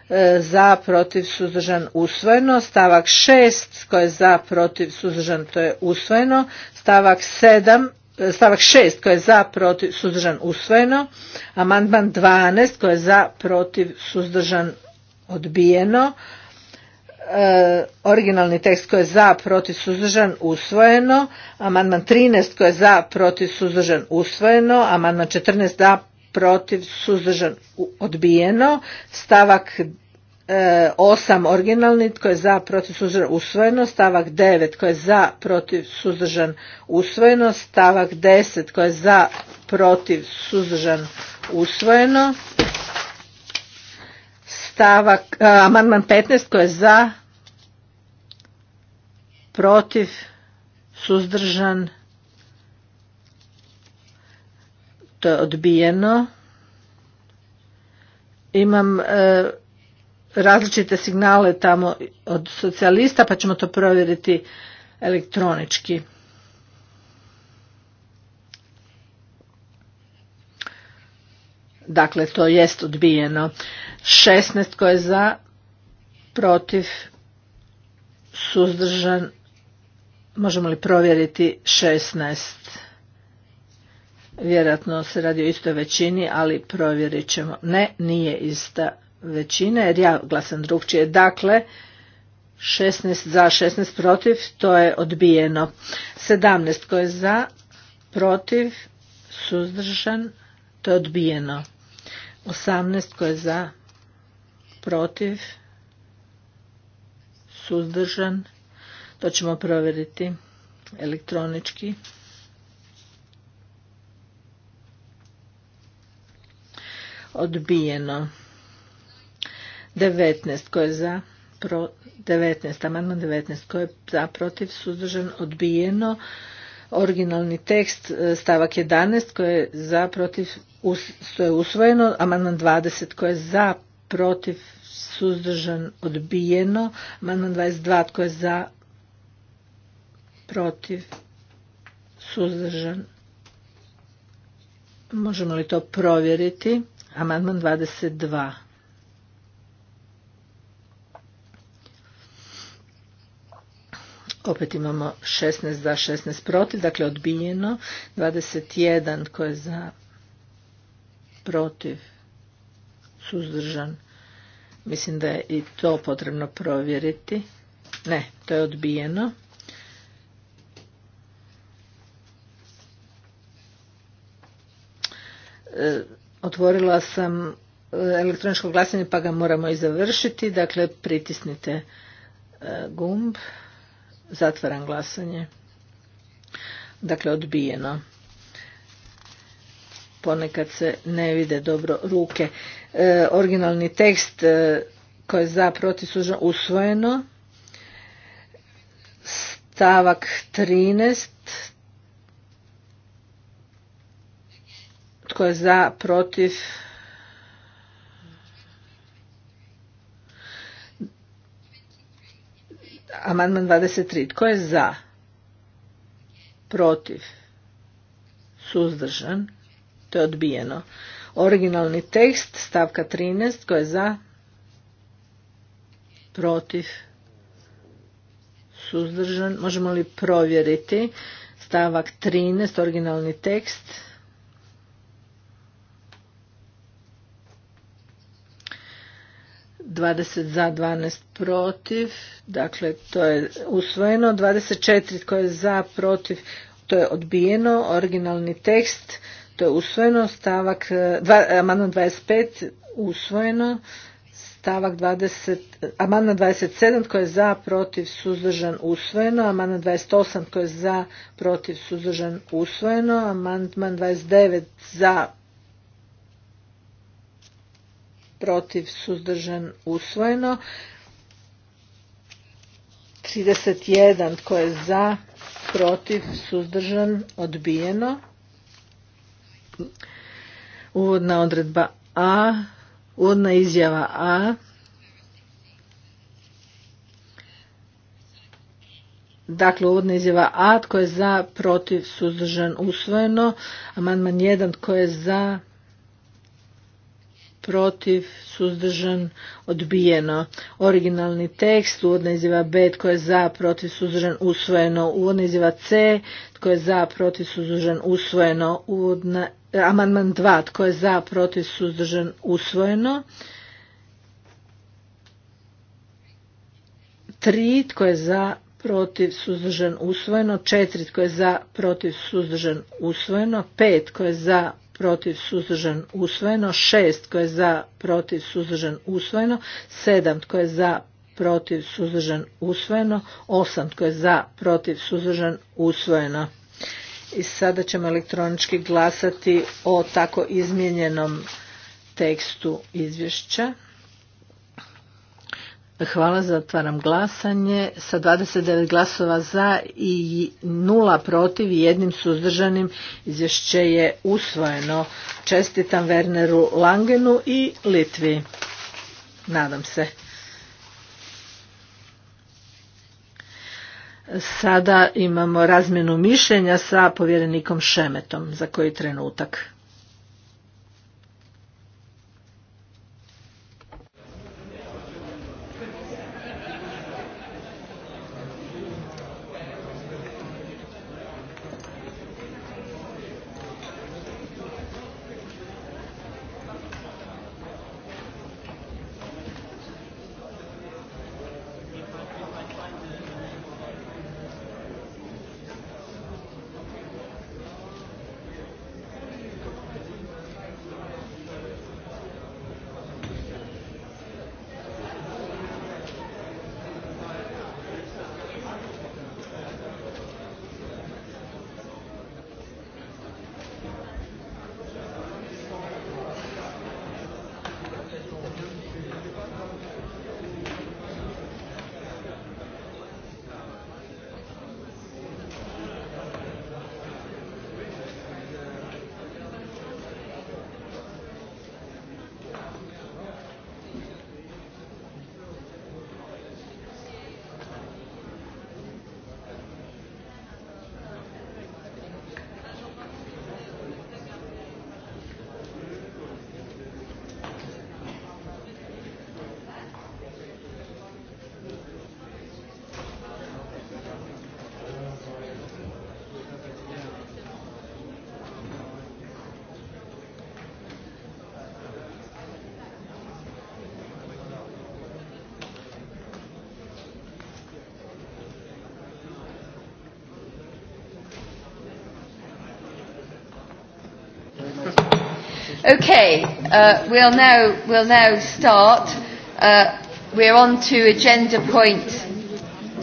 e, za protiv suzdržan usvojeno stavak 6 tko je za protiv suzdržan to je usvojeno stavak 7 stavak 6 koji je za protiv suzdržan usvojeno amandman 12 koji je za protiv suzdržan odbijeno E, originalni tekst koji je za protiv suzdržan usvojeno, amandman 13 koji je za protiv suzdržan usvojeno, amandman 14 da protiv suzdržan odbijeno, stavak e, osam, originalni koji je za protiv suzdržan usvojeno, stavak 9 koji je za protiv suzdržan usvojeno, stavak 10 koji je za protiv suzdržan usvojeno, stavak, e, amandman 15 koji je za, protiv, suzdržan, to je odbijeno. Imam e, različite signale tamo od socijalista pa ćemo to provjeriti elektronički. Dakle, to jest odbijeno. 16 koje je za, protiv, suzdržan. Možemo li provjeriti 16? Vjerojatno se radi o istoj većini, ali provjerit ćemo. Ne, nije ista većina, jer ja glasam drugčije. Dakle, 16 za, 16 protiv, to je odbijeno. 17 koje je za, protiv, suzdržan, to je odbijeno. 18 koje je za, protiv, suzdržan. To ćemo provjeriti elektronički. Odbijeno. 19 koje je za, pro, 19, amandman 19 koje je za, protiv, suzdržan, odbijeno originalni tekst e, stavak 11 koje je za protiv što je usvojeno, amandman 20 koje je za protiv suzdržan odbijeno, amandman 22 koje je za protiv suzdržan možemo li to provjeriti amandman 22 opet imamo 16 za 16 protiv, dakle odbijeno, 21 koje je za protiv suzdržan. Mislim da je i to potrebno provjeriti. Ne, to je odbijeno. E, otvorila sam e, elektroničko glasanje pa ga moramo i završiti. Dakle, pritisnite e, gumb. Zatvaram glasanje. Dakle, odbijeno. Ponekad se ne vide dobro ruke. E, originalni tekst e, koji je za protiv usvojeno. Stavak 13. Tko je za protiv Amandman 23. Tko je za? Protiv? Suzdržan? To je odbijeno. Originalni tekst, stavka 13. Tko je za? Protiv? Suzdržan? Možemo li provjeriti? Stavak 13. Originalni tekst. 20 za, 12 protiv, dakle to je usvojeno, 24 koje je za, protiv, to je odbijeno, originalni tekst, to je usvojeno, stavak, e, amandman 25 usvojeno, stavak 20, amandman 27 koje je za, protiv, suzdržan, usvojeno, amandman 28 koje je za, protiv, suzdržan, usvojeno, amandman 29 za, protiv suzdržan usvojeno 31 tko je za protiv suzdržan odbijeno uvodna odredba A uvodna izjava A Dakle, uvodna izjava A, tko je za, protiv, suzdržan, usvojeno. Amandman 1, tko je za, protiv, suzdržan, odbijeno. Originalni tekst, uvodna izjava B, tko je za, protiv, suzdržan, usvojeno. Uvodna izjava C, tko je za, protiv, suzdržan, usvojeno. Uvodna, e, amandman 2, tko je za, protiv, suzdržan, usvojeno. 3, tko je za, protiv, suzdržan, usvojeno. 4, tko je za, protiv, suzdržan, usvojeno. 5, tko je za, protiv suzdržan usvojeno, Šest tko je za protiv suzdržan usvojeno, sedam tko je za protiv suzdržan usvojeno, osam tko je za protiv suzdržan usvojeno. I sada ćemo elektronički glasati o tako izmijenjenom tekstu izvješća. Hvala, zatvaram glasanje. Sa 29 glasova za i nula protiv i jednim suzdržanim izvješće je usvojeno. Čestitam Werneru Langenu i Litvi. Nadam se. Sada imamo razmjenu mišljenja sa povjerenikom Šemetom za koji trenutak. Okay, uh, we'll, now, we'll now start. Uh, we're on to agenda point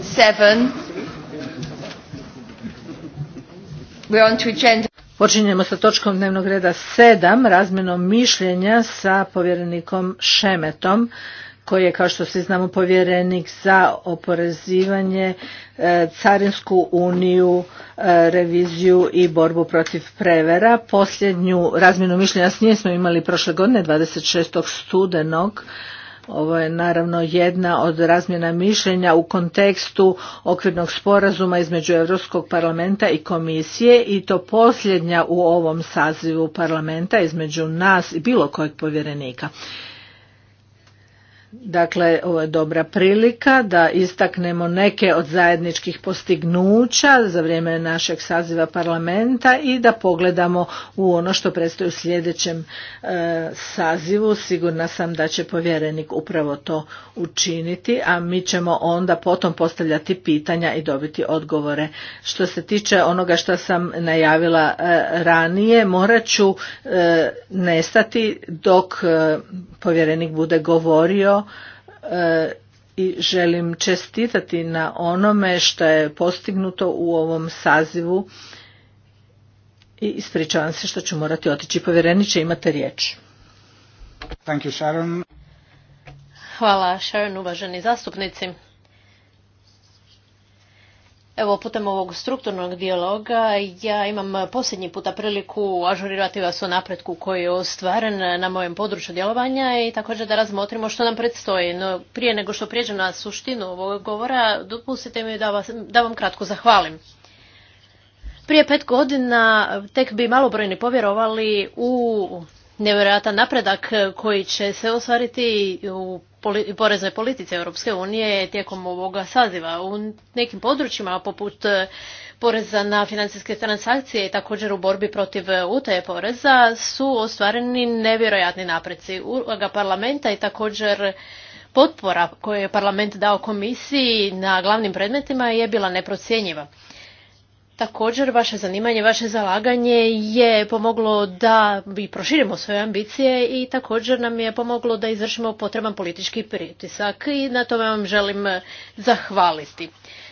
seven. We're on to agenda... Počinjemo sa točkom dnevnog reda 7, razmjenom mišljenja sa povjerenikom Šemetom koji je kao što svi znamo povjerenik za oporezivanje, e, carinsku uniju, e, reviziju i borbu protiv prevera. Posljednju razmjenu mišljenja s njim smo imali prošle godine 26. studenog. Ovo je naravno jedna od razmjena mišljenja u kontekstu okvirnog sporazuma između Europskog parlamenta i komisije i to posljednja u ovom sazivu parlamenta između nas i bilo kojeg povjerenika. Dakle, ovo je dobra prilika da istaknemo neke od zajedničkih postignuća za vrijeme našeg saziva parlamenta i da pogledamo u ono što predstoji u sljedećem e, sazivu. Sigurna sam da će povjerenik upravo to učiniti, a mi ćemo onda potom postavljati pitanja i dobiti odgovore. Što se tiče onoga što sam najavila e, ranije, morat ću e, nestati dok povjerenik bude govorio e, i želim čestitati na onome što je postignuto u ovom sazivu i ispričavam se što ću morati otići. Povjereniče, imate riječ. Thank you, Sharon. Hvala Sharon, uvaženi zastupnici. Evo, putem ovog strukturnog dijaloga ja imam posljednji puta priliku ažurirati vas o napretku koji je ostvaren na mojem području djelovanja i također da razmotrimo što nam predstoji. No, prije nego što prijeđem na suštinu ovog govora, dopustite mi da, vas, da vam kratko zahvalim. Prije pet godina tek bi malobrojni povjerovali u nevjerojatan napredak koji će se ostvariti u poli poreznoj politici Europske unije tijekom ovoga saziva. U nekim područjima poput e, poreza na financijske transakcije i također u borbi protiv e, utaje poreza su ostvareni nevjerojatni napreci uloga parlamenta i također potpora koju je parlament dao komisiji na glavnim predmetima je bila neprocjenjiva. Također, vaše zanimanje, vaše zalaganje je pomoglo da bi proširimo svoje ambicije i također nam je pomoglo da izvršimo potreban politički pritisak i na tome vam želim zahvaliti.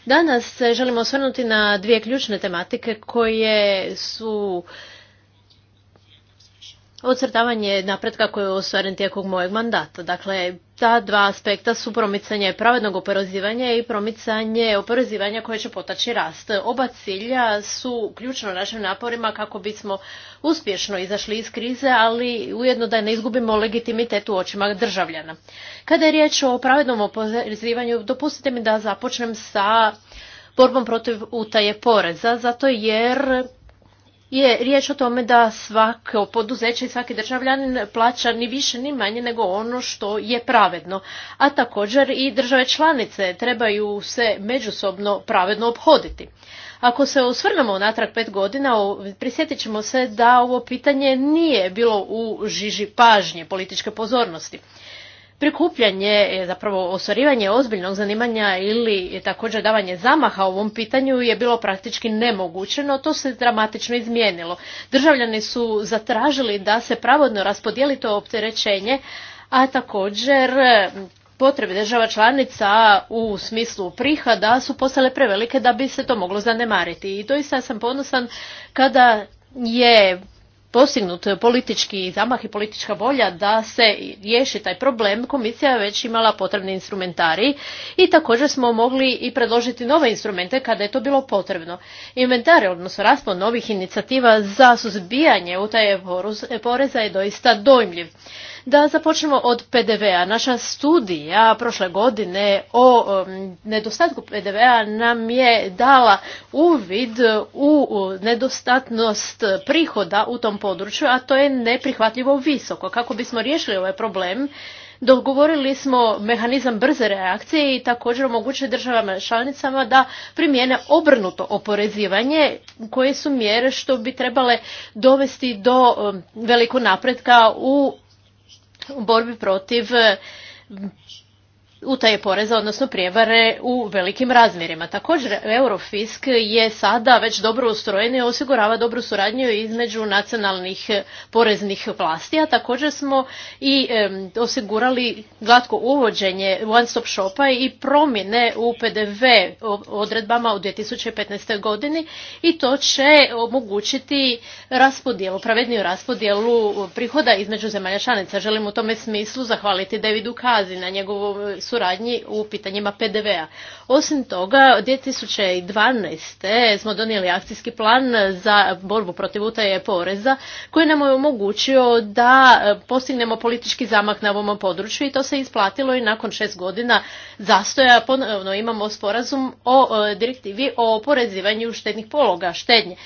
Danas želimo osvrnuti na dvije ključne tematike koje su ocrtavanje napretka koji je ostvaren tijekom mojeg mandata. Dakle, ta dva aspekta su promicanje pravednog oporezivanja i promicanje oporezivanja koje će potaći rast. Oba cilja su ključno našim naporima kako bismo uspješno izašli iz krize, ali ujedno da ne izgubimo legitimitet u očima državljana. Kada je riječ o pravednom oporezivanju, dopustite mi da započnem sa borbom protiv utaje poreza, zato jer je riječ o tome da svako poduzeće i svaki državljanin plaća ni više ni manje nego ono što je pravedno. A također i države članice trebaju se međusobno pravedno obhoditi. Ako se osvrnemo natrag pet godina, prisjetit ćemo se da ovo pitanje nije bilo u žiži pažnje političke pozornosti prikupljanje, e, zapravo osvarivanje ozbiljnog zanimanja ili također davanje zamaha ovom pitanju je bilo praktički nemoguće, no to se dramatično izmijenilo. Državljani su zatražili da se pravodno raspodijeli to opterećenje, a također e, potrebe država članica u smislu prihada su postale prevelike da bi se to moglo zanemariti. I doista sam ponosan kada je postignut politički zamah i politička volja da se riješi taj problem, komisija je već imala potrebni instrumentari i također smo mogli i predložiti nove instrumente kada je to bilo potrebno. Inventar, odnosno raspon novih inicijativa za suzbijanje utaje poreza je doista dojmljiv da započnemo od PDV-a. Naša studija prošle godine o nedostatku PDV-a nam je dala uvid u nedostatnost prihoda u tom području, a to je neprihvatljivo visoko. Kako bismo riješili ovaj problem, dogovorili smo mehanizam brze reakcije i također omogućili državama članicama da primijene obrnuto oporezivanje koje su mjere što bi trebale dovesti do velikog napretka u u borbi protiv utaje poreza, odnosno prijevare u velikim razmjerima. Također, Eurofisk je sada već dobro ustrojen i osigurava dobru suradnju između nacionalnih poreznih vlasti, a također smo i osigurali glatko uvođenje one-stop shopa i promjene u PDV odredbama u 2015. godini i to će omogućiti raspodjelu, pravedniju raspodjelu prihoda između zemalja članica. Želim u tome smislu zahvaliti Davidu Kazi na njegovu suradnji u pitanjima PDV-a. Osim toga, 2012. smo donijeli akcijski plan za borbu protiv utaje poreza koji nam je omogućio da postignemo politički zamak na ovom području i to se isplatilo i nakon šest godina zastoja ponovno imamo sporazum o e, direktivi o oporezivanju štednih pologa, štednje.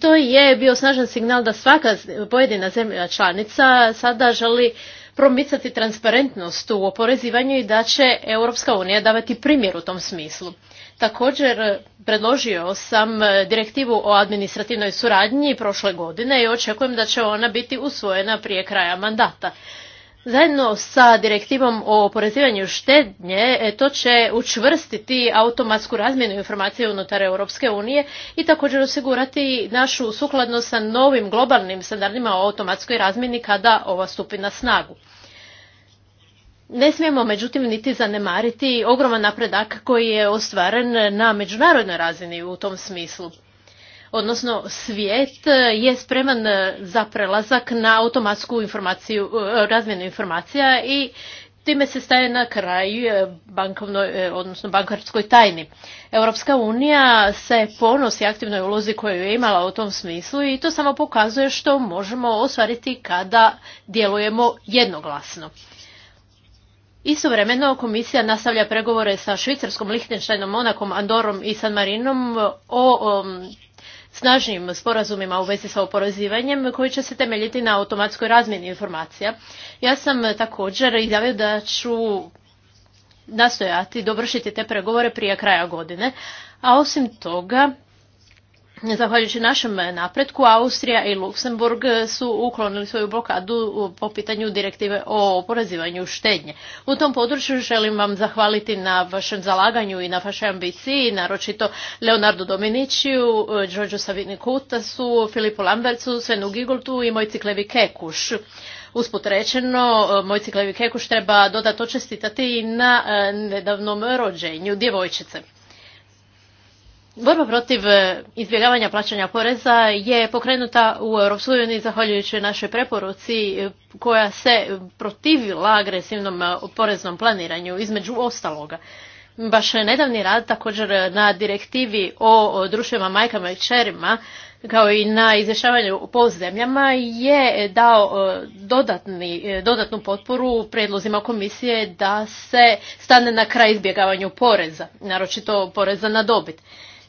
To je bio snažan signal da svaka pojedina zemlja članica sada želi promicati transparentnost u oporezivanju i da će Europska unija davati primjer u tom smislu. Također predložio sam direktivu o administrativnoj suradnji prošle godine i očekujem da će ona biti usvojena prije kraja mandata. Zajedno sa direktivom o oporezivanju štednje e, to će učvrstiti automatsku razmjenu informacije unutar Europske unije i također osigurati našu sukladnost sa novim globalnim standardima o automatskoj razmjeni kada ova stupi na snagu. Ne smijemo međutim niti zanemariti ogroman napredak koji je ostvaren na međunarodnoj razini u tom smislu. Odnosno svijet je spreman za prelazak na automatsku informaciju, razmjenu informacija i time se staje na kraj e, bankovnoj, e, odnosno bankarskoj tajni. Europska unija se ponosi aktivnoj ulozi koju je imala u tom smislu i to samo pokazuje što možemo ostvariti kada djelujemo jednoglasno. Istovremeno komisija nastavlja pregovore sa Švicarskom, Lichtensteinom, Monakom, Andorom i San Marinom o, snažnim sporazumima u vezi sa oporezivanjem koji će se temeljiti na automatskoj razmjeni informacija. Ja sam također izjavio da ću nastojati dovršiti te pregovore prije kraja godine, a osim toga Zahvaljujući našem napretku, Austrija i Luksemburg su uklonili svoju blokadu po pitanju direktive o oporezivanju štednje. U tom području želim vam zahvaliti na vašem zalaganju i na vašoj ambiciji, naročito Leonardo Dominiciju, Giorgio Savini Kutasu, Filipu Lambercu, Svenu Gigoltu i Mojci Klevi Kekuš. Usput rečeno, Mojci Klevi Kekuš treba dodat čestitati i na e, nedavnom rođenju djevojčice. Borba protiv e, izbjegavanja plaćanja poreza je pokrenuta u Europskoj uniji zahvaljujući našoj preporuci e, koja se protivila agresivnom e, poreznom planiranju između ostaloga. Baš nedavni rad također na direktivi o društvima majkama i čerima kao i na izvješavanju po zemljama je dao dodatni, dodatnu potporu predlozima komisije da se stane na kraj izbjegavanju poreza, naročito poreza na dobit.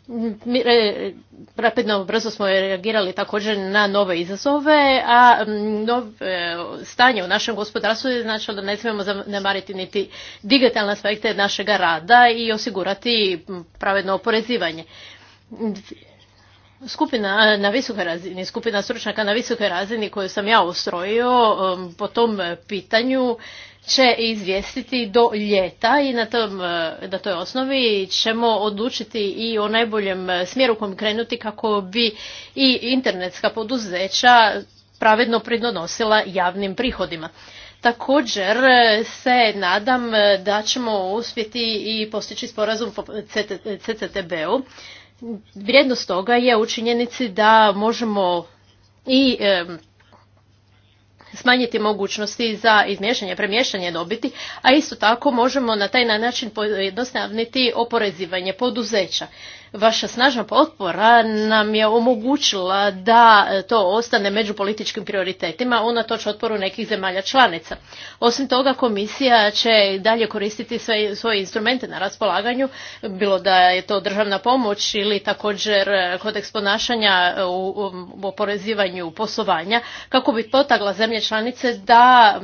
E, rapidno brzo smo reagirali također na nove izazove, a e, stanje u našem gospodarstvu je značilo da ne smijemo zanemariti niti digitalne aspekte našega rada i osigurati pravedno oporezivanje. Skupina na visokoj razini, skupina stručnjaka na visokoj razini koju sam ja ustrojio po tom pitanju će izvijestiti do ljeta i na, tom, e, na toj osnovi ćemo odlučiti i o najboljem e, smjeru kojem krenuti kako bi i internetska poduzeća pravedno pridonosila javnim prihodima. Također e, se nadam da ćemo uspjeti i postići sporazum po CCTB-u. Vrijednost toga je u činjenici da možemo i smanjiti mogućnosti za izmješanje, premješanje dobiti, a isto tako možemo na taj način pojednostavniti oporezivanje poduzeća vaša snažna potpora nam je omogućila da e, to ostane među političkim prioritetima unatoč otporu nekih zemalja članica. Osim toga, komisija će dalje koristiti sve svoje instrumente na raspolaganju, bilo da je to državna pomoć ili također e, kodeks ponašanja e, u oporezivanju poslovanja, kako bi potagla zemlje članice da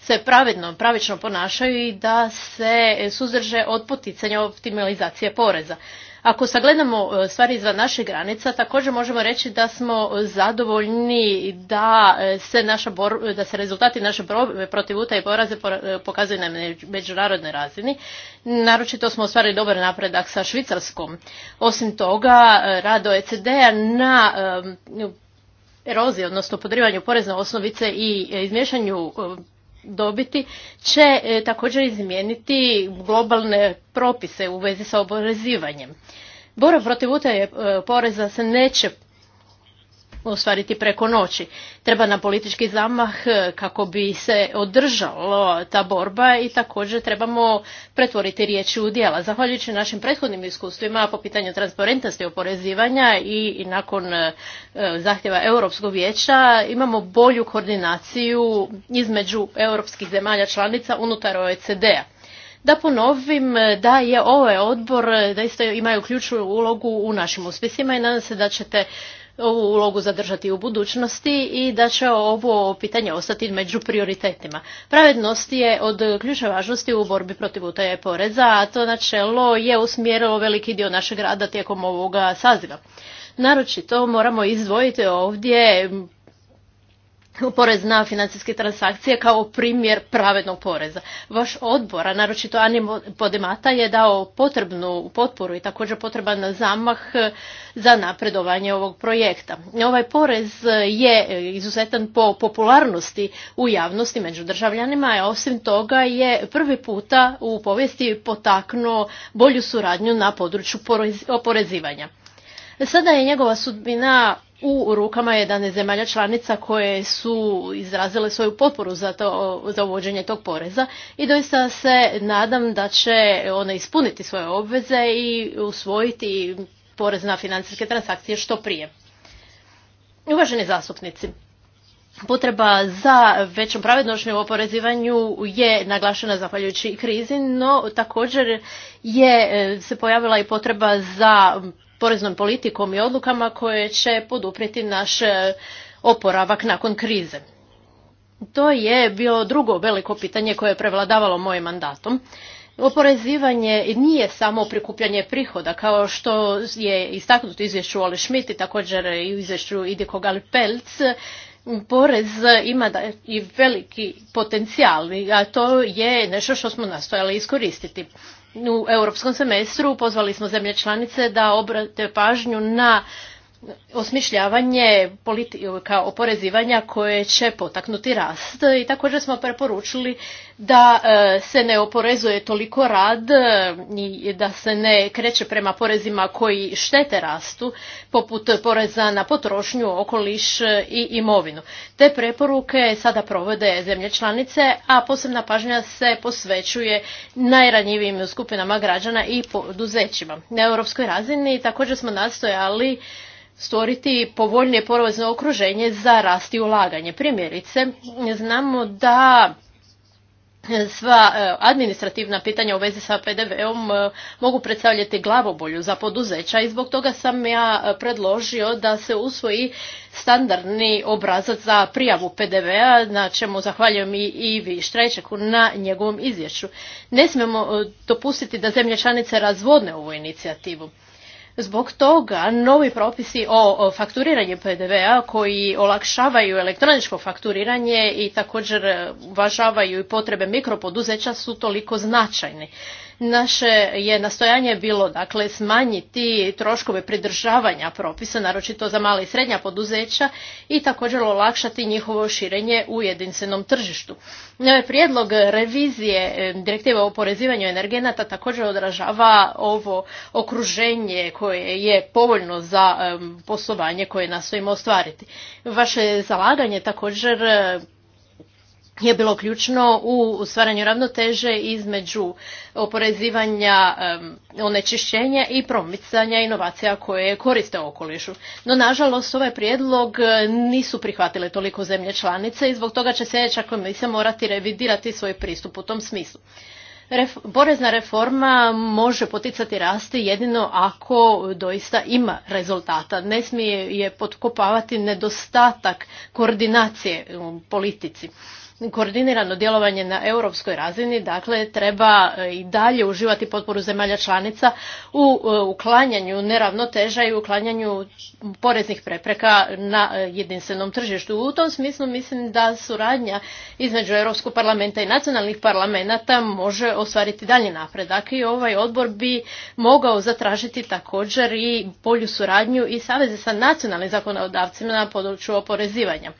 se pravedno, pravično ponašaju i da se suzdrže od poticanja optimalizacije poreza. Ako sagledamo e, stvari izvan naše granica, također možemo reći da smo zadovoljni da e, se, naša da se rezultati naše borbe protiv utaje i poraze e, pokazuju na međunarodnoj razini. Naročito smo ostvarili dobar napredak sa Švicarskom. Osim toga, rad OECD-a na eroziji, odnosno podrivanju porezne osnovice i izmješanju dobiti će e, također izmijeniti globalne propise u vezi sa oporezivanjem. Bora protiv utaje e, poreza se neće ostvariti preko noći. Treba nam politički zamah eh, kako bi se održala ta borba i također trebamo pretvoriti riječi u djela. Zahvaljujući našim prethodnim iskustvima po pitanju transparentnosti oporezivanja i nakon eh, eh, zahtjeva Europskog vijeća imamo bolju koordinaciju između europskih zemalja članica unutar OECD-a. Da ponovim da je ovaj odbor da isto imaju ključnu ulogu u našim uspjesima i nadam se da ćete ovu ulogu zadržati u budućnosti i da će ovo pitanje ostati među prioritetima. Pravednost je od ključne važnosti u borbi protiv utaje poreza, a to načelo je usmjerilo veliki dio našeg rada tijekom ovoga saziva. Naročito moramo izdvojiti ovdje porez na financijske transakcije kao primjer pravednog poreza. Vaš odbor, a naročito Animo Podemata, je dao potrebnu potporu i također potreban zamah za napredovanje ovog projekta. Ovaj porez je izuzetan po popularnosti u javnosti među državljanima, a osim toga je prvi puta u povijesti potaknuo bolju suradnju na području oporezivanja. Sada je njegova sudbina u rukama dane zemalja članica koje su izrazile svoju potporu za, to, za uvođenje tog poreza i doista se nadam da će one ispuniti svoje obveze i usvojiti porez na financijske transakcije što prije. Uvaženi zastupnici, Potreba za većom pravednošću u oporezivanju je naglašena zahvaljujući krizi, no također je e, se pojavila i potreba za poreznom politikom i odlukama koje će poduprijeti naš e, oporavak nakon krize. To je bio drugo veliko pitanje koje je prevladavalo mojim mandatom. Oporezivanje nije samo prikupljanje prihoda, kao što je istaknuto izvješću Ole Schmidt i također i u izvješću Idiko Galipelc, porez ima i veliki potencijal, a to je nešto što smo nastojali iskoristiti u europskom semestru pozvali smo zemlje članice da obrate pažnju na osmišljavanje politika oporezivanja koje će potaknuti rast. I također smo preporučili da e, se ne oporezuje toliko rad e, i da se ne kreće prema porezima koji štete rastu, poput poreza na potrošnju, okoliš e, i imovinu. Te preporuke sada provode zemlje članice, a posebna pažnja se posvećuje najranjivijim skupinama građana i poduzećima. Na europskoj razini također smo nastojali stvoriti povoljnije porozno okruženje za rast i ulaganje. Primjerice, znamo da sva e, administrativna pitanja u vezi sa PDV-om e, mogu predstavljati glavobolju za poduzeća i zbog toga sam ja predložio da se usvoji standardni obrazac za prijavu PDV-a, na čemu zahvaljujem i, Ivi vi na njegovom izvješću. Ne smemo e, dopustiti da zemlje članice razvodne ovu inicijativu. Zbog toga novi propisi o fakturiranju PDV-a koji olakšavaju elektroničko fakturiranje i također uvažavaju i potrebe mikropoduzeća su toliko značajni. Naše je nastojanje bilo dakle smanjiti troškove pridržavanja propisa, naročito za mala i srednja poduzeća i također olakšati njihovo širenje u jedinstvenom tržištu. Ovaj prijedlog revizije direktive o oporezivanju energenata također odražava ovo okruženje koje je povoljno za poslovanje koje nastojimo ostvariti. Vaše zalaganje također je bilo ključno u stvaranju ravnoteže između oporezivanja onečišćenja i promicanja inovacija koje koriste okolišu. No, nažalost, ovaj prijedlog e, nisu prihvatile toliko zemlje članice i zbog toga će sljedeća komisija morati revidirati svoj pristup u tom smislu. Borezna porezna reforma može poticati rasti jedino ako doista ima rezultata. Ne smije je potkopavati nedostatak koordinacije u politici koordinirano djelovanje na europskoj razini, dakle treba e, i dalje uživati potporu zemalja članica u e, uklanjanju neravnoteža i uklanjanju poreznih prepreka na e, jedinstvenom tržištu. U tom smislu mislim da suradnja između Europskog parlamenta i nacionalnih parlamenta može ostvariti dalje napredak i ovaj odbor bi mogao zatražiti također i bolju suradnju i saveze sa nacionalnim zakonodavcima na području oporezivanja.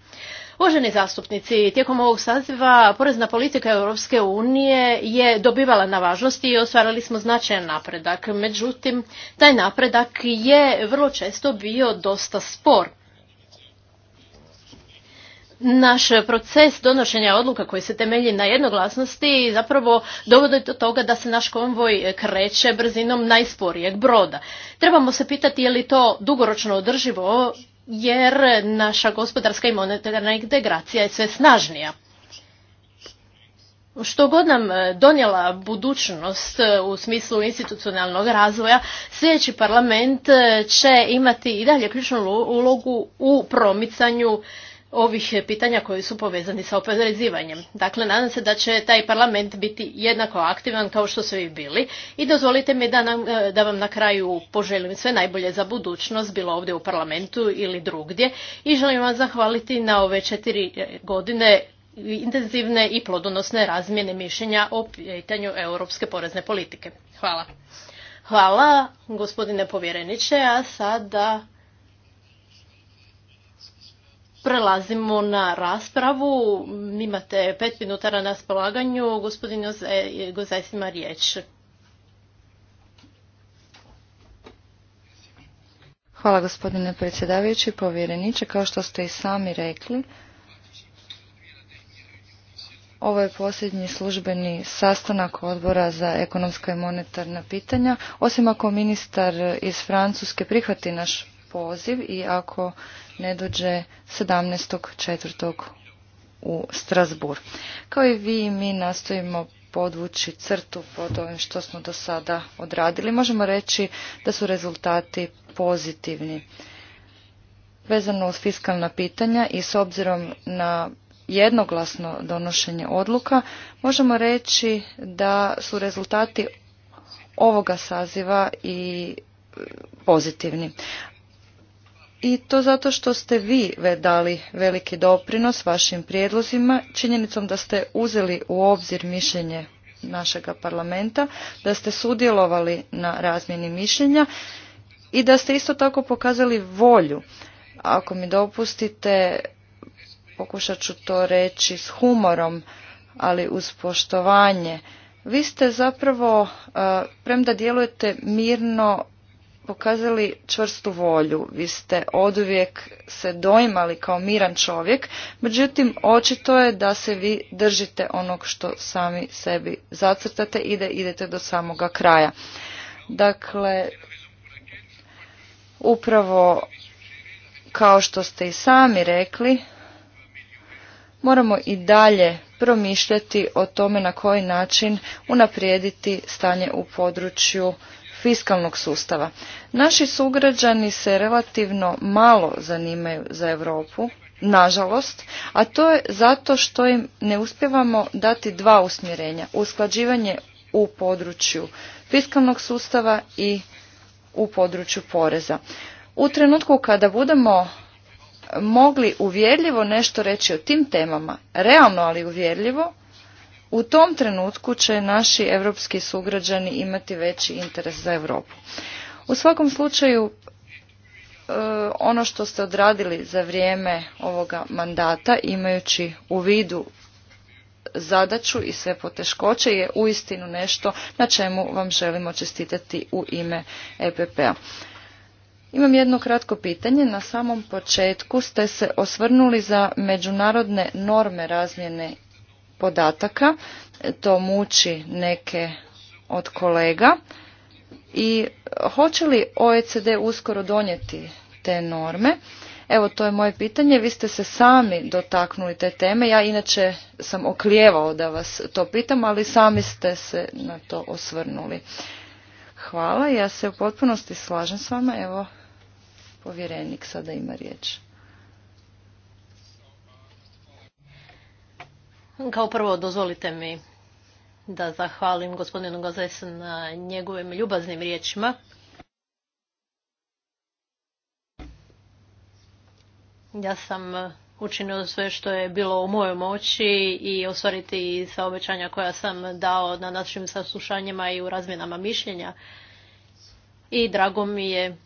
Uvaženi zastupnici, tijekom ovog saziva porezna politika Europske unije je dobivala na važnosti i ostvarili smo značajan napredak. Međutim, taj napredak je vrlo često bio dosta spor. Naš proces donošenja odluka koji se temelji na jednoglasnosti zapravo dovodi do toga da se naš konvoj kreće brzinom najsporijeg broda. Trebamo se pitati je li to dugoročno održivo jer naša gospodarska i monetarna integracija je sve snažnija. Što god nam e, donijela budućnost e, u smislu institucionalnog razvoja, sljedeći parlament e, će imati i dalje ključnu ulogu u promicanju ovih pitanja koji su povezani sa oporezivanjem. Dakle, nadam se da će taj parlament biti jednako aktivan kao što su i bili i dozvolite mi da, nam, e, da vam na kraju poželim sve najbolje za budućnost, bilo ovdje u parlamentu ili drugdje i želim vam zahvaliti na ove četiri e, godine intenzivne i plodonosne razmjene mišljenja o pitanju europske porezne politike. Hvala. Hvala, gospodine povjereniče, a sada Prelazimo na raspravu. Imate pet minuta na raspolaganju. Gospodin Gozajs ima riječ. Hvala gospodine predsjedavajući, povjereniče. Kao što ste i sami rekli, ovo je posljednji službeni sastanak odbora za ekonomska i monetarna pitanja. Osim ako ministar iz Francuske prihvati naš poziv i ako ne dođe 17.4. u Strasbur. Kao i vi, mi nastojimo podvući crtu pod ovim što smo do sada odradili. Možemo reći da su rezultati pozitivni. Vezano uz fiskalna pitanja i s obzirom na jednoglasno donošenje odluka, možemo reći da su rezultati ovoga saziva i pozitivni i to zato što ste vi dali veliki doprinos vašim prijedlozima, činjenicom da ste uzeli u obzir mišljenje našega parlamenta, da ste sudjelovali na razmjeni mišljenja i da ste isto tako pokazali volju. Ako mi dopustite, pokušat ću to reći s humorom, ali uz poštovanje. Vi ste zapravo, premda djelujete mirno, pokazali čvrstu volju. Vi ste oduvijek se dojmali kao miran čovjek, međutim očito je da se vi držite onog što sami sebi zacrtate i da idete do samoga kraja. Dakle, upravo kao što ste i sami rekli, moramo i dalje promišljati o tome na koji način unaprijediti stanje u području fiskalnog sustava. Naši sugrađani se relativno malo zanimaju za Europu, nažalost, a to je zato što im ne uspjevamo dati dva usmjerenja, usklađivanje u području fiskalnog sustava i u području poreza. U trenutku kada budemo mogli uvjerljivo nešto reći o tim temama, realno ali uvjerljivo, u tom trenutku će naši europski sugrađani imati veći interes za Europu. U svakom slučaju e, ono što ste odradili za vrijeme ovoga mandata imajući u vidu zadaću i sve poteškoće je uistinu nešto na čemu vam želimo čestitati u ime EPP-a. Imam jedno kratko pitanje. Na samom početku ste se osvrnuli za međunarodne norme razmjene podataka. To muči neke od kolega. I hoće li OECD uskoro donijeti te norme? Evo, to je moje pitanje. Vi ste se sami dotaknuli te teme. Ja inače sam oklijevao da vas to pitam, ali sami ste se na to osvrnuli. Hvala. Ja se u potpunosti slažem s vama. Evo, povjerenik sada ima riječ. Kao prvo, dozvolite mi da zahvalim gospodinu Gazesu na njegovim ljubaznim riječima. Ja sam učinio sve što je bilo u mojoj moći i ostvariti sva obećanja koja sam dao na našim saslušanjima i u razmjenama mišljenja. I drago mi je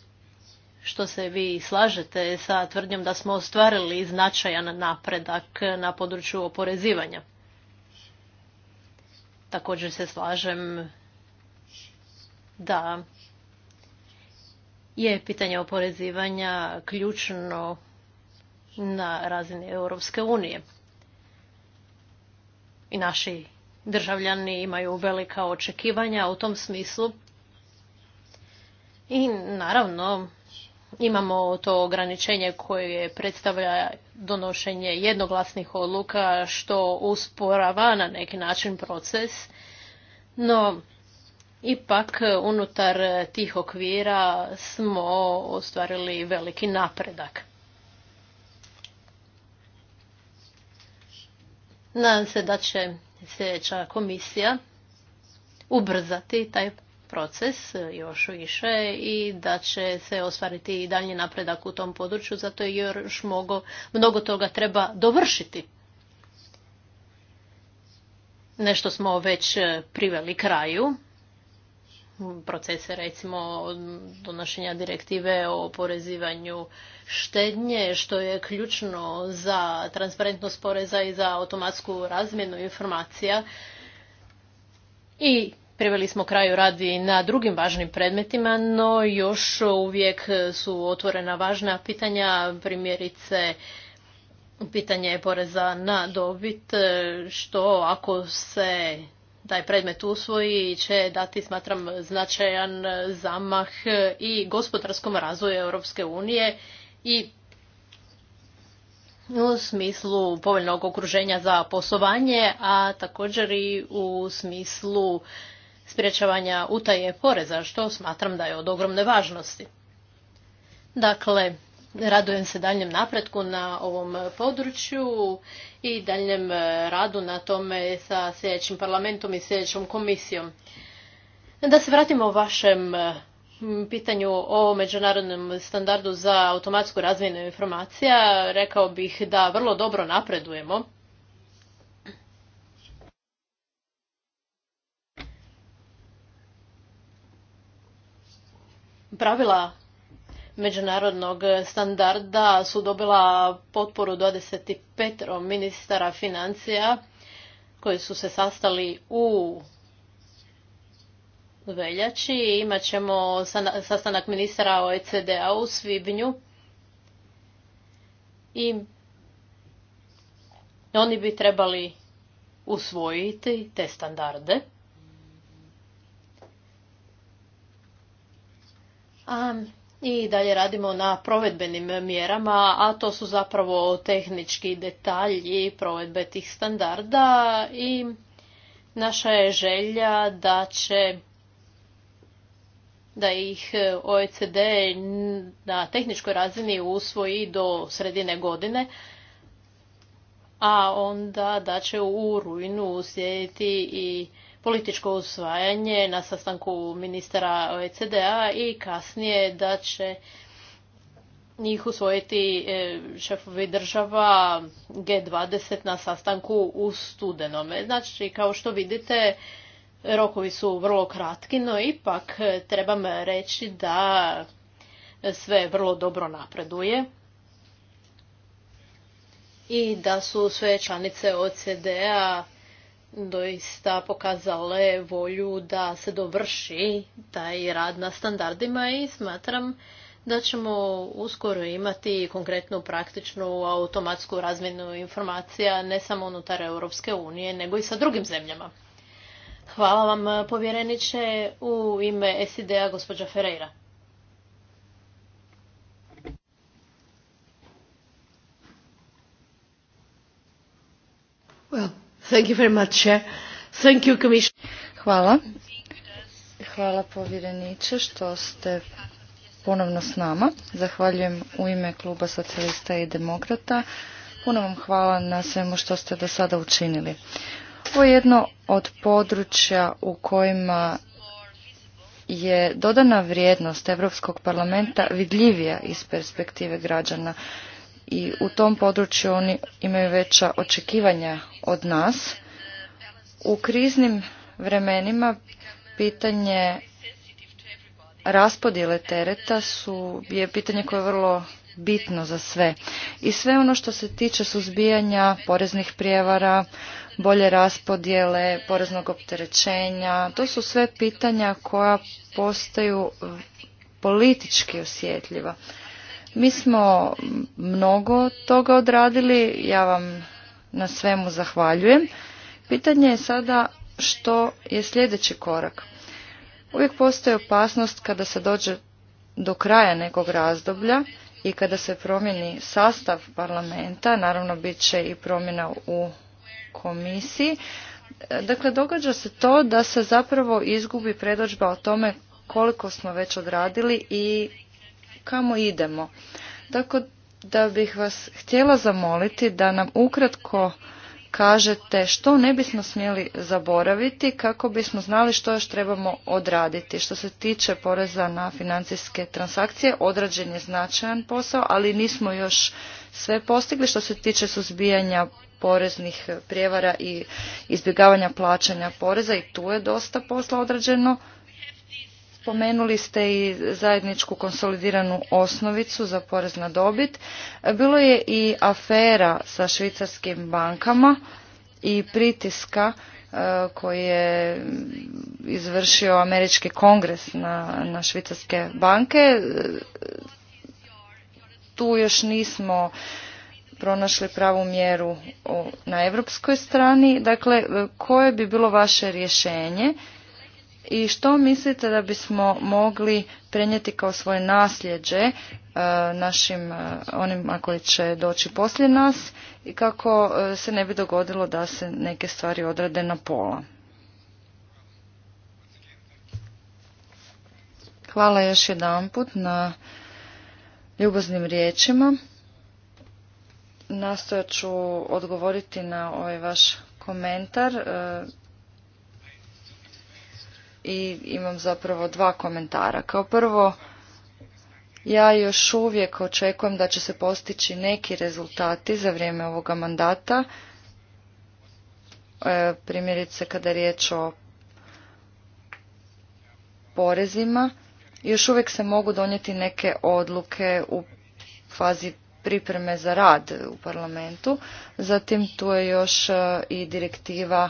što se vi slažete sa tvrdnjom da smo ostvarili značajan napredak na području oporezivanja. Također se slažem da je pitanje oporezivanja ključno na razini Europske unije. I naši državljani imaju velika očekivanja u tom smislu. I naravno, Imamo to ograničenje koje predstavlja donošenje jednoglasnih odluka što usporava na neki način proces, no ipak unutar tih okvira smo ostvarili veliki napredak. Nadam se da će sljedeća komisija ubrzati taj proces još više i da će se ostvariti i dalje napredak u tom području, zato jer još mnogo, mnogo toga treba dovršiti. Nešto smo već priveli kraju, procese recimo donošenja direktive o porezivanju štednje, što je ključno za transparentnost poreza i za automatsku razmjenu informacija. I Priveli smo kraju radi na drugim važnim predmetima, no još uvijek su otvorena važna pitanja, primjerice pitanje poreza na dobit, što ako se taj predmet usvoji će dati, smatram, značajan zamah i gospodarskom razvoju Europske unije i u smislu povoljnog okruženja za poslovanje, a također i u smislu sprječavanja utaje poreza, što smatram da je od ogromne važnosti. Dakle, radujem se daljem napretku na ovom području i daljem e, radu na tome sa sljedećim parlamentom i sljedećom komisijom. Da se vratimo o vašem e, pitanju o međunarodnom standardu za automatsku razmjenu informacija, rekao bih da vrlo dobro napredujemo. pravila međunarodnog standarda su dobila potporu 25 ministara financija koji su se sastali u veljači. Imat ćemo sastanak ministara OECD-a u Svibnju i oni bi trebali usvojiti te standarde. i dalje radimo na provedbenim mjerama, a to su zapravo tehnički detalji provedbe tih standarda i naša je želja da će da ih OECD na tehničkoj razini usvoji do sredine godine, a onda da će u rujnu uslijediti i političko usvajanje na sastanku ministara OECD-a i kasnije da će njih usvojiti e, šefovi država G20 na sastanku u studenome. Znači, kao što vidite, rokovi su vrlo kratki, no ipak e, trebam reći da sve vrlo dobro napreduje i da su sve članice OCD-a doista pokazale volju da se dovrši taj rad na standardima i smatram da ćemo uskoro imati konkretnu praktičnu automatsku razmjenu informacija ne samo unutar Europske unije nego i sa drugim zemljama. Hvala vam povjereniče u ime SID-a gospođa Ferreira. Well. Hvala. Hvala povjereniče što ste ponovno s nama. Zahvaljujem u ime kluba socijalista i demokrata. Puno vam hvala na svemu što ste do sada učinili. Ovo je jedno od područja u kojima je dodana vrijednost Europskog parlamenta vidljivija iz perspektive građana i u tom području oni imaju veća očekivanja od nas. U kriznim vremenima pitanje raspodjele tereta su, je pitanje koje je vrlo bitno za sve. I sve ono što se tiče suzbijanja poreznih prijevara, bolje raspodjele, poreznog opterećenja, to su sve pitanja koja postaju politički osjetljiva. Mi smo mnogo toga odradili, ja vam na svemu zahvaljujem. Pitanje je sada što je sljedeći korak. Uvijek postoji opasnost kada se dođe do kraja nekog razdoblja i kada se promijeni sastav parlamenta, naravno bit će i promjena u komisiji. Dakle, događa se to da se zapravo izgubi predođba o tome koliko smo već odradili i kamo idemo. Tako da bih vas htjela zamoliti da nam ukratko kažete što ne bismo smjeli zaboraviti kako bismo znali što još trebamo odraditi. Što se tiče poreza na financijske transakcije, odrađen je značajan posao, ali nismo još sve postigli što se tiče suzbijanja poreznih prijevara i izbjegavanja plaćanja poreza i tu je dosta posla odrađeno. Spomenuli ste i zajedničku konsolidiranu osnovicu za porez na dobit. Bilo je i afera sa švicarskim bankama i pritiska e, koji je izvršio američki kongres na, na švicarske banke. E, tu još nismo pronašli pravu mjeru na europskoj strani. Dakle, e, koje bi bilo vaše rješenje i što mislite da bismo mogli prenijeti kao svoje nasljeđe e, našim e, onima koji će doći poslije nas i kako e, se ne bi dogodilo da se neke stvari odrade na pola. Hvala još jedanput na ljubaznim riječima. Nastojat ću odgovoriti na ovaj vaš komentar i imam zapravo dva komentara. Kao prvo, ja još uvijek očekujem da će se postići neki rezultati za vrijeme ovoga mandata. E, primjerice kada je riječ o porezima, još uvijek se mogu donijeti neke odluke u fazi pripreme za rad u parlamentu. Zatim tu je još e, i direktiva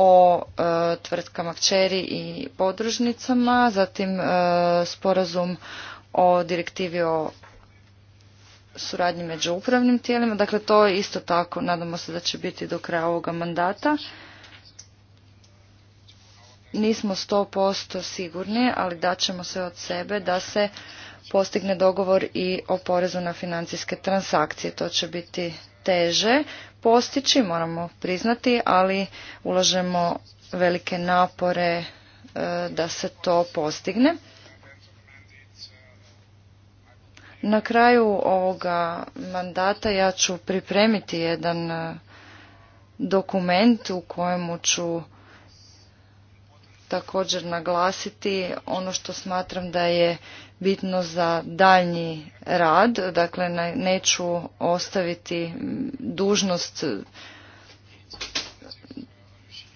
o e, tvrtkama kćeri i podružnicama, zatim e, sporazum o direktivi o suradnji među upravnim tijelima. Dakle, to je isto tako, nadamo se da će biti do kraja ovoga mandata. Nismo 100% sigurni, ali daćemo sve od sebe da se postigne dogovor i o porezu na financijske transakcije. To će biti teže postići, moramo priznati, ali ulažemo velike napore e, da se to postigne. Na kraju ovoga mandata ja ću pripremiti jedan e, dokument u kojemu ću također naglasiti ono što smatram da je bitno za daljnji rad. Dakle, neću ostaviti dužnost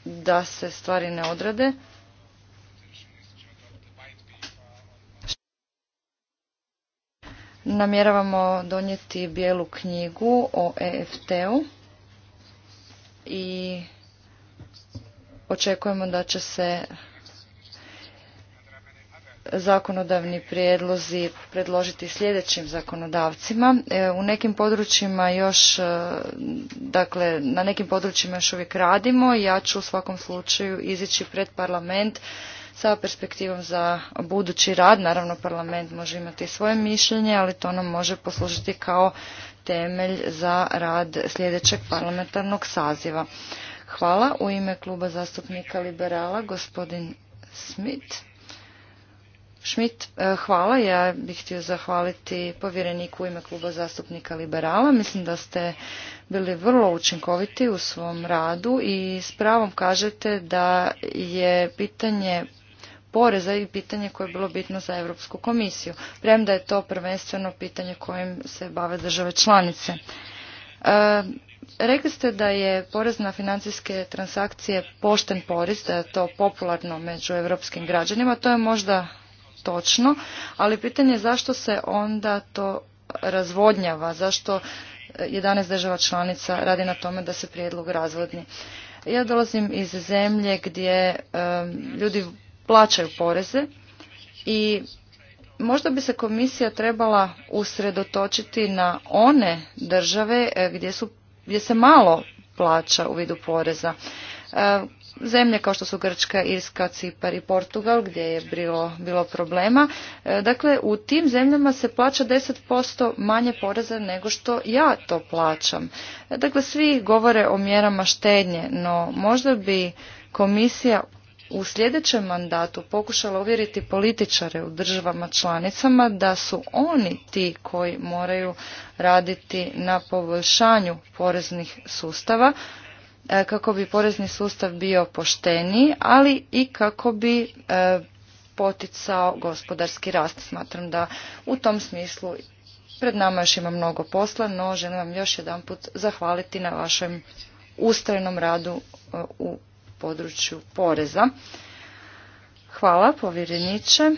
da se stvari ne odrade. Namjeravamo donijeti bijelu knjigu o EFT-u i Očekujemo da će se zakonodavni prijedlozi predložiti sljedećim zakonodavcima. E, u nekim područjima još, e, dakle, na nekim područjima još uvijek radimo. Ja ću u svakom slučaju izići pred parlament sa perspektivom za budući rad. Naravno, parlament može imati svoje mišljenje, ali to nam može poslužiti kao temelj za rad sljedećeg parlamentarnog saziva. Hvala. U ime kluba zastupnika liberala, gospodin Smit. Šmit, e, hvala. Ja bih htio zahvaliti povjereniku u ime kluba zastupnika liberala. Mislim da ste bili vrlo učinkoviti u svom radu i s pravom kažete da je pitanje poreza i pitanje koje je bilo bitno za Europsku komisiju. Premda je to prvenstveno pitanje kojim se bave države članice. E, Rekli ste da je porez na financijske transakcije pošten porez, da je to popularno među europskim građanima. To je možda točno, ali pitanje je zašto se onda to razvodnjava, zašto 11 eh, država članica radi na tome da se prijedlog razvodni. Ja dolazim iz zemlje gdje eh, ljudi plaćaju poreze i možda bi se komisija trebala usredotočiti na one države eh, gdje su gdje se malo plaća u vidu poreza. E, zemlje kao što su Grčka, Irska, Cipar i Portugal gdje je bilo, bilo problema. E, dakle, u tim zemljama se plaća 10% manje poreza nego što ja to plaćam. E, dakle, svi govore o mjerama štednje, no možda bi komisija u sljedećem mandatu pokušala uvjeriti političare u državama članicama da su oni ti koji moraju raditi na poboljšanju poreznih sustava e, kako bi porezni sustav bio pošteniji, ali i kako bi e, poticao gospodarski rast. Smatram da u tom smislu pred nama još ima mnogo posla, no želim vam još jedanput zahvaliti na vašem ustrajnom radu e, u području poreza. Hvala povjereniče.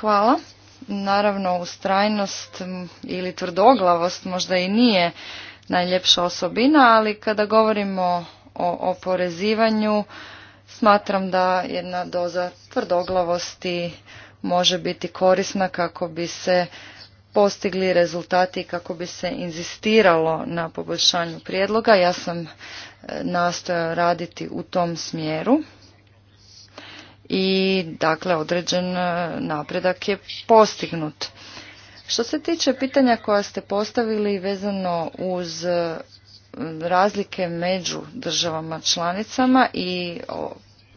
Hvala. Naravno, ustrajnost ili tvrdoglavost možda i nije najljepša osobina, ali kada govorimo o oporezivanju, smatram da jedna doza tvrdoglavosti može biti korisna kako bi se postigli rezultati i kako bi se inzistiralo na poboljšanju prijedloga. Ja sam nastojao raditi u tom smjeru i dakle određen e, napredak je postignut. Što se tiče pitanja koja ste postavili vezano uz e, razlike među državama članicama i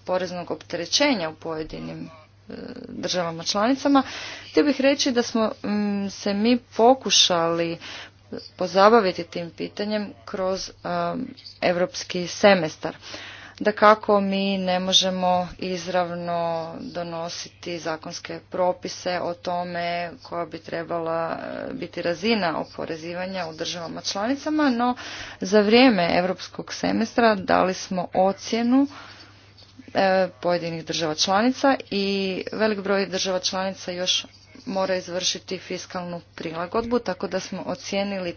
poreznog opterećenja u pojedinim e, državama članicama, htio bih reći da smo se mi pokušali pozabaviti tim pitanjem kroz um, europski semestar. Da kako mi ne možemo izravno donositi zakonske propise o tome koja bi trebala uh, biti razina oporezivanja u državama članicama, no za vrijeme europskog semestra dali smo ocjenu uh, pojedinih država članica i velik broj država članica još mora izvršiti fiskalnu prilagodbu, tako da smo ocijenili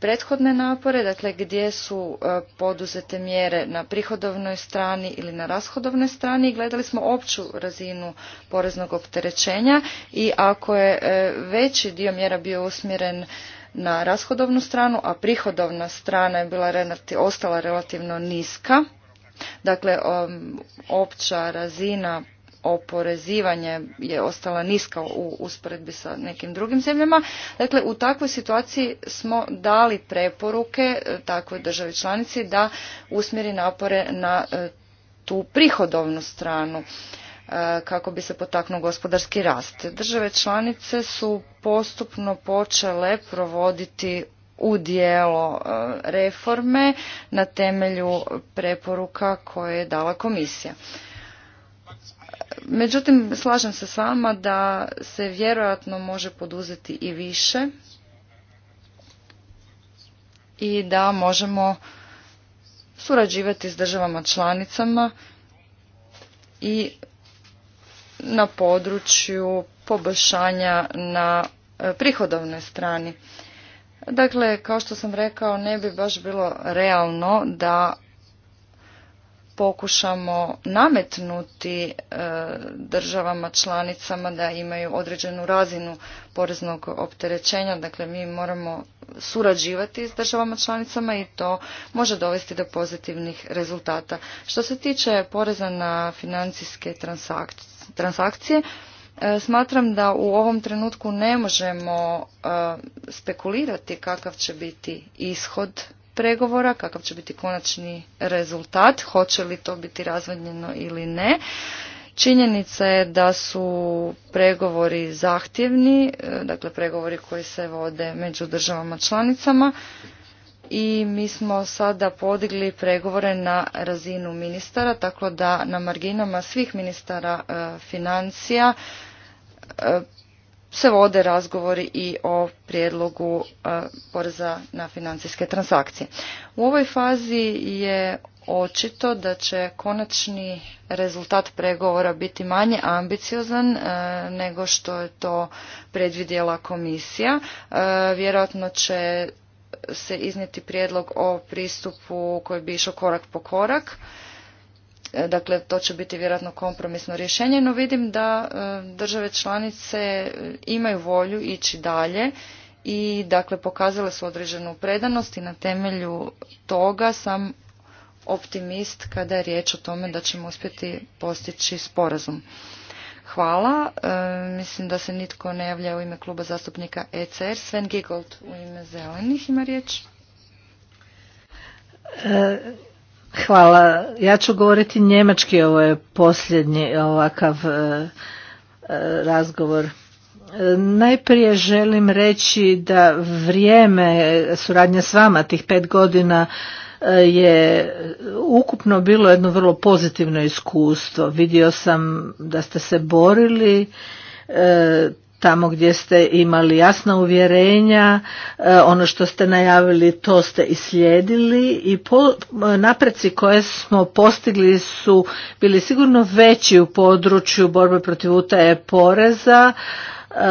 prethodne napore, dakle gdje su e, poduzete mjere na prihodovnoj strani ili na rashodovnoj strani i gledali smo opću razinu poreznog opterećenja i ako je e, veći dio mjera bio usmjeren na rashodovnu stranu, a prihodovna strana je bila ostala relativno niska, dakle e, opća razina oporezivanje je ostala niska u usporedbi sa nekim drugim zemljama. Dakle, u takvoj situaciji smo dali preporuke e, takvoj državi članici da usmjeri napore na e, tu prihodovnu stranu e, kako bi se potaknuo gospodarski rast. Države članice su postupno počele provoditi u dijelo reforme na temelju preporuka koje je dala komisija. Međutim, slažem se s vama da se vjerojatno može poduzeti i više i da možemo surađivati s državama članicama i na području poboljšanja na e, prihodovnoj strani. Dakle, kao što sam rekao, ne bi baš bilo realno da pokušamo nametnuti e, državama članicama da imaju određenu razinu poreznog opterećenja. Dakle, mi moramo surađivati s državama članicama i to može dovesti do pozitivnih rezultata. Što se tiče poreza na financijske transakcije, e, smatram da u ovom trenutku ne možemo e, spekulirati kakav će biti ishod pregovora, kakav će biti konačni rezultat, hoće li to biti razvodnjeno ili ne. Činjenica je da su pregovori zahtjevni, e, dakle pregovori koji se vode među državama članicama i mi smo sada podigli pregovore na razinu ministara, tako da na marginama svih ministara e, financija e, se vode razgovori i o prijedlogu e, poreza na financijske transakcije. U ovoj fazi je očito da će konačni rezultat pregovora biti manje ambiciozan e, nego što je to predvidjela komisija. E, vjerojatno će se iznijeti prijedlog o pristupu koji bi išao korak po korak E, dakle, to će biti vjerojatno kompromisno rješenje, no vidim da e, države članice e, imaju volju ići dalje i dakle pokazale su određenu predanost i na temelju toga sam optimist kada je riječ o tome da ćemo uspjeti postići sporazum. Hvala. mislim da se nitko ne javlja u ime kluba zastupnika ECR. Sven Gigold u ime zelenih ima riječ. Hvala. Ja ću govoriti njemački, ovo je posljednji e, ovakav e, e, razgovor. Najprije želim reći da vrijeme suradnje s vama tih pet godina je ukupno bilo jedno vrlo pozitivno iskustvo. Vidio sam da ste se borili, tamo gdje ste imali jasna uvjerenja, e, ono što ste najavili to ste i slijedili i napreci koje smo postigli su bili sigurno veći u području borbe protiv utaje poreza e,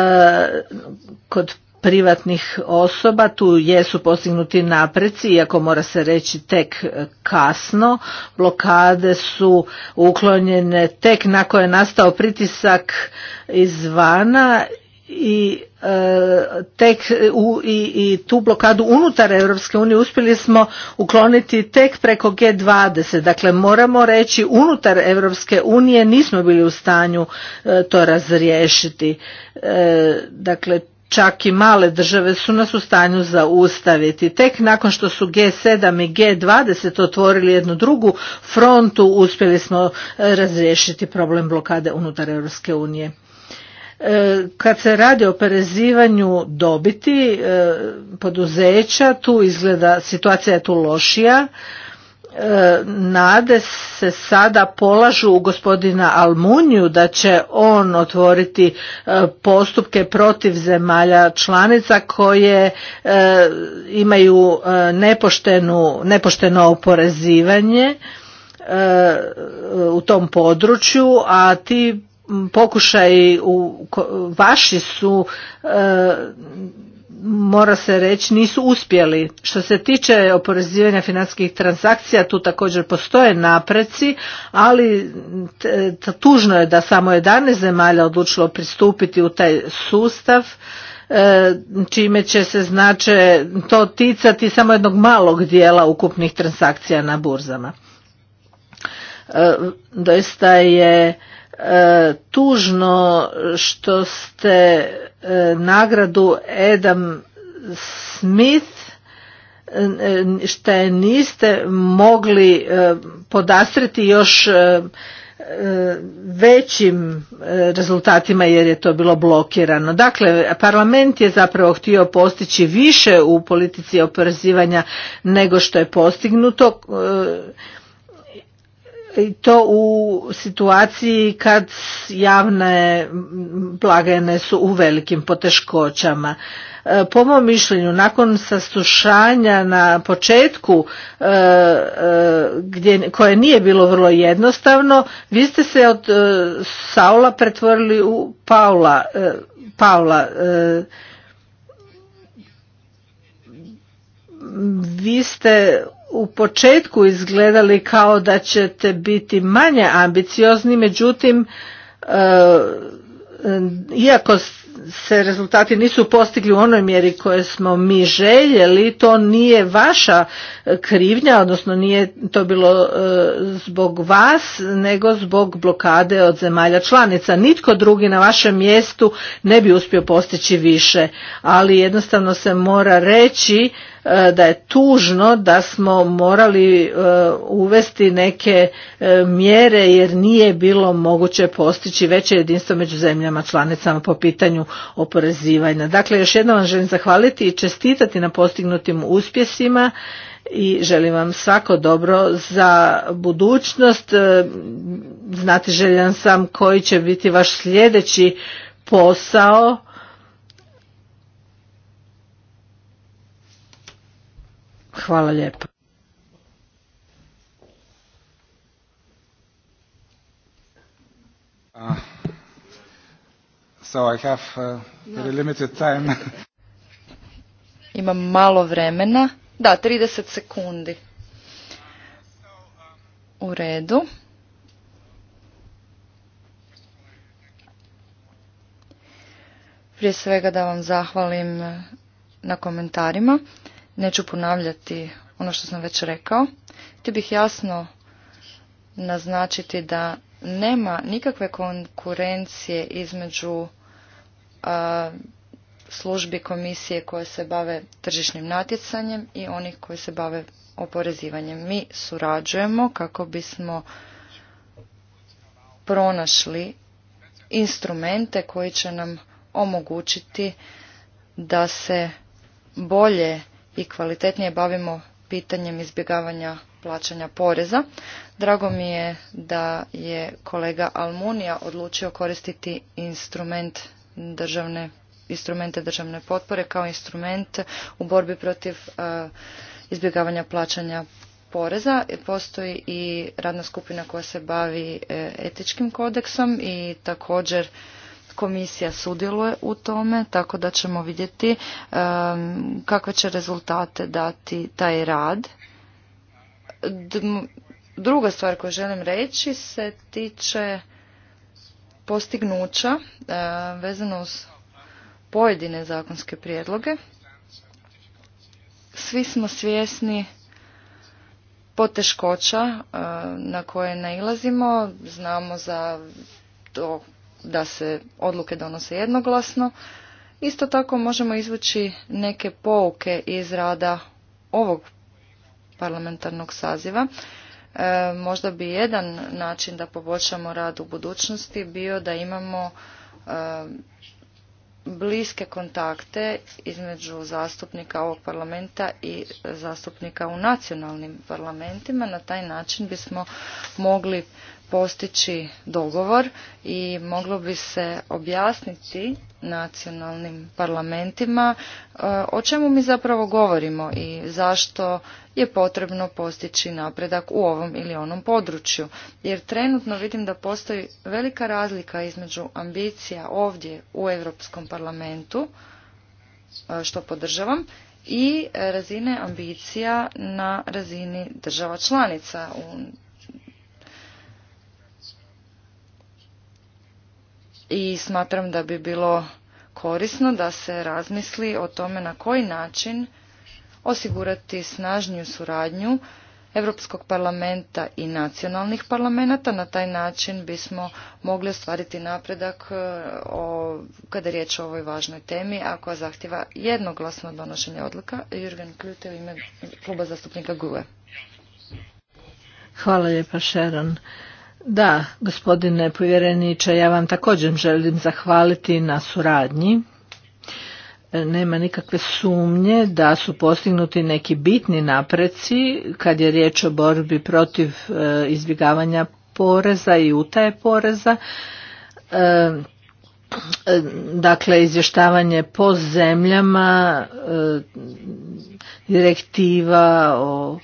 kod privatnih osoba, tu jesu postignuti napreci, iako mora se reći tek kasno, blokade su uklonjene tek nakon je nastao pritisak izvana i e, tek u, i, tu blokadu unutar Europske unije uspjeli smo ukloniti tek preko G20. Dakle, moramo reći unutar Europske unije nismo bili u stanju e, to razriješiti. E, dakle, čak i male države su nas u stanju zaustaviti. Tek nakon što su G7 i G20 otvorili jednu drugu frontu, uspjeli smo razriješiti problem blokade unutar Europske unije. Kad se radi o perezivanju dobiti e, poduzeća, tu izgleda situacija je tu lošija. E, nade se sada polažu u gospodina Almuniju da će on otvoriti e, postupke protiv zemalja članica koje imaju nepošteno oporezivanje u tom području, a ti pokušaj u, vaši su e, mora se reći nisu uspjeli. Što se tiče oporezivanja financijskih transakcija tu također postoje napreci, ali tužno je da samo 11 zemalja odlučilo pristupiti u taj sustav e, čime će se znače to ticati samo jednog malog dijela ukupnih transakcija na burzama. E, doista je tužno što ste e, nagradu Adam Smith e, što je niste mogli e, podastriti još većim rezultatima jer je to bilo blokirano. Dakle, parlament je zapravo htio postići više u politici oporezivanja nego što je postignuto i to u situaciji kad javne blagajne su u velikim poteškoćama. E, po mom mišljenju, nakon saslušanja na početku e, e, gdje, koje nije bilo vrlo jednostavno, vi ste se od Saula pretvorili u Paula. Paula vi ste u početku izgledali kao da ćete biti manje ambiciozni, međutim, e, iako se rezultati nisu postigli u onoj mjeri koje smo mi željeli, to nije vaša krivnja, odnosno nije to bilo e, zbog vas, nego zbog blokade od zemalja članica. Nitko drugi na vašem mjestu ne bi uspio postići više, ali jednostavno se mora reći E, da je tužno da smo morali e, uvesti neke e, mjere jer nije bilo moguće postići veće jedinstvo među zemljama članicama po pitanju oporezivanja. Dakle, još jednom vam želim zahvaliti i čestitati na postignutim uspjesima i želim vam svako dobro za budućnost. Znati željan sam koji će biti vaš sljedeći posao Hvala lijepo. Ah. Uh, [LAUGHS] Imam malo vremena. Da, 30 sekundi. U redu. Prije svega da vam zahvalim na komentarima. Neću ponavljati ono što sam već rekao. ti bih jasno naznačiti da nema nikakve konkurencije između službi komisije koje se bave tržišnim natjecanjem i onih koji se bave oporezivanjem. Mi surađujemo kako bismo pronašli instrumente koji će nam omogućiti da se bolje i kvalitetnije bavimo pitanjem izbjegavanja plaćanja poreza. Drago mi je da je kolega Almunija odlučio koristiti instrument državne, instrumente državne potpore kao instrument u borbi protiv uh, izbjegavanja plaćanja poreza. Postoji i radna skupina koja se bavi uh, etičkim kodeksom i također komisija sudjeluje u tome, tako da ćemo vidjeti kakve će rezultate dati taj rad. druga stvar koju želim reći se tiče postignuća vezano uz pojedine zakonske prijedloge. Svi smo svjesni poteškoća na koje nailazimo, znamo za to da se odluke donose jednoglasno. Isto tako možemo izvući neke pouke iz rada ovog parlamentarnog saziva. E, možda bi jedan način da poboljšamo rad u budućnosti bio da imamo e, bliske kontakte između zastupnika ovog parlamenta i zastupnika u nacionalnim parlamentima. Na taj način bismo mogli postići dogovor i moglo bi se objasniti nacionalnim parlamentima e, o čemu mi zapravo govorimo i zašto je potrebno postići napredak u ovom ili onom području. Jer trenutno vidim da postoji velika razlika između ambicija ovdje u Europskom parlamentu, e, što podržavam, i razine ambicija na razini država članica u i smatram da bi bilo korisno da se razmisli o tome na koji način osigurati snažniju suradnju Europskog parlamenta i nacionalnih parlamenta. Na taj način bismo mogli ostvariti napredak e, o, kada je riječ o ovoj važnoj temi, a koja zahtjeva jednoglasno donošenje odluka. Jurgen Kljute u ime kluba zastupnika GUE. Hvala lijepa, Sharon. Da, gospodine povjereniče, ja vam također želim zahvaliti na suradnji. E, nema nikakve sumnje da su postignuti neki bitni napreci kad je riječ o borbi protiv e, izbjegavanja poreza i utaje poreza. E, dakle, izvještavanje po zemljama, direktiva o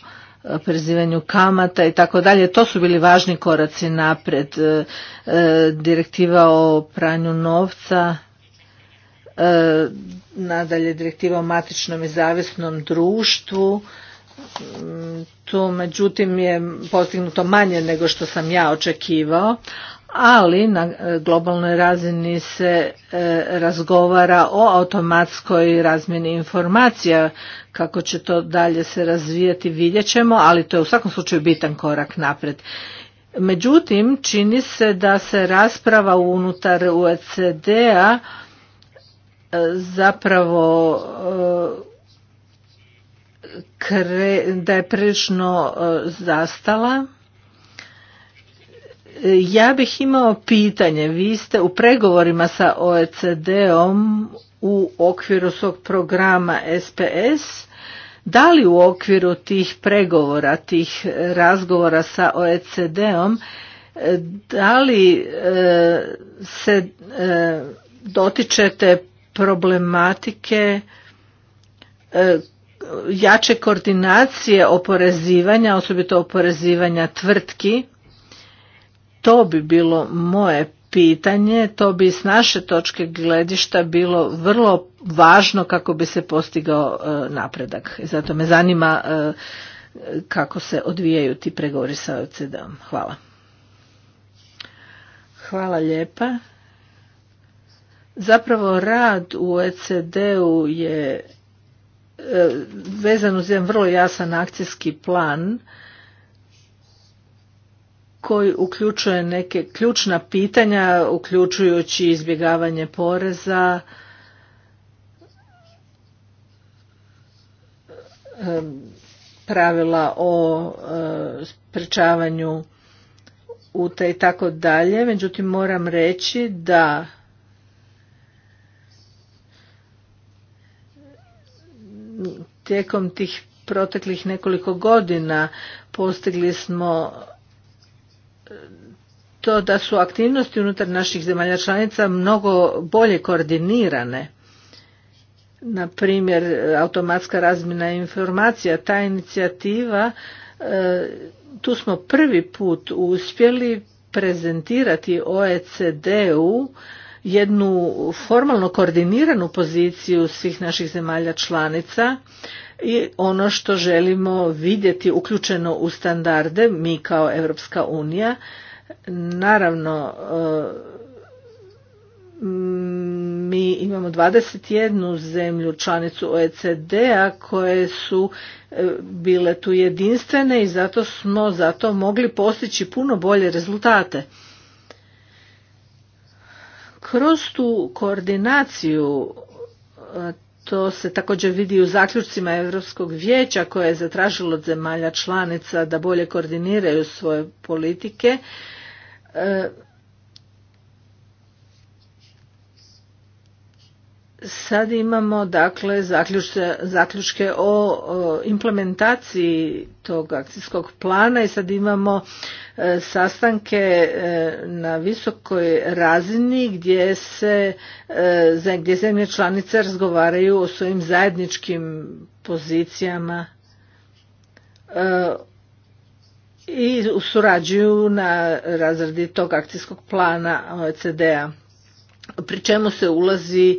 oporezivanju kamata i tako dalje. To su bili važni koraci napred. E, e, direktiva o pranju novca, e, nadalje direktiva o matičnom i zavisnom društvu. Mm, tu međutim je postignuto manje nego što sam ja očekivao, ali na globalnoj razini se e, razgovara o automatskoj razmjeni informacija kako će to dalje se razvijati vidjet ćemo ali to je u svakom slučaju bitan korak napred. međutim čini se da se rasprava unutar OECD-a e, zapravo e, da je prilično zastala ja bih imao pitanje. Vi ste u pregovorima sa OECD-om u okviru svog programa SPS. Da li u okviru tih pregovora, tih razgovora sa OECD-om, e, da li e, se e, dotičete problematike jače koordinacije oporezivanja, osobito oporezivanja tvrtki to bi bilo moje pitanje, to bi s naše točke gledišta bilo vrlo važno kako bi se postigao e, napredak. Zato me zanima e, kako se odvijaju ti pregovori sa OCD-om. Hvala. Hvala lijepa. Zapravo rad u OECD-u je e, vezan uz jedan vrlo jasan akcijski plan koji uključuje neke ključna pitanja, uključujući izbjegavanje poreza, pravila o eh, sprečavanju uta i tako dalje. Međutim, moram reći da tijekom tih proteklih nekoliko godina postigli smo to da su aktivnosti unutar naših zemalja članica mnogo bolje koordinirane. Na primjer, automatska razmjena informacija, ta inicijativa, e, tu smo prvi put uspjeli prezentirati OECD-u jednu formalno koordiniranu poziciju svih naših zemalja članica i ono što želimo vidjeti uključeno u standarde mi kao Europska unija naravno e, mi imamo 21 zemlju članicu OECD-a koje su e, bile tu jedinstvene i zato smo zato mogli postići puno bolje rezultate. Kroz tu koordinaciju e, to se također vidi u zaključcima Europskog vijeća koje je zatražilo od zemalja članica da bolje koordiniraju svoje politike. E, Sad imamo dakle zaključke o implementaciji tog akcijskog plana i sad imamo e, sastanke e, na visokoj razini gdje se e, gdje zemlje članice razgovaraju o svojim zajedničkim pozicijama i surađuju na razradi tog akcijskog plana OECD-a pri čemu se ulazi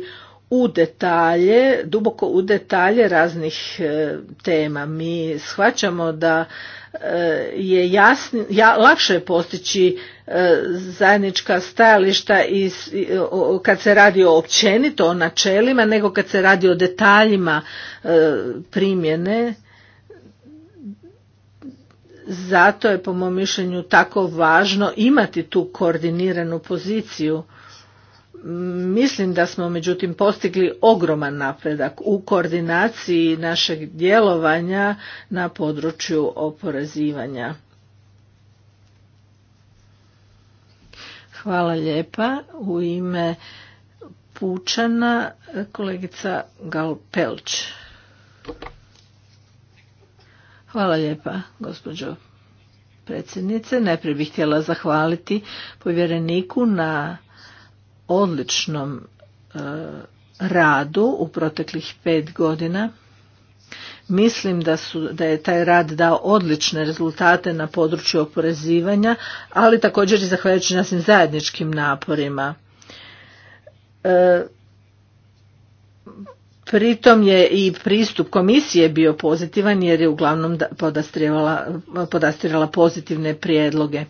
u detalje, duboko u detalje raznih e, tema. Mi shvaćamo da e, je jasni, ja, lakše je postići e, zajednička stajališta i, kad se radi o općenito o načelima nego kad se radi o detaljima primjene zato je po mom mišljenju tako važno imati tu koordiniranu poziciju Mislim da smo međutim postigli ogroman napredak u koordinaciji našeg djelovanja na području oporezivanja. Hvala lijepa. U ime Pučana kolegica Gal Pelč. Hvala lijepa gospođo predsjednice. Najprije bih htjela zahvaliti povjereniku na odličnom e, radu u proteklih pet godina. Mislim da, su, da je taj rad dao odlične rezultate na području oporezivanja, ali također i zahvaljujući našim zajedničkim naporima. E, Pritom je i pristup komisije bio pozitivan jer je uglavnom podastirala pozitivne prijedloge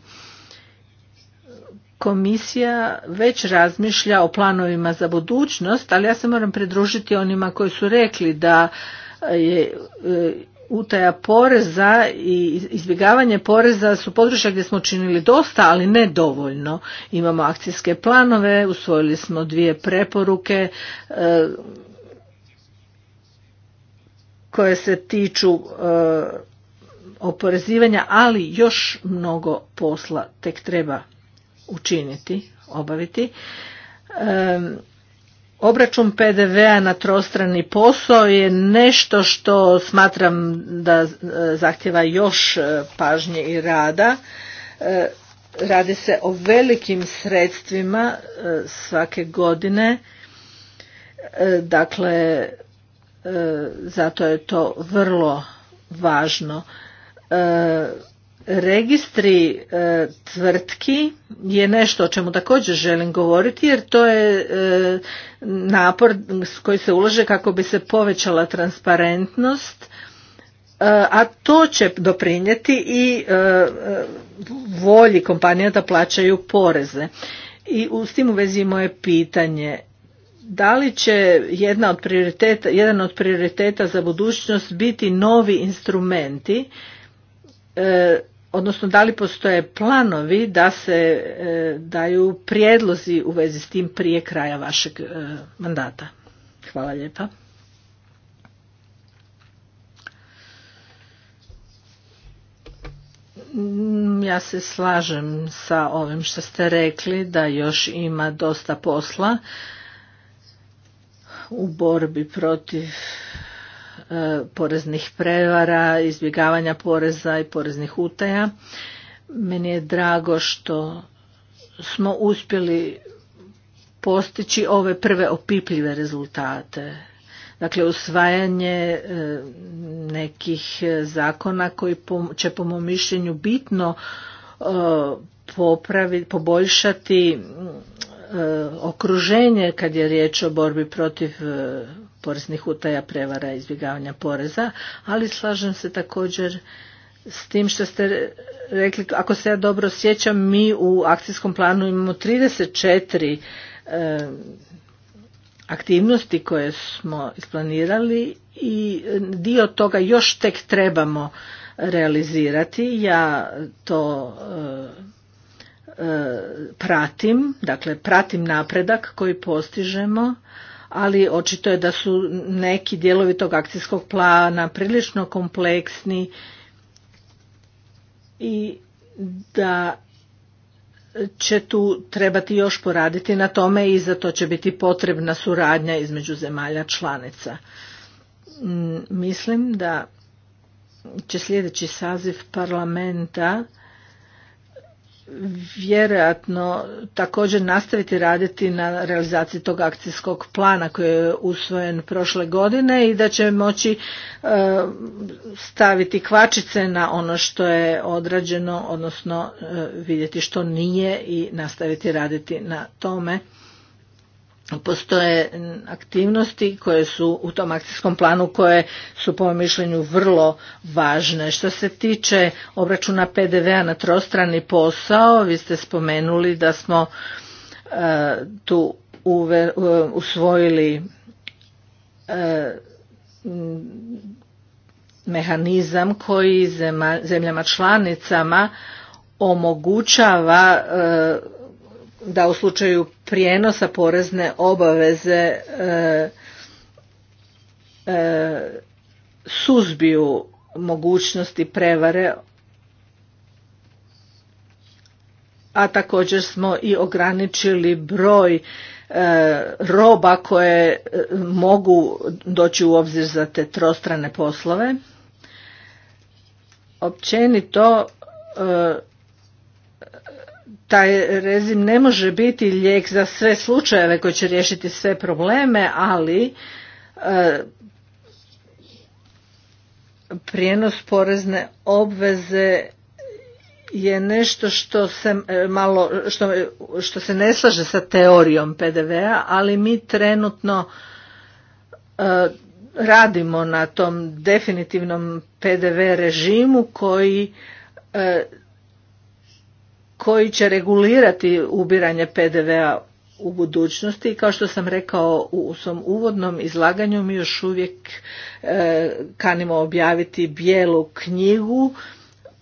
komisija već razmišlja o planovima za budućnost, ali ja se moram pridružiti onima koji su rekli da eh, je eh, utaja poreza i izbjegavanje poreza su područja gdje smo činili dosta, ali ne dovoljno. Imamo akcijske planove, usvojili smo dvije preporuke eh, koje se tiču oporezivanja, ali još mnogo posla tek treba učiniti, obaviti. E, obračun PDV-a na trostrani posao je nešto što smatram da e, zahtjeva još e, pažnje i rada. E, radi se o velikim sredstvima svake godine. Dakle, zato je to vrlo važno registri e, tvrtki je nešto o čemu također želim govoriti jer to je e, napor koji se ulaže kako bi se povećala transparentnost e, a to će doprinijeti i volji kompanija da plaćaju poreze i s tim u vezi moje pitanje da li će jedna od prioriteta, jedan od prioriteta za budućnost biti novi instrumenti odnosno da li postoje planovi da se e, daju prijedlozi u vezi s tim prije kraja vašeg e, mandata. Hvala lijepa. Mm, ja se slažem sa ovim što ste rekli da još ima dosta posla u borbi protiv E, poreznih prevara, izbjegavanja poreza i poreznih utaja. Meni je drago što smo uspjeli postići ove prve opipljive rezultate. Dakle, usvajanje e, nekih zakona koji će po mom mišljenju bitno e, poboljšati E, okruženje kad je riječ o borbi protiv e, poreznih utaja, prevara i izbjegavanja poreza, ali slažem se također s tim što ste rekli, ako se ja dobro sjećam, mi u akcijskom planu imamo 34 e, aktivnosti koje smo isplanirali i dio toga još tek trebamo realizirati. Ja to pratim, dakle pratim napredak koji postižemo, ali očito je da su neki dijelovi tog akcijskog plana prilično kompleksni i da će tu trebati još poraditi na tome i za to će biti potrebna suradnja između zemalja članica. Mm, mislim da će sljedeći saziv parlamenta vjerojatno također nastaviti raditi na realizaciji tog akcijskog plana koji je usvojen prošle godine i da će moći e, staviti kvačice na ono što je odrađeno, odnosno e, vidjeti što nije i nastaviti raditi na tome postoje aktivnosti koje su u tom akcijskom planu koje su po mom mišljenju vrlo važne. Što se tiče obračuna PDV-a na trostrani posao, vi ste spomenuli da smo e, tu e, usvojili e, mehanizam koji zemljama članicama omogućava da u slučaju prijenosa porezne obaveze e, e, suzbiju mogućnosti prevare a također smo i ograničili broj e, roba koje mogu doći u obzir za te trostrane poslove općenito taj rezim ne može biti lijek za sve slučajeve koji će riješiti sve probleme, ali e, prijenos porezne obveze je nešto što se e, malo što, se ne slaže sa teorijom PDV-a, ali mi trenutno e, radimo na tom definitivnom PDV režimu koji e, koji će regulirati ubiranje PDV-a u budućnosti. Kao što sam rekao u svom uvodnom izlaganju, mi još uvijek e, kanimo objaviti bijelu knjigu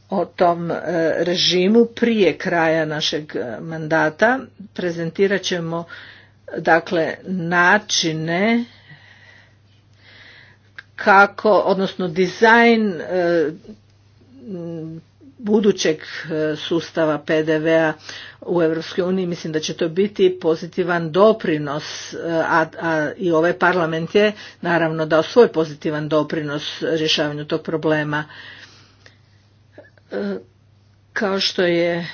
o tom e, režimu prije kraja našeg e, mandata. Prezentirat ćemo dakle načine kako, odnosno dizajn budućeg e, sustava PDV-a u EU. Mislim da će to biti pozitivan doprinos, e, a, i ovaj parlament je naravno dao svoj pozitivan doprinos rješavanju tog problema. E, kao što je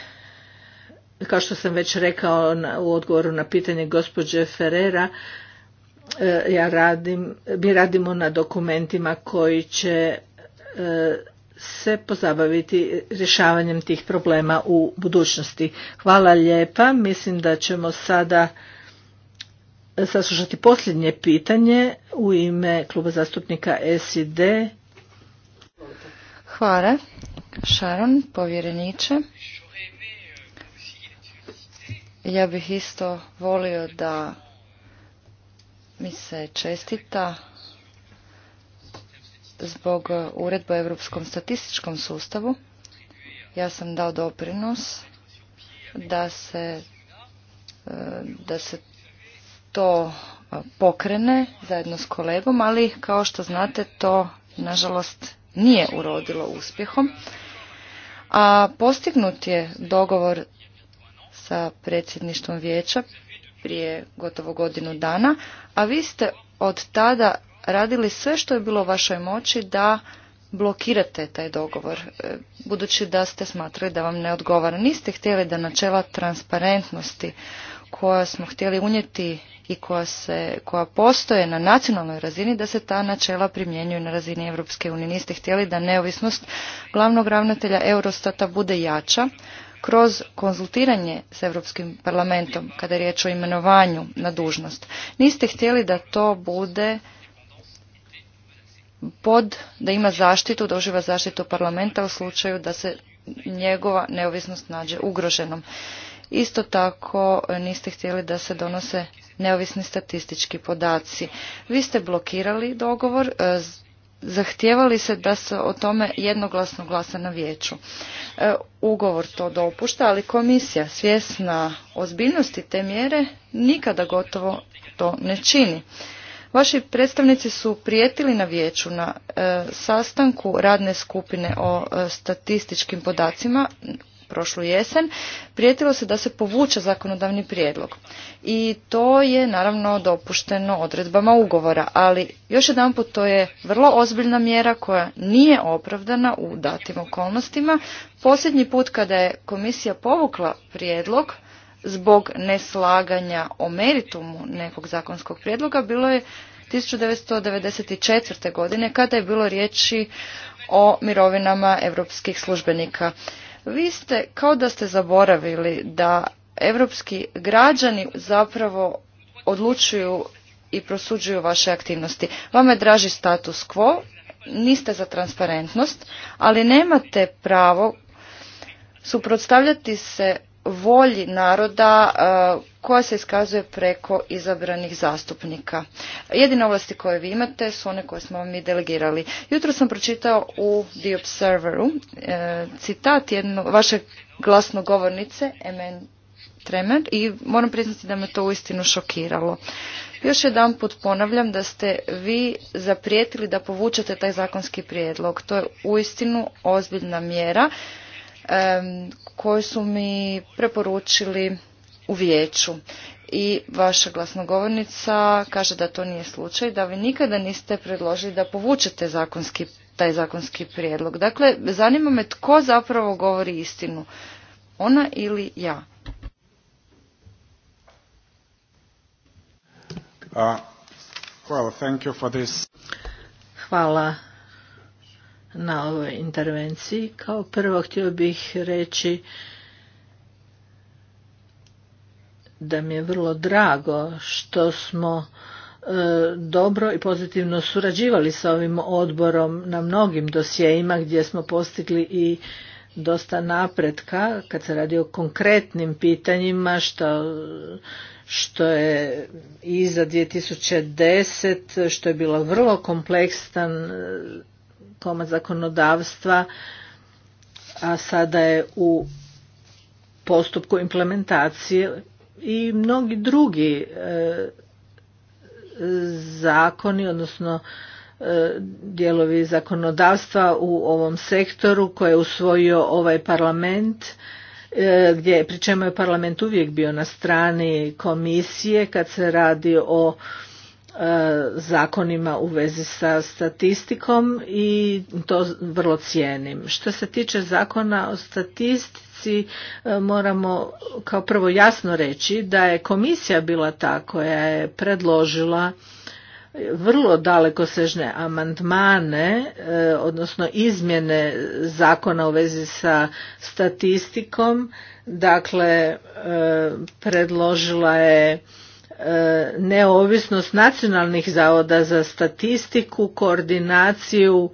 kao što sam već rekao u odgovoru na pitanje gospođe Ferrera, ja radim, mi radimo na dokumentima koji će se pozabaviti rješavanjem tih problema u budućnosti. Hvala lijepa. Mislim da ćemo sada saslušati posljednje pitanje u ime kluba zastupnika SID. Hvala. Šaron, povjereniče. Ja bih isto volio da mi se čestita zbog e, uredba o Europskom statističkom sustavu. Ja sam dao doprinos da se, e, da se to e, pokrene zajedno s kolegom, ali kao što znate to nažalost nije urodilo uspjehom. A postignut je dogovor sa predsjedništvom vijeća prije gotovo godinu dana, a vi ste od tada radili sve što je bilo u vašoj moći da blokirate taj dogovor, e, budući da ste smatrali da vam ne odgovara. Niste htjeli da načela transparentnosti koja smo htjeli unijeti i koja, se, koja postoje na nacionalnoj razini, da se ta načela primjenjuju na razini Europske unije. Niste htjeli da neovisnost glavnog ravnatelja Eurostata bude jača kroz konzultiranje s Europskim parlamentom kada je riječ o imenovanju na dužnost. Niste htjeli da to bude pod, da ima zaštitu, da uživa zaštitu parlamenta u slučaju da se njegova neovisnost nađe ugroženom. Isto tako e, niste htjeli da se donose neovisni statistički podaci. Vi ste blokirali dogovor, e, zahtjevali se da se o tome jednoglasno glasa na vijeću. E, ugovor to dopušta, ali komisija svjesna ozbiljnosti te mjere nikada gotovo to ne čini. Vaši predstavnici su prijetili na vijeću na e, sastanku radne skupine o e, statističkim podacima prošlu jesen, prijetilo se da se povuče zakonodavni prijedlog. I to je naravno dopušteno odredbama ugovora, ali još jedan put to je vrlo ozbiljna mjera koja nije opravdana u datim okolnostima. Posljednji put kada je komisija povukla prijedlog, zbog neslaganja o meritumu nekog zakonskog prijedloga bilo je 1994. godine kada je bilo riječi o mirovinama europskih službenika. Vi ste kao da ste zaboravili da europski građani zapravo odlučuju i prosuđuju vaše aktivnosti. Vama je draži status quo, niste za transparentnost, ali nemate pravo suprotstavljati se volji naroda e, koja se iskazuje preko izabranih zastupnika. Jedine ovlasti koje vi imate su one koje smo vam mi delegirali. Jutro sam pročitao u The Observeru e, citat jedno, vaše glasnogovornice MN Tremer i moram priznati da me to uistinu šokiralo. Još jedan put ponavljam da ste vi zaprijetili da povučete taj zakonski prijedlog. To je uistinu ozbiljna mjera koju su mi preporučili u vijeću i vaša glasnogovornica kaže da to nije slučaj, da vi nikada niste predložili da povučete zakonski, taj zakonski prijedlog. Dakle, zanima me tko zapravo govori istinu, ona ili ja. Uh, thank you for this. Hvala na ovoj intervenciji. Kao prvo htio bih reći da mi je vrlo drago što smo e, dobro i pozitivno surađivali sa ovim odborom na mnogim dosjeima gdje smo postigli i dosta napretka kad se radi o konkretnim pitanjima što, što je iza 2010 što je bilo vrlo kompleksan komad zakonodavstva, a sada je u postupku implementacije i mnogi drugi e, zakoni, odnosno e, dijelovi zakonodavstva u ovom sektoru koje je usvojio ovaj parlament, e, gdje pri čemu je parlament uvijek bio na strani komisije kad se radi o E, zakonima u vezi sa statistikom i to vrlo cijenim. Što se tiče zakona o statistici e, moramo kao prvo jasno reći da je komisija bila ta koja je predložila vrlo dalekosežne amandmane, e, odnosno izmjene zakona u vezi sa statistikom. Dakle, predložila je E, neovisnost nacionalnih zavoda za statistiku, koordinaciju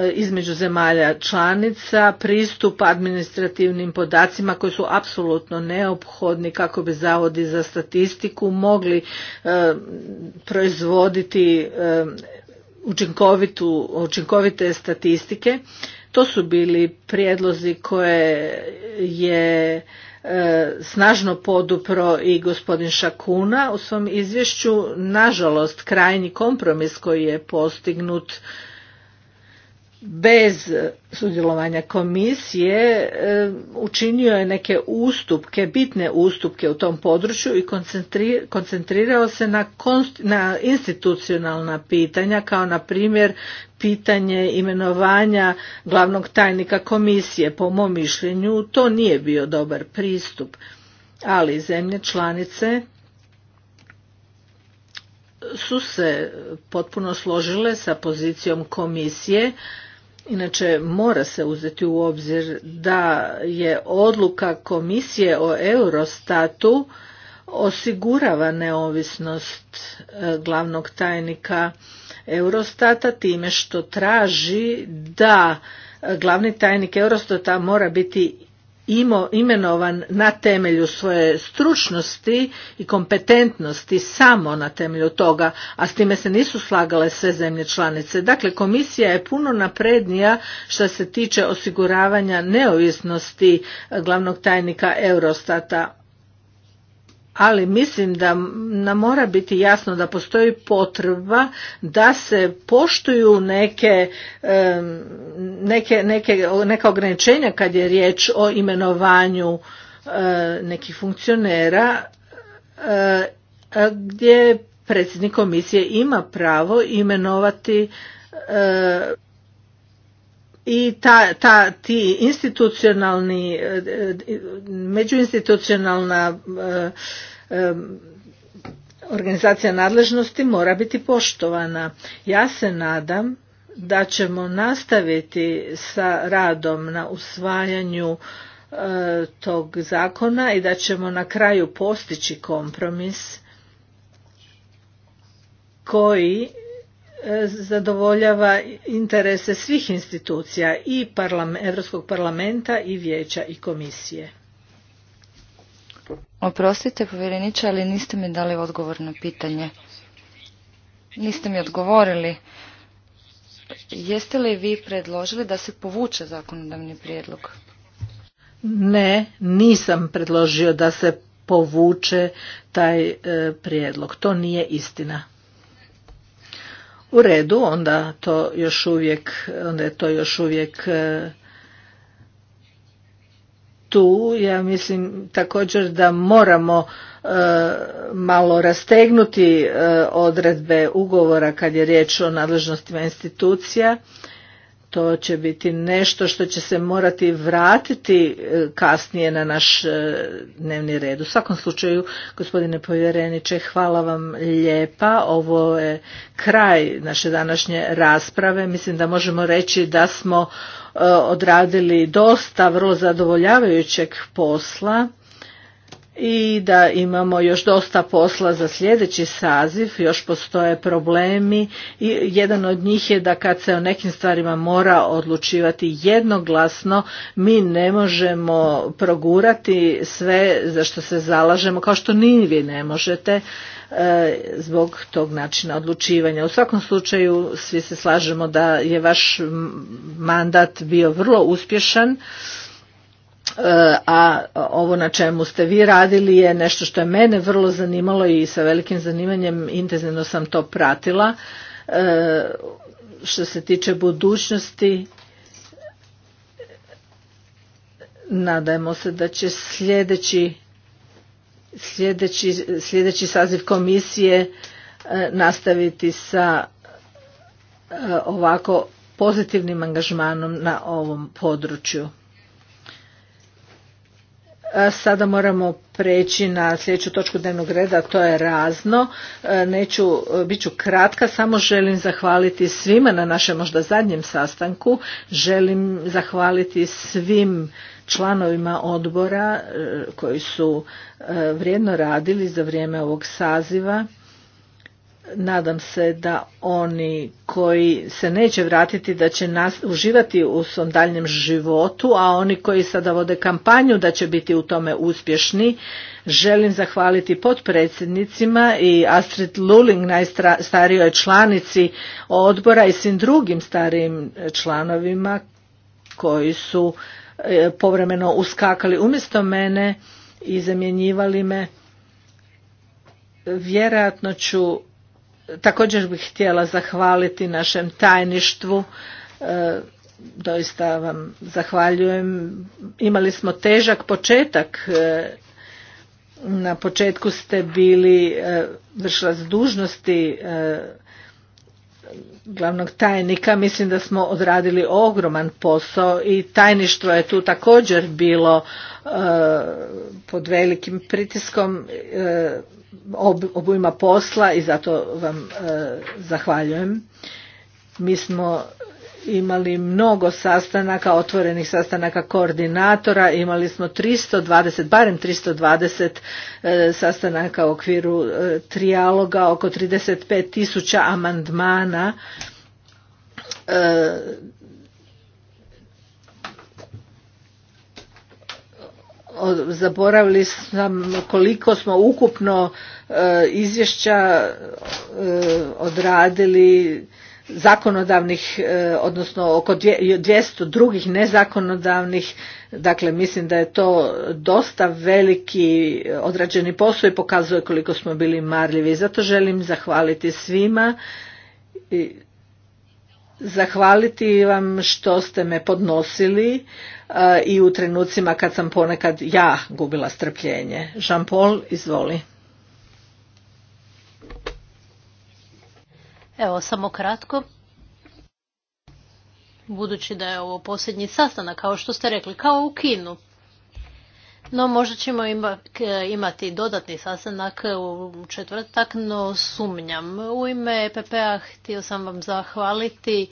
e, između zemalja članica, pristup administrativnim podacima koji su apsolutno neophodni kako bi zavodi za statistiku mogli e, proizvoditi učinkovite statistike. To su bili prijedlozi koje je E, snažno podupro i gospodin Šakuna u svom izvješću. Nažalost, krajnji kompromis koji je postignut bez sudjelovanja komisije e, učinio je neke ustupke, bitne ustupke u tom području i koncentrirao se na, na institucionalna pitanja kao na primjer pitanje imenovanja glavnog tajnika komisije. Po mom mišljenju to nije bio dobar pristup, ali zemlje članice su se potpuno složile sa pozicijom komisije Inače, mora se uzeti u obzir da je odluka komisije o Eurostatu osigurava neovisnost e, glavnog tajnika Eurostata time što traži da glavni tajnik Eurostata mora biti imo, imenovan na temelju svoje stručnosti i kompetentnosti samo na temelju toga, a s time se nisu slagale sve zemlje članice. Dakle, komisija je puno naprednija što se tiče osiguravanja neovisnosti eh, glavnog tajnika Eurostata ali mislim da nam mora biti jasno da postoji potreba da se poštuju neke, neke, neke neka ograničenja kad je riječ o imenovanju e, nekih funkcionera e, gdje predsjednik komisije ima pravo imenovati e, i ta, ta, ti institucionalni, međuinstitucionalna e, e, organizacija nadležnosti mora biti poštovana. Ja se nadam da ćemo nastaviti sa radom na usvajanju e, tog zakona i da ćemo na kraju postići kompromis koji E, zadovoljava interese svih institucija i Europskog parlamenta i vijeća i komisije. Oprostite povjereniče, ali niste mi dali odgovor na pitanje. Niste mi odgovorili. Jeste li vi predložili da se povuče zakonodavni prijedlog? Ne, nisam predložio da se povuče taj e, prijedlog. To nije istina u redu, onda to još uvijek, onda je to još uvijek e, tu ja mislim također da moramo e, malo rastegnuti e, odredbe ugovora kad je riječ o nadležnostima institucija to će biti nešto što će se morati vratiti e, kasnije na naš e, dnevni red. U svakom slučaju, gospodine povjereniče, hvala vam lijepa. Ovo je kraj naše današnje rasprave. Mislim da možemo reći da smo e, odradili dosta vrlo zadovoljavajućeg posla i da imamo još dosta posla za sljedeći saziv, još postoje problemi i jedan od njih je da kad se o nekim stvarima mora odlučivati jednoglasno, mi ne možemo progurati sve za što se zalažemo, kao što ni vi ne možete e, zbog tog načina odlučivanja. U svakom slučaju svi se slažemo da je vaš mandat bio vrlo uspješan a ovo na čemu ste vi radili je nešto što je mene vrlo zanimalo i sa velikim zanimanjem intenzivno sam to pratila. E, što se tiče budućnosti, nadajmo se da će sljedeći sljedeći, sljedeći saziv komisije e, nastaviti sa e, ovako pozitivnim angažmanom na ovom području. Sada moramo preći na sljedeću točku dnevnog reda, to je razno. E, neću, e, bit ću kratka, samo želim zahvaliti svima na našem možda zadnjem sastanku. Želim zahvaliti svim članovima odbora e, koji su vrijedno radili za vrijeme ovog saziva nadam se da oni koji se neće vratiti da će uživati u svom daljnjem životu, a oni koji sada vode kampanju da će biti u tome uspješni. Želim zahvaliti potpredsjednicima i Astrid Luling, najstarijoj članici odbora i svim drugim starijim članovima koji su e, povremeno uskakali umjesto mene i zamjenjivali me vjerojatno ću Također bih htjela zahvaliti našem tajništvu. E, doista vam zahvaljujem. Imali smo težak početak. E, na početku ste bili e, vršla s dužnosti glavnog tajnika mislim da smo odradili ogroman posao i tajništvo je tu također bilo e, pod velikim pritiskom e, obujma posla i zato vam e, zahvaljujem mi smo imali mnogo sastanaka, otvorenih sastanaka koordinatora, imali smo 320, barem 320 e, sastanaka u okviru e, trijaloga, oko 35 tisuća amandmana. E, zaboravili sam koliko smo ukupno izvješća odradili zakonodavnih, e, odnosno oko 200 drugih nezakonodavnih, dakle mislim da je to dosta veliki odrađeni posao i pokazuje koliko smo bili marljivi. Zato želim zahvaliti svima i zahvaliti vam što ste me podnosili e, i u trenucima kad sam ponekad ja gubila strpljenje. Jean Paul, izvoli. Evo, samo kratko. Budući da je ovo posljednji sastanak, kao što ste rekli, kao u Kinu. No, možda ćemo imati dodatni sastanak u četvrtak, no sumnjam. U ime EPP-a htio sam vam zahvaliti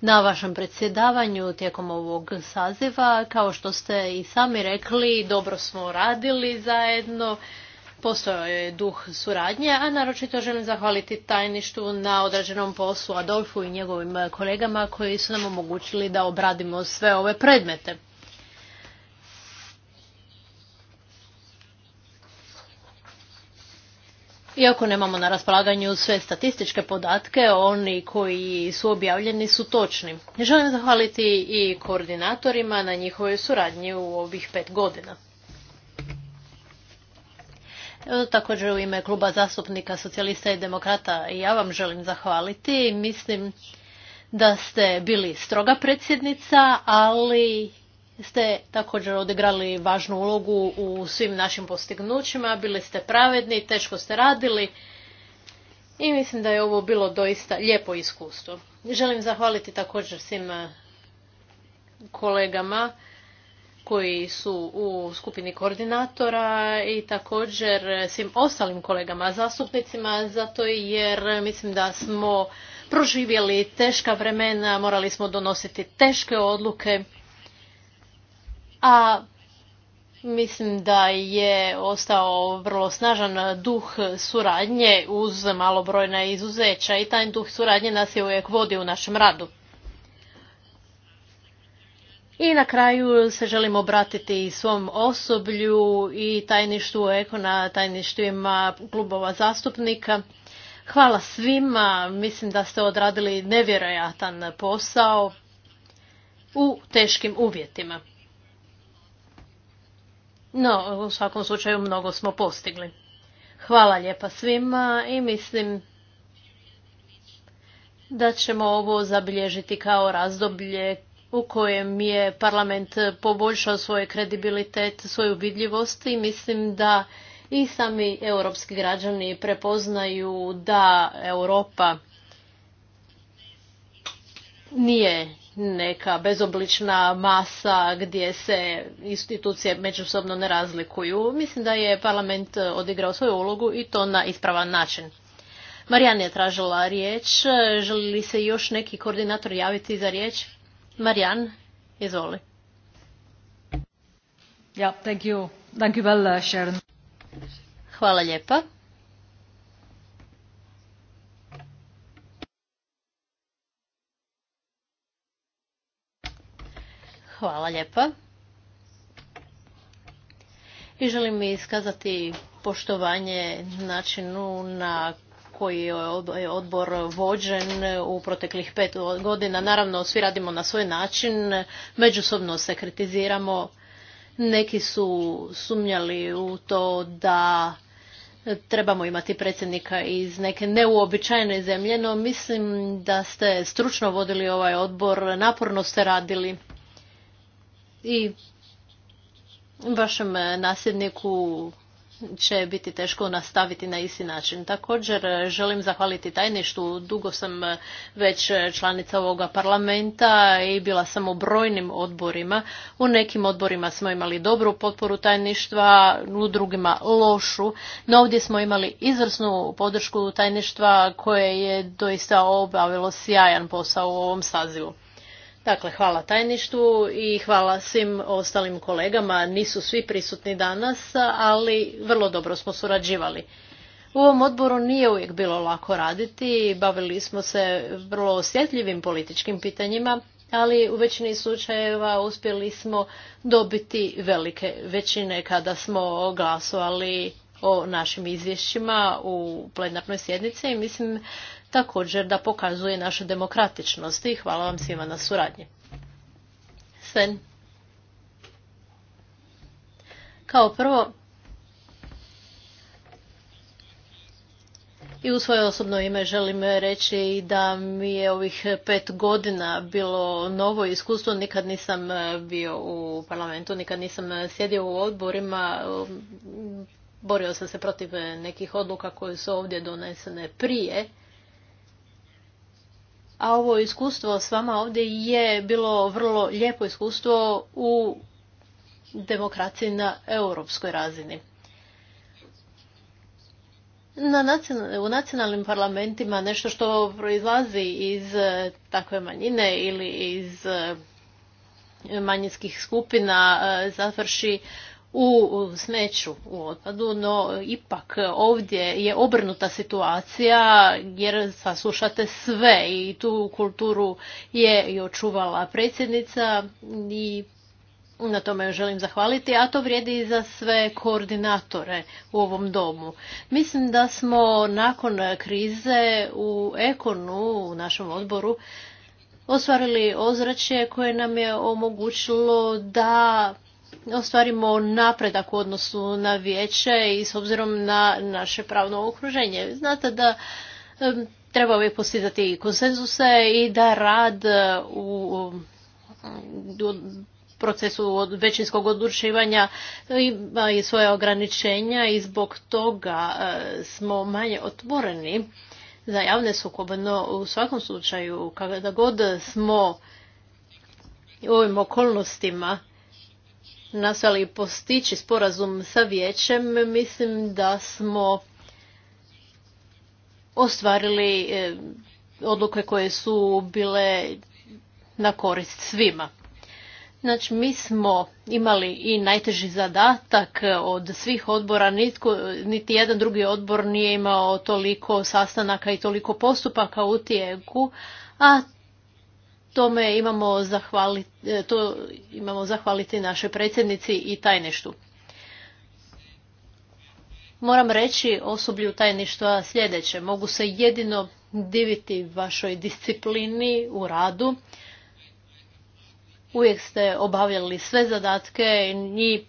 na vašem predsjedavanju tijekom ovog saziva. Kao što ste i sami rekli, dobro smo radili zajedno postojao je duh suradnje, a naročito želim zahvaliti tajništu na odrađenom poslu Adolfu i njegovim kolegama koji su nam omogućili da obradimo sve ove predmete. Iako nemamo na raspolaganju sve statističke podatke, oni koji su objavljeni su točni. Želim zahvaliti i koordinatorima na njihovoj suradnji u ovih pet godina. Također u ime kluba zastupnika socijalista i demokrata i ja vam želim zahvaliti. Mislim da ste bili stroga predsjednica, ali ste također odigrali važnu ulogu u svim našim postignućima. Bili ste pravedni, teško ste radili i mislim da je ovo bilo doista lijepo iskustvo. Želim zahvaliti također svim kolegama koji su u skupini koordinatora i također svim ostalim kolegama zastupnicima zato jer mislim da smo proživjeli teška vremena, morali smo donositi teške odluke, a mislim da je ostao vrlo snažan duh suradnje uz malobrojna izuzeća i taj duh suradnje nas je uvijek vodio u našem radu. I na kraju se želim obratiti svom osoblju i tajništvu Ekona, tajništvima klubova zastupnika. Hvala svima, mislim da ste odradili nevjerojatan posao u teškim uvjetima. No, u svakom slučaju mnogo smo postigli. Hvala lijepa svima i mislim da ćemo ovo zabilježiti kao razdoblje u kojem je parlament poboljšao svoj kredibilitet, svoju vidljivost i mislim da i sami europski građani prepoznaju da Europa nije neka bezoblična masa gdje se institucije međusobno ne razlikuju. Mislim da je parlament odigrao svoju ulogu i to na ispravan način. Marijan je tražila riječ. Želi li se još neki koordinator javiti za riječ? Marijan, izvoli. Ja, thank you. Thank you well, uh, Sharon. Hvala lijepa. Hvala lijepa. I želim iskazati poštovanje načinu na koji je odbor vođen u proteklih pet godina. Naravno, svi radimo na svoj način, međusobno se kritiziramo. Neki su sumnjali u to da trebamo imati predsjednika iz neke neuobičajene zemlje, no mislim da ste stručno vodili ovaj odbor, naporno ste radili i vašem nasljedniku će biti teško nastaviti na isti način. Također e, želim zahvaliti tajništu. Dugo sam e, već e, članica ovoga parlamenta i bila sam u brojnim odborima. U nekim odborima smo imali dobru potporu tajništva, u drugima lošu. No ovdje smo imali izvrsnu podršku tajništva koje je doista obavilo sjajan posao u ovom sazivu. Dakle, hvala tajništvu i hvala svim ostalim kolegama. Nisu svi prisutni danas, ali vrlo dobro smo surađivali. U ovom odboru nije uvijek bilo lako raditi, bavili smo se vrlo osjetljivim političkim pitanjima, ali u većini slučajeva uspjeli smo dobiti velike većine kada smo glasovali o našim izvješćima u plenarnoj sjednici i mislim također da pokazuje našu demokratičnost i hvala vam svima na suradnji. Sven. Kao prvo, I u svoje osobno ime želim reći da mi je ovih pet godina bilo novo iskustvo. Nikad nisam bio u parlamentu, nikad nisam sjedio u odborima. Borio sam se protiv nekih odluka koje su ovdje donesene prije. A ovo iskustvo s vama ovdje je bilo vrlo lijepo iskustvo u demokraciji na europskoj razini. Na u nacionalnim parlamentima nešto što proizlazi iz e, takve manjine ili iz e, manjinskih skupina e, završi u smeću, u otpadu, no ipak ovdje je obrnuta situacija jer saslušate sve i tu kulturu je i očuvala predsjednica i na tome želim zahvaliti, a to vrijedi i za sve koordinatore u ovom domu. Mislim da smo nakon krize u Ekonu, u našem odboru, ostvarili ozračje koje nam je omogućilo da ostvarimo napredak u odnosu na vijeće i s obzirom na naše pravno okruženje. Znate da treba uvijek postizati konsenzuse i da rad e, u procesu većinskog odlučivanja ima i svoje ograničenja i zbog toga e, smo manje otvoreni za javne sukobe, no u svakom slučaju kada god smo u ovim okolnostima nastojali postići sporazum sa vijećem, mislim da smo ostvarili e, odluke koje su bile na korist svima. Znači, mi smo imali i najteži zadatak od svih odbora, nitko, niti jedan drugi odbor nije imao toliko sastanaka i toliko postupaka u tijeku, a tome imamo zahvaliti, e, to imamo zahvaliti našoj predsjednici i tajništu. Moram reći osoblju tajništva sljedeće. Mogu se jedino diviti vašoj disciplini u radu. Uvijek ste obavljali sve zadatke i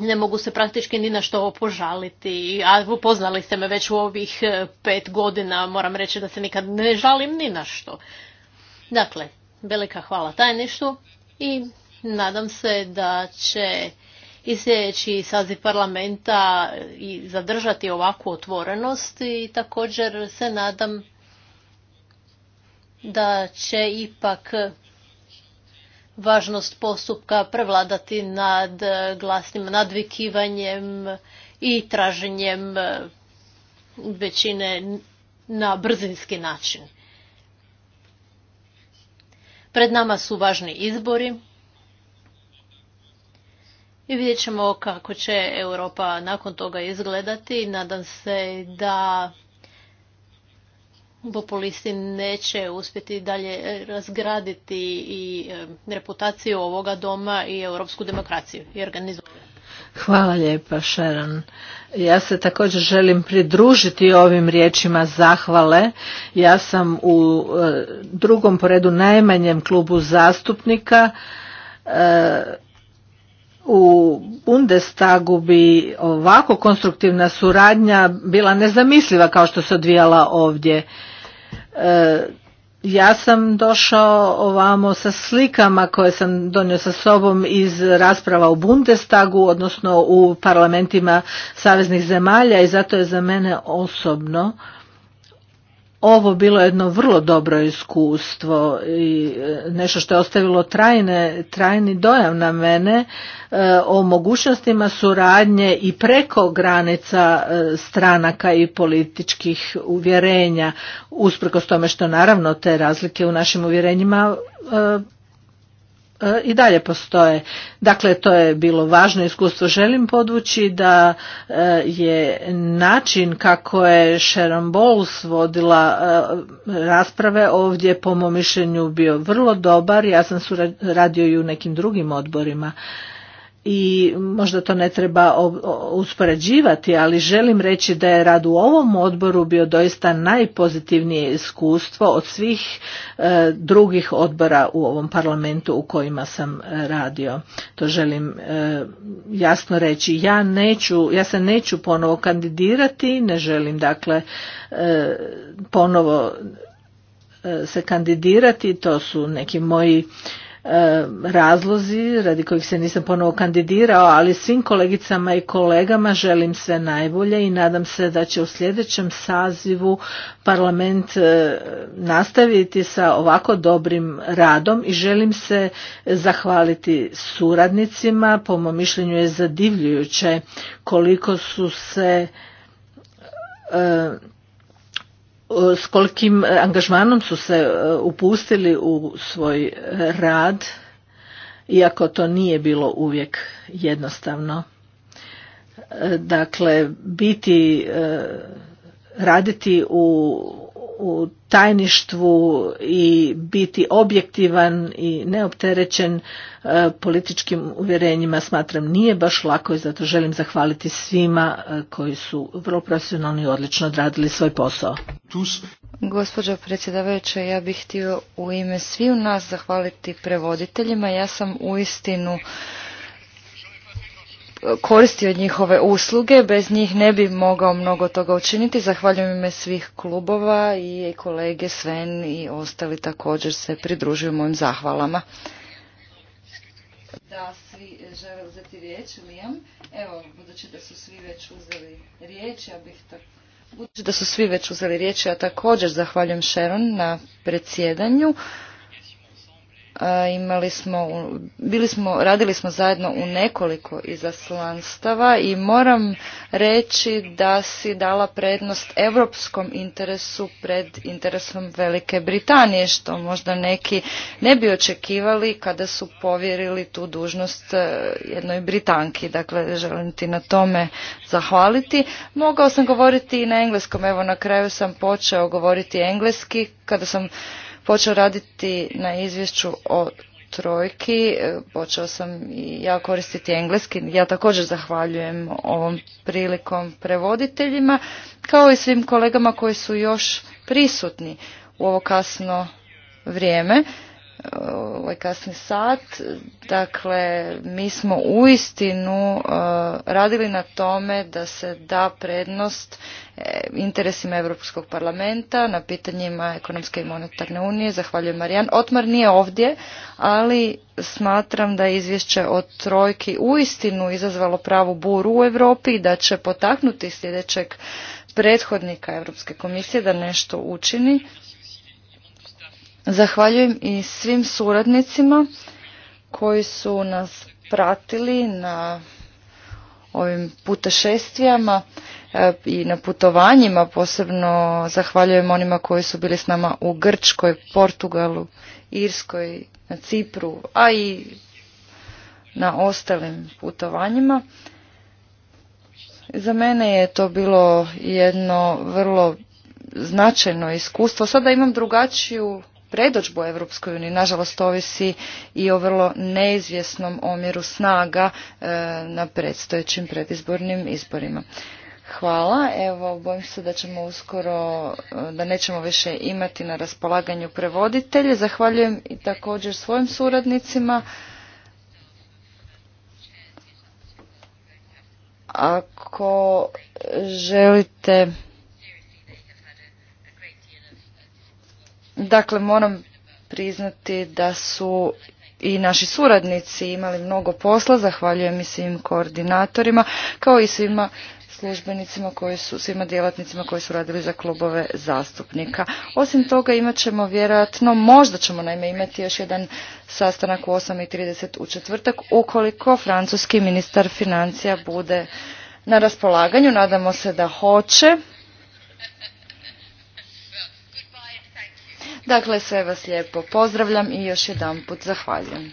ne mogu se praktički ni na što opožaliti. A upoznali ste me već u ovih pet godina. Moram reći da se nikad ne žalim ni na što. Dakle, velika hvala tajništu i nadam se da će i sljedeći saziv parlamenta i zadržati ovakvu otvorenost i također se nadam da će ipak važnost postupka prevladati nad glasnim nadvikivanjem i traženjem većine na brzinski način. Pred nama su važni izbori i vidjet ćemo kako će Europa nakon toga izgledati. Nadam se da populisti neće uspjeti dalje razgraditi i e, reputaciju ovoga doma i europsku demokraciju i organizaciju. Hvala lijepa Sharon. Ja se također želim pridružiti ovim riječima zahvale. Ja sam u e, drugom poredu najmanjem klubu zastupnika. E, u Bundestagu bi ovako konstruktivna suradnja bila nezamisliva kao što se odvijala ovdje. E, ja sam došao ovamo sa slikama koje sam donio sa sobom iz rasprava u Bundestagu, odnosno u parlamentima saveznih zemalja i zato je za mene osobno ovo bilo jedno vrlo dobro iskustvo i e, nešto što je ostavilo trajne, trajni dojam na mene e, o mogućnostima suradnje i preko granica e, stranaka i političkih uvjerenja, usprkos tome što naravno te razlike u našim uvjerenjima E, i dalje postoje. Dakle, to je bilo važno iskustvo. Želim podvući da e, je način kako je Sharon Bowles vodila e, rasprave ovdje po mom mišljenju bio vrlo dobar. Ja sam radio i u nekim drugim odborima i možda to ne treba uspoređivati, ali želim reći da je rad u ovom odboru bio doista najpozitivnije iskustvo od svih e, drugih odbora u ovom parlamentu u kojima sam radio. To želim e, jasno reći. Ja, neću, ja se neću ponovo kandidirati, ne želim dakle e, ponovo se kandidirati, to su neki moji E, razlozi radi kojih se nisam ponovo kandidirao, ali svim kolegicama i kolegama želim sve najbolje i nadam se da će u sljedećem sazivu parlament e, nastaviti sa ovako dobrim radom i želim se zahvaliti suradnicima. Po mom mišljenju je zadivljujuće koliko su se e, s kolikim angažmanom su se e, upustili u svoj rad, iako to nije bilo uvijek jednostavno. E, dakle, biti, e, raditi u, u tajništvu i biti objektivan i neopterećen e, političkim uvjerenjima smatram nije baš lako i zato želim zahvaliti svima e, koji su vrlo profesionalno i odlično odradili svoj posao. Gospođo predsjedavajuća, ja bih htio u ime sviju nas zahvaliti prevoditeljima. Ja sam u uistinu Koristio od njihove usluge, bez njih ne bi mogao mnogo toga učiniti. Zahvaljujem ime svih klubova i kolege Sven i ostali također se pridružuju mojim zahvalama. Da, svi žele uzeti riječ, Lijam. Evo, budući da su svi već uzeli riječ, ja bih tako... Budući da su svi već uzeli riječ, ja također zahvaljujem Sharon na predsjedanju imali smo, bili smo, radili smo zajedno u nekoliko izaslanstava i moram reći da si dala prednost europskom interesu pred interesom Velike Britanije, što možda neki ne bi očekivali kada su povjerili tu dužnost e, jednoj Britanki. Dakle, želim ti na tome zahvaliti. Mogao sam govoriti i na engleskom, evo na kraju sam počeo govoriti engleski kada sam počeo raditi na izvješću o trojki, e, počeo sam i ja koristiti engleski, ja također zahvaljujem ovom prilikom prevoditeljima, kao i svim kolegama koji su još prisutni u ovo kasno vrijeme ovaj kasni sat. Dakle, mi smo uistinu e, radili na tome da se da prednost e, interesima Europskog parlamenta na pitanjima ekonomske i monetarne unije. Zahvaljujem Marijan. Otmar nije ovdje, ali smatram da je izvješće o trojki uistinu izazvalo pravu buru u Europi i da će potaknuti sljedećeg prethodnika Europske komisije da nešto učini Zahvaljujem i svim suradnicima koji su nas pratili na ovim putešestvijama e, i na putovanjima. Posebno zahvaljujem onima koji su bili s nama u Grčkoj, Portugalu, Irskoj, na Cipru, a i na ostalim putovanjima. Za mene je to bilo jedno vrlo značajno iskustvo. Sada imam drugačiju predođbu Europskoj uniji. Nažalost, ovisi i o vrlo neizvjesnom omjeru snaga e, na predstojećim predizbornim izborima. Hvala. Evo, bojim se da ćemo uskoro, e, da nećemo više imati na raspolaganju prevoditelje. Zahvaljujem i također svojim suradnicima. Ako želite Dakle, moram priznati da su i naši suradnici imali mnogo posla, zahvaljujem i svim koordinatorima, kao i svima službenicima koji su, svima djelatnicima koji su radili za klubove zastupnika. Osim toga imat ćemo vjerojatno, možda ćemo naime imati još jedan sastanak u 8.30 u četvrtak, ukoliko francuski ministar financija bude na raspolaganju, nadamo se da hoće. Dakle, sve vas lijepo pozdravljam i još jedan put zahvaljujem.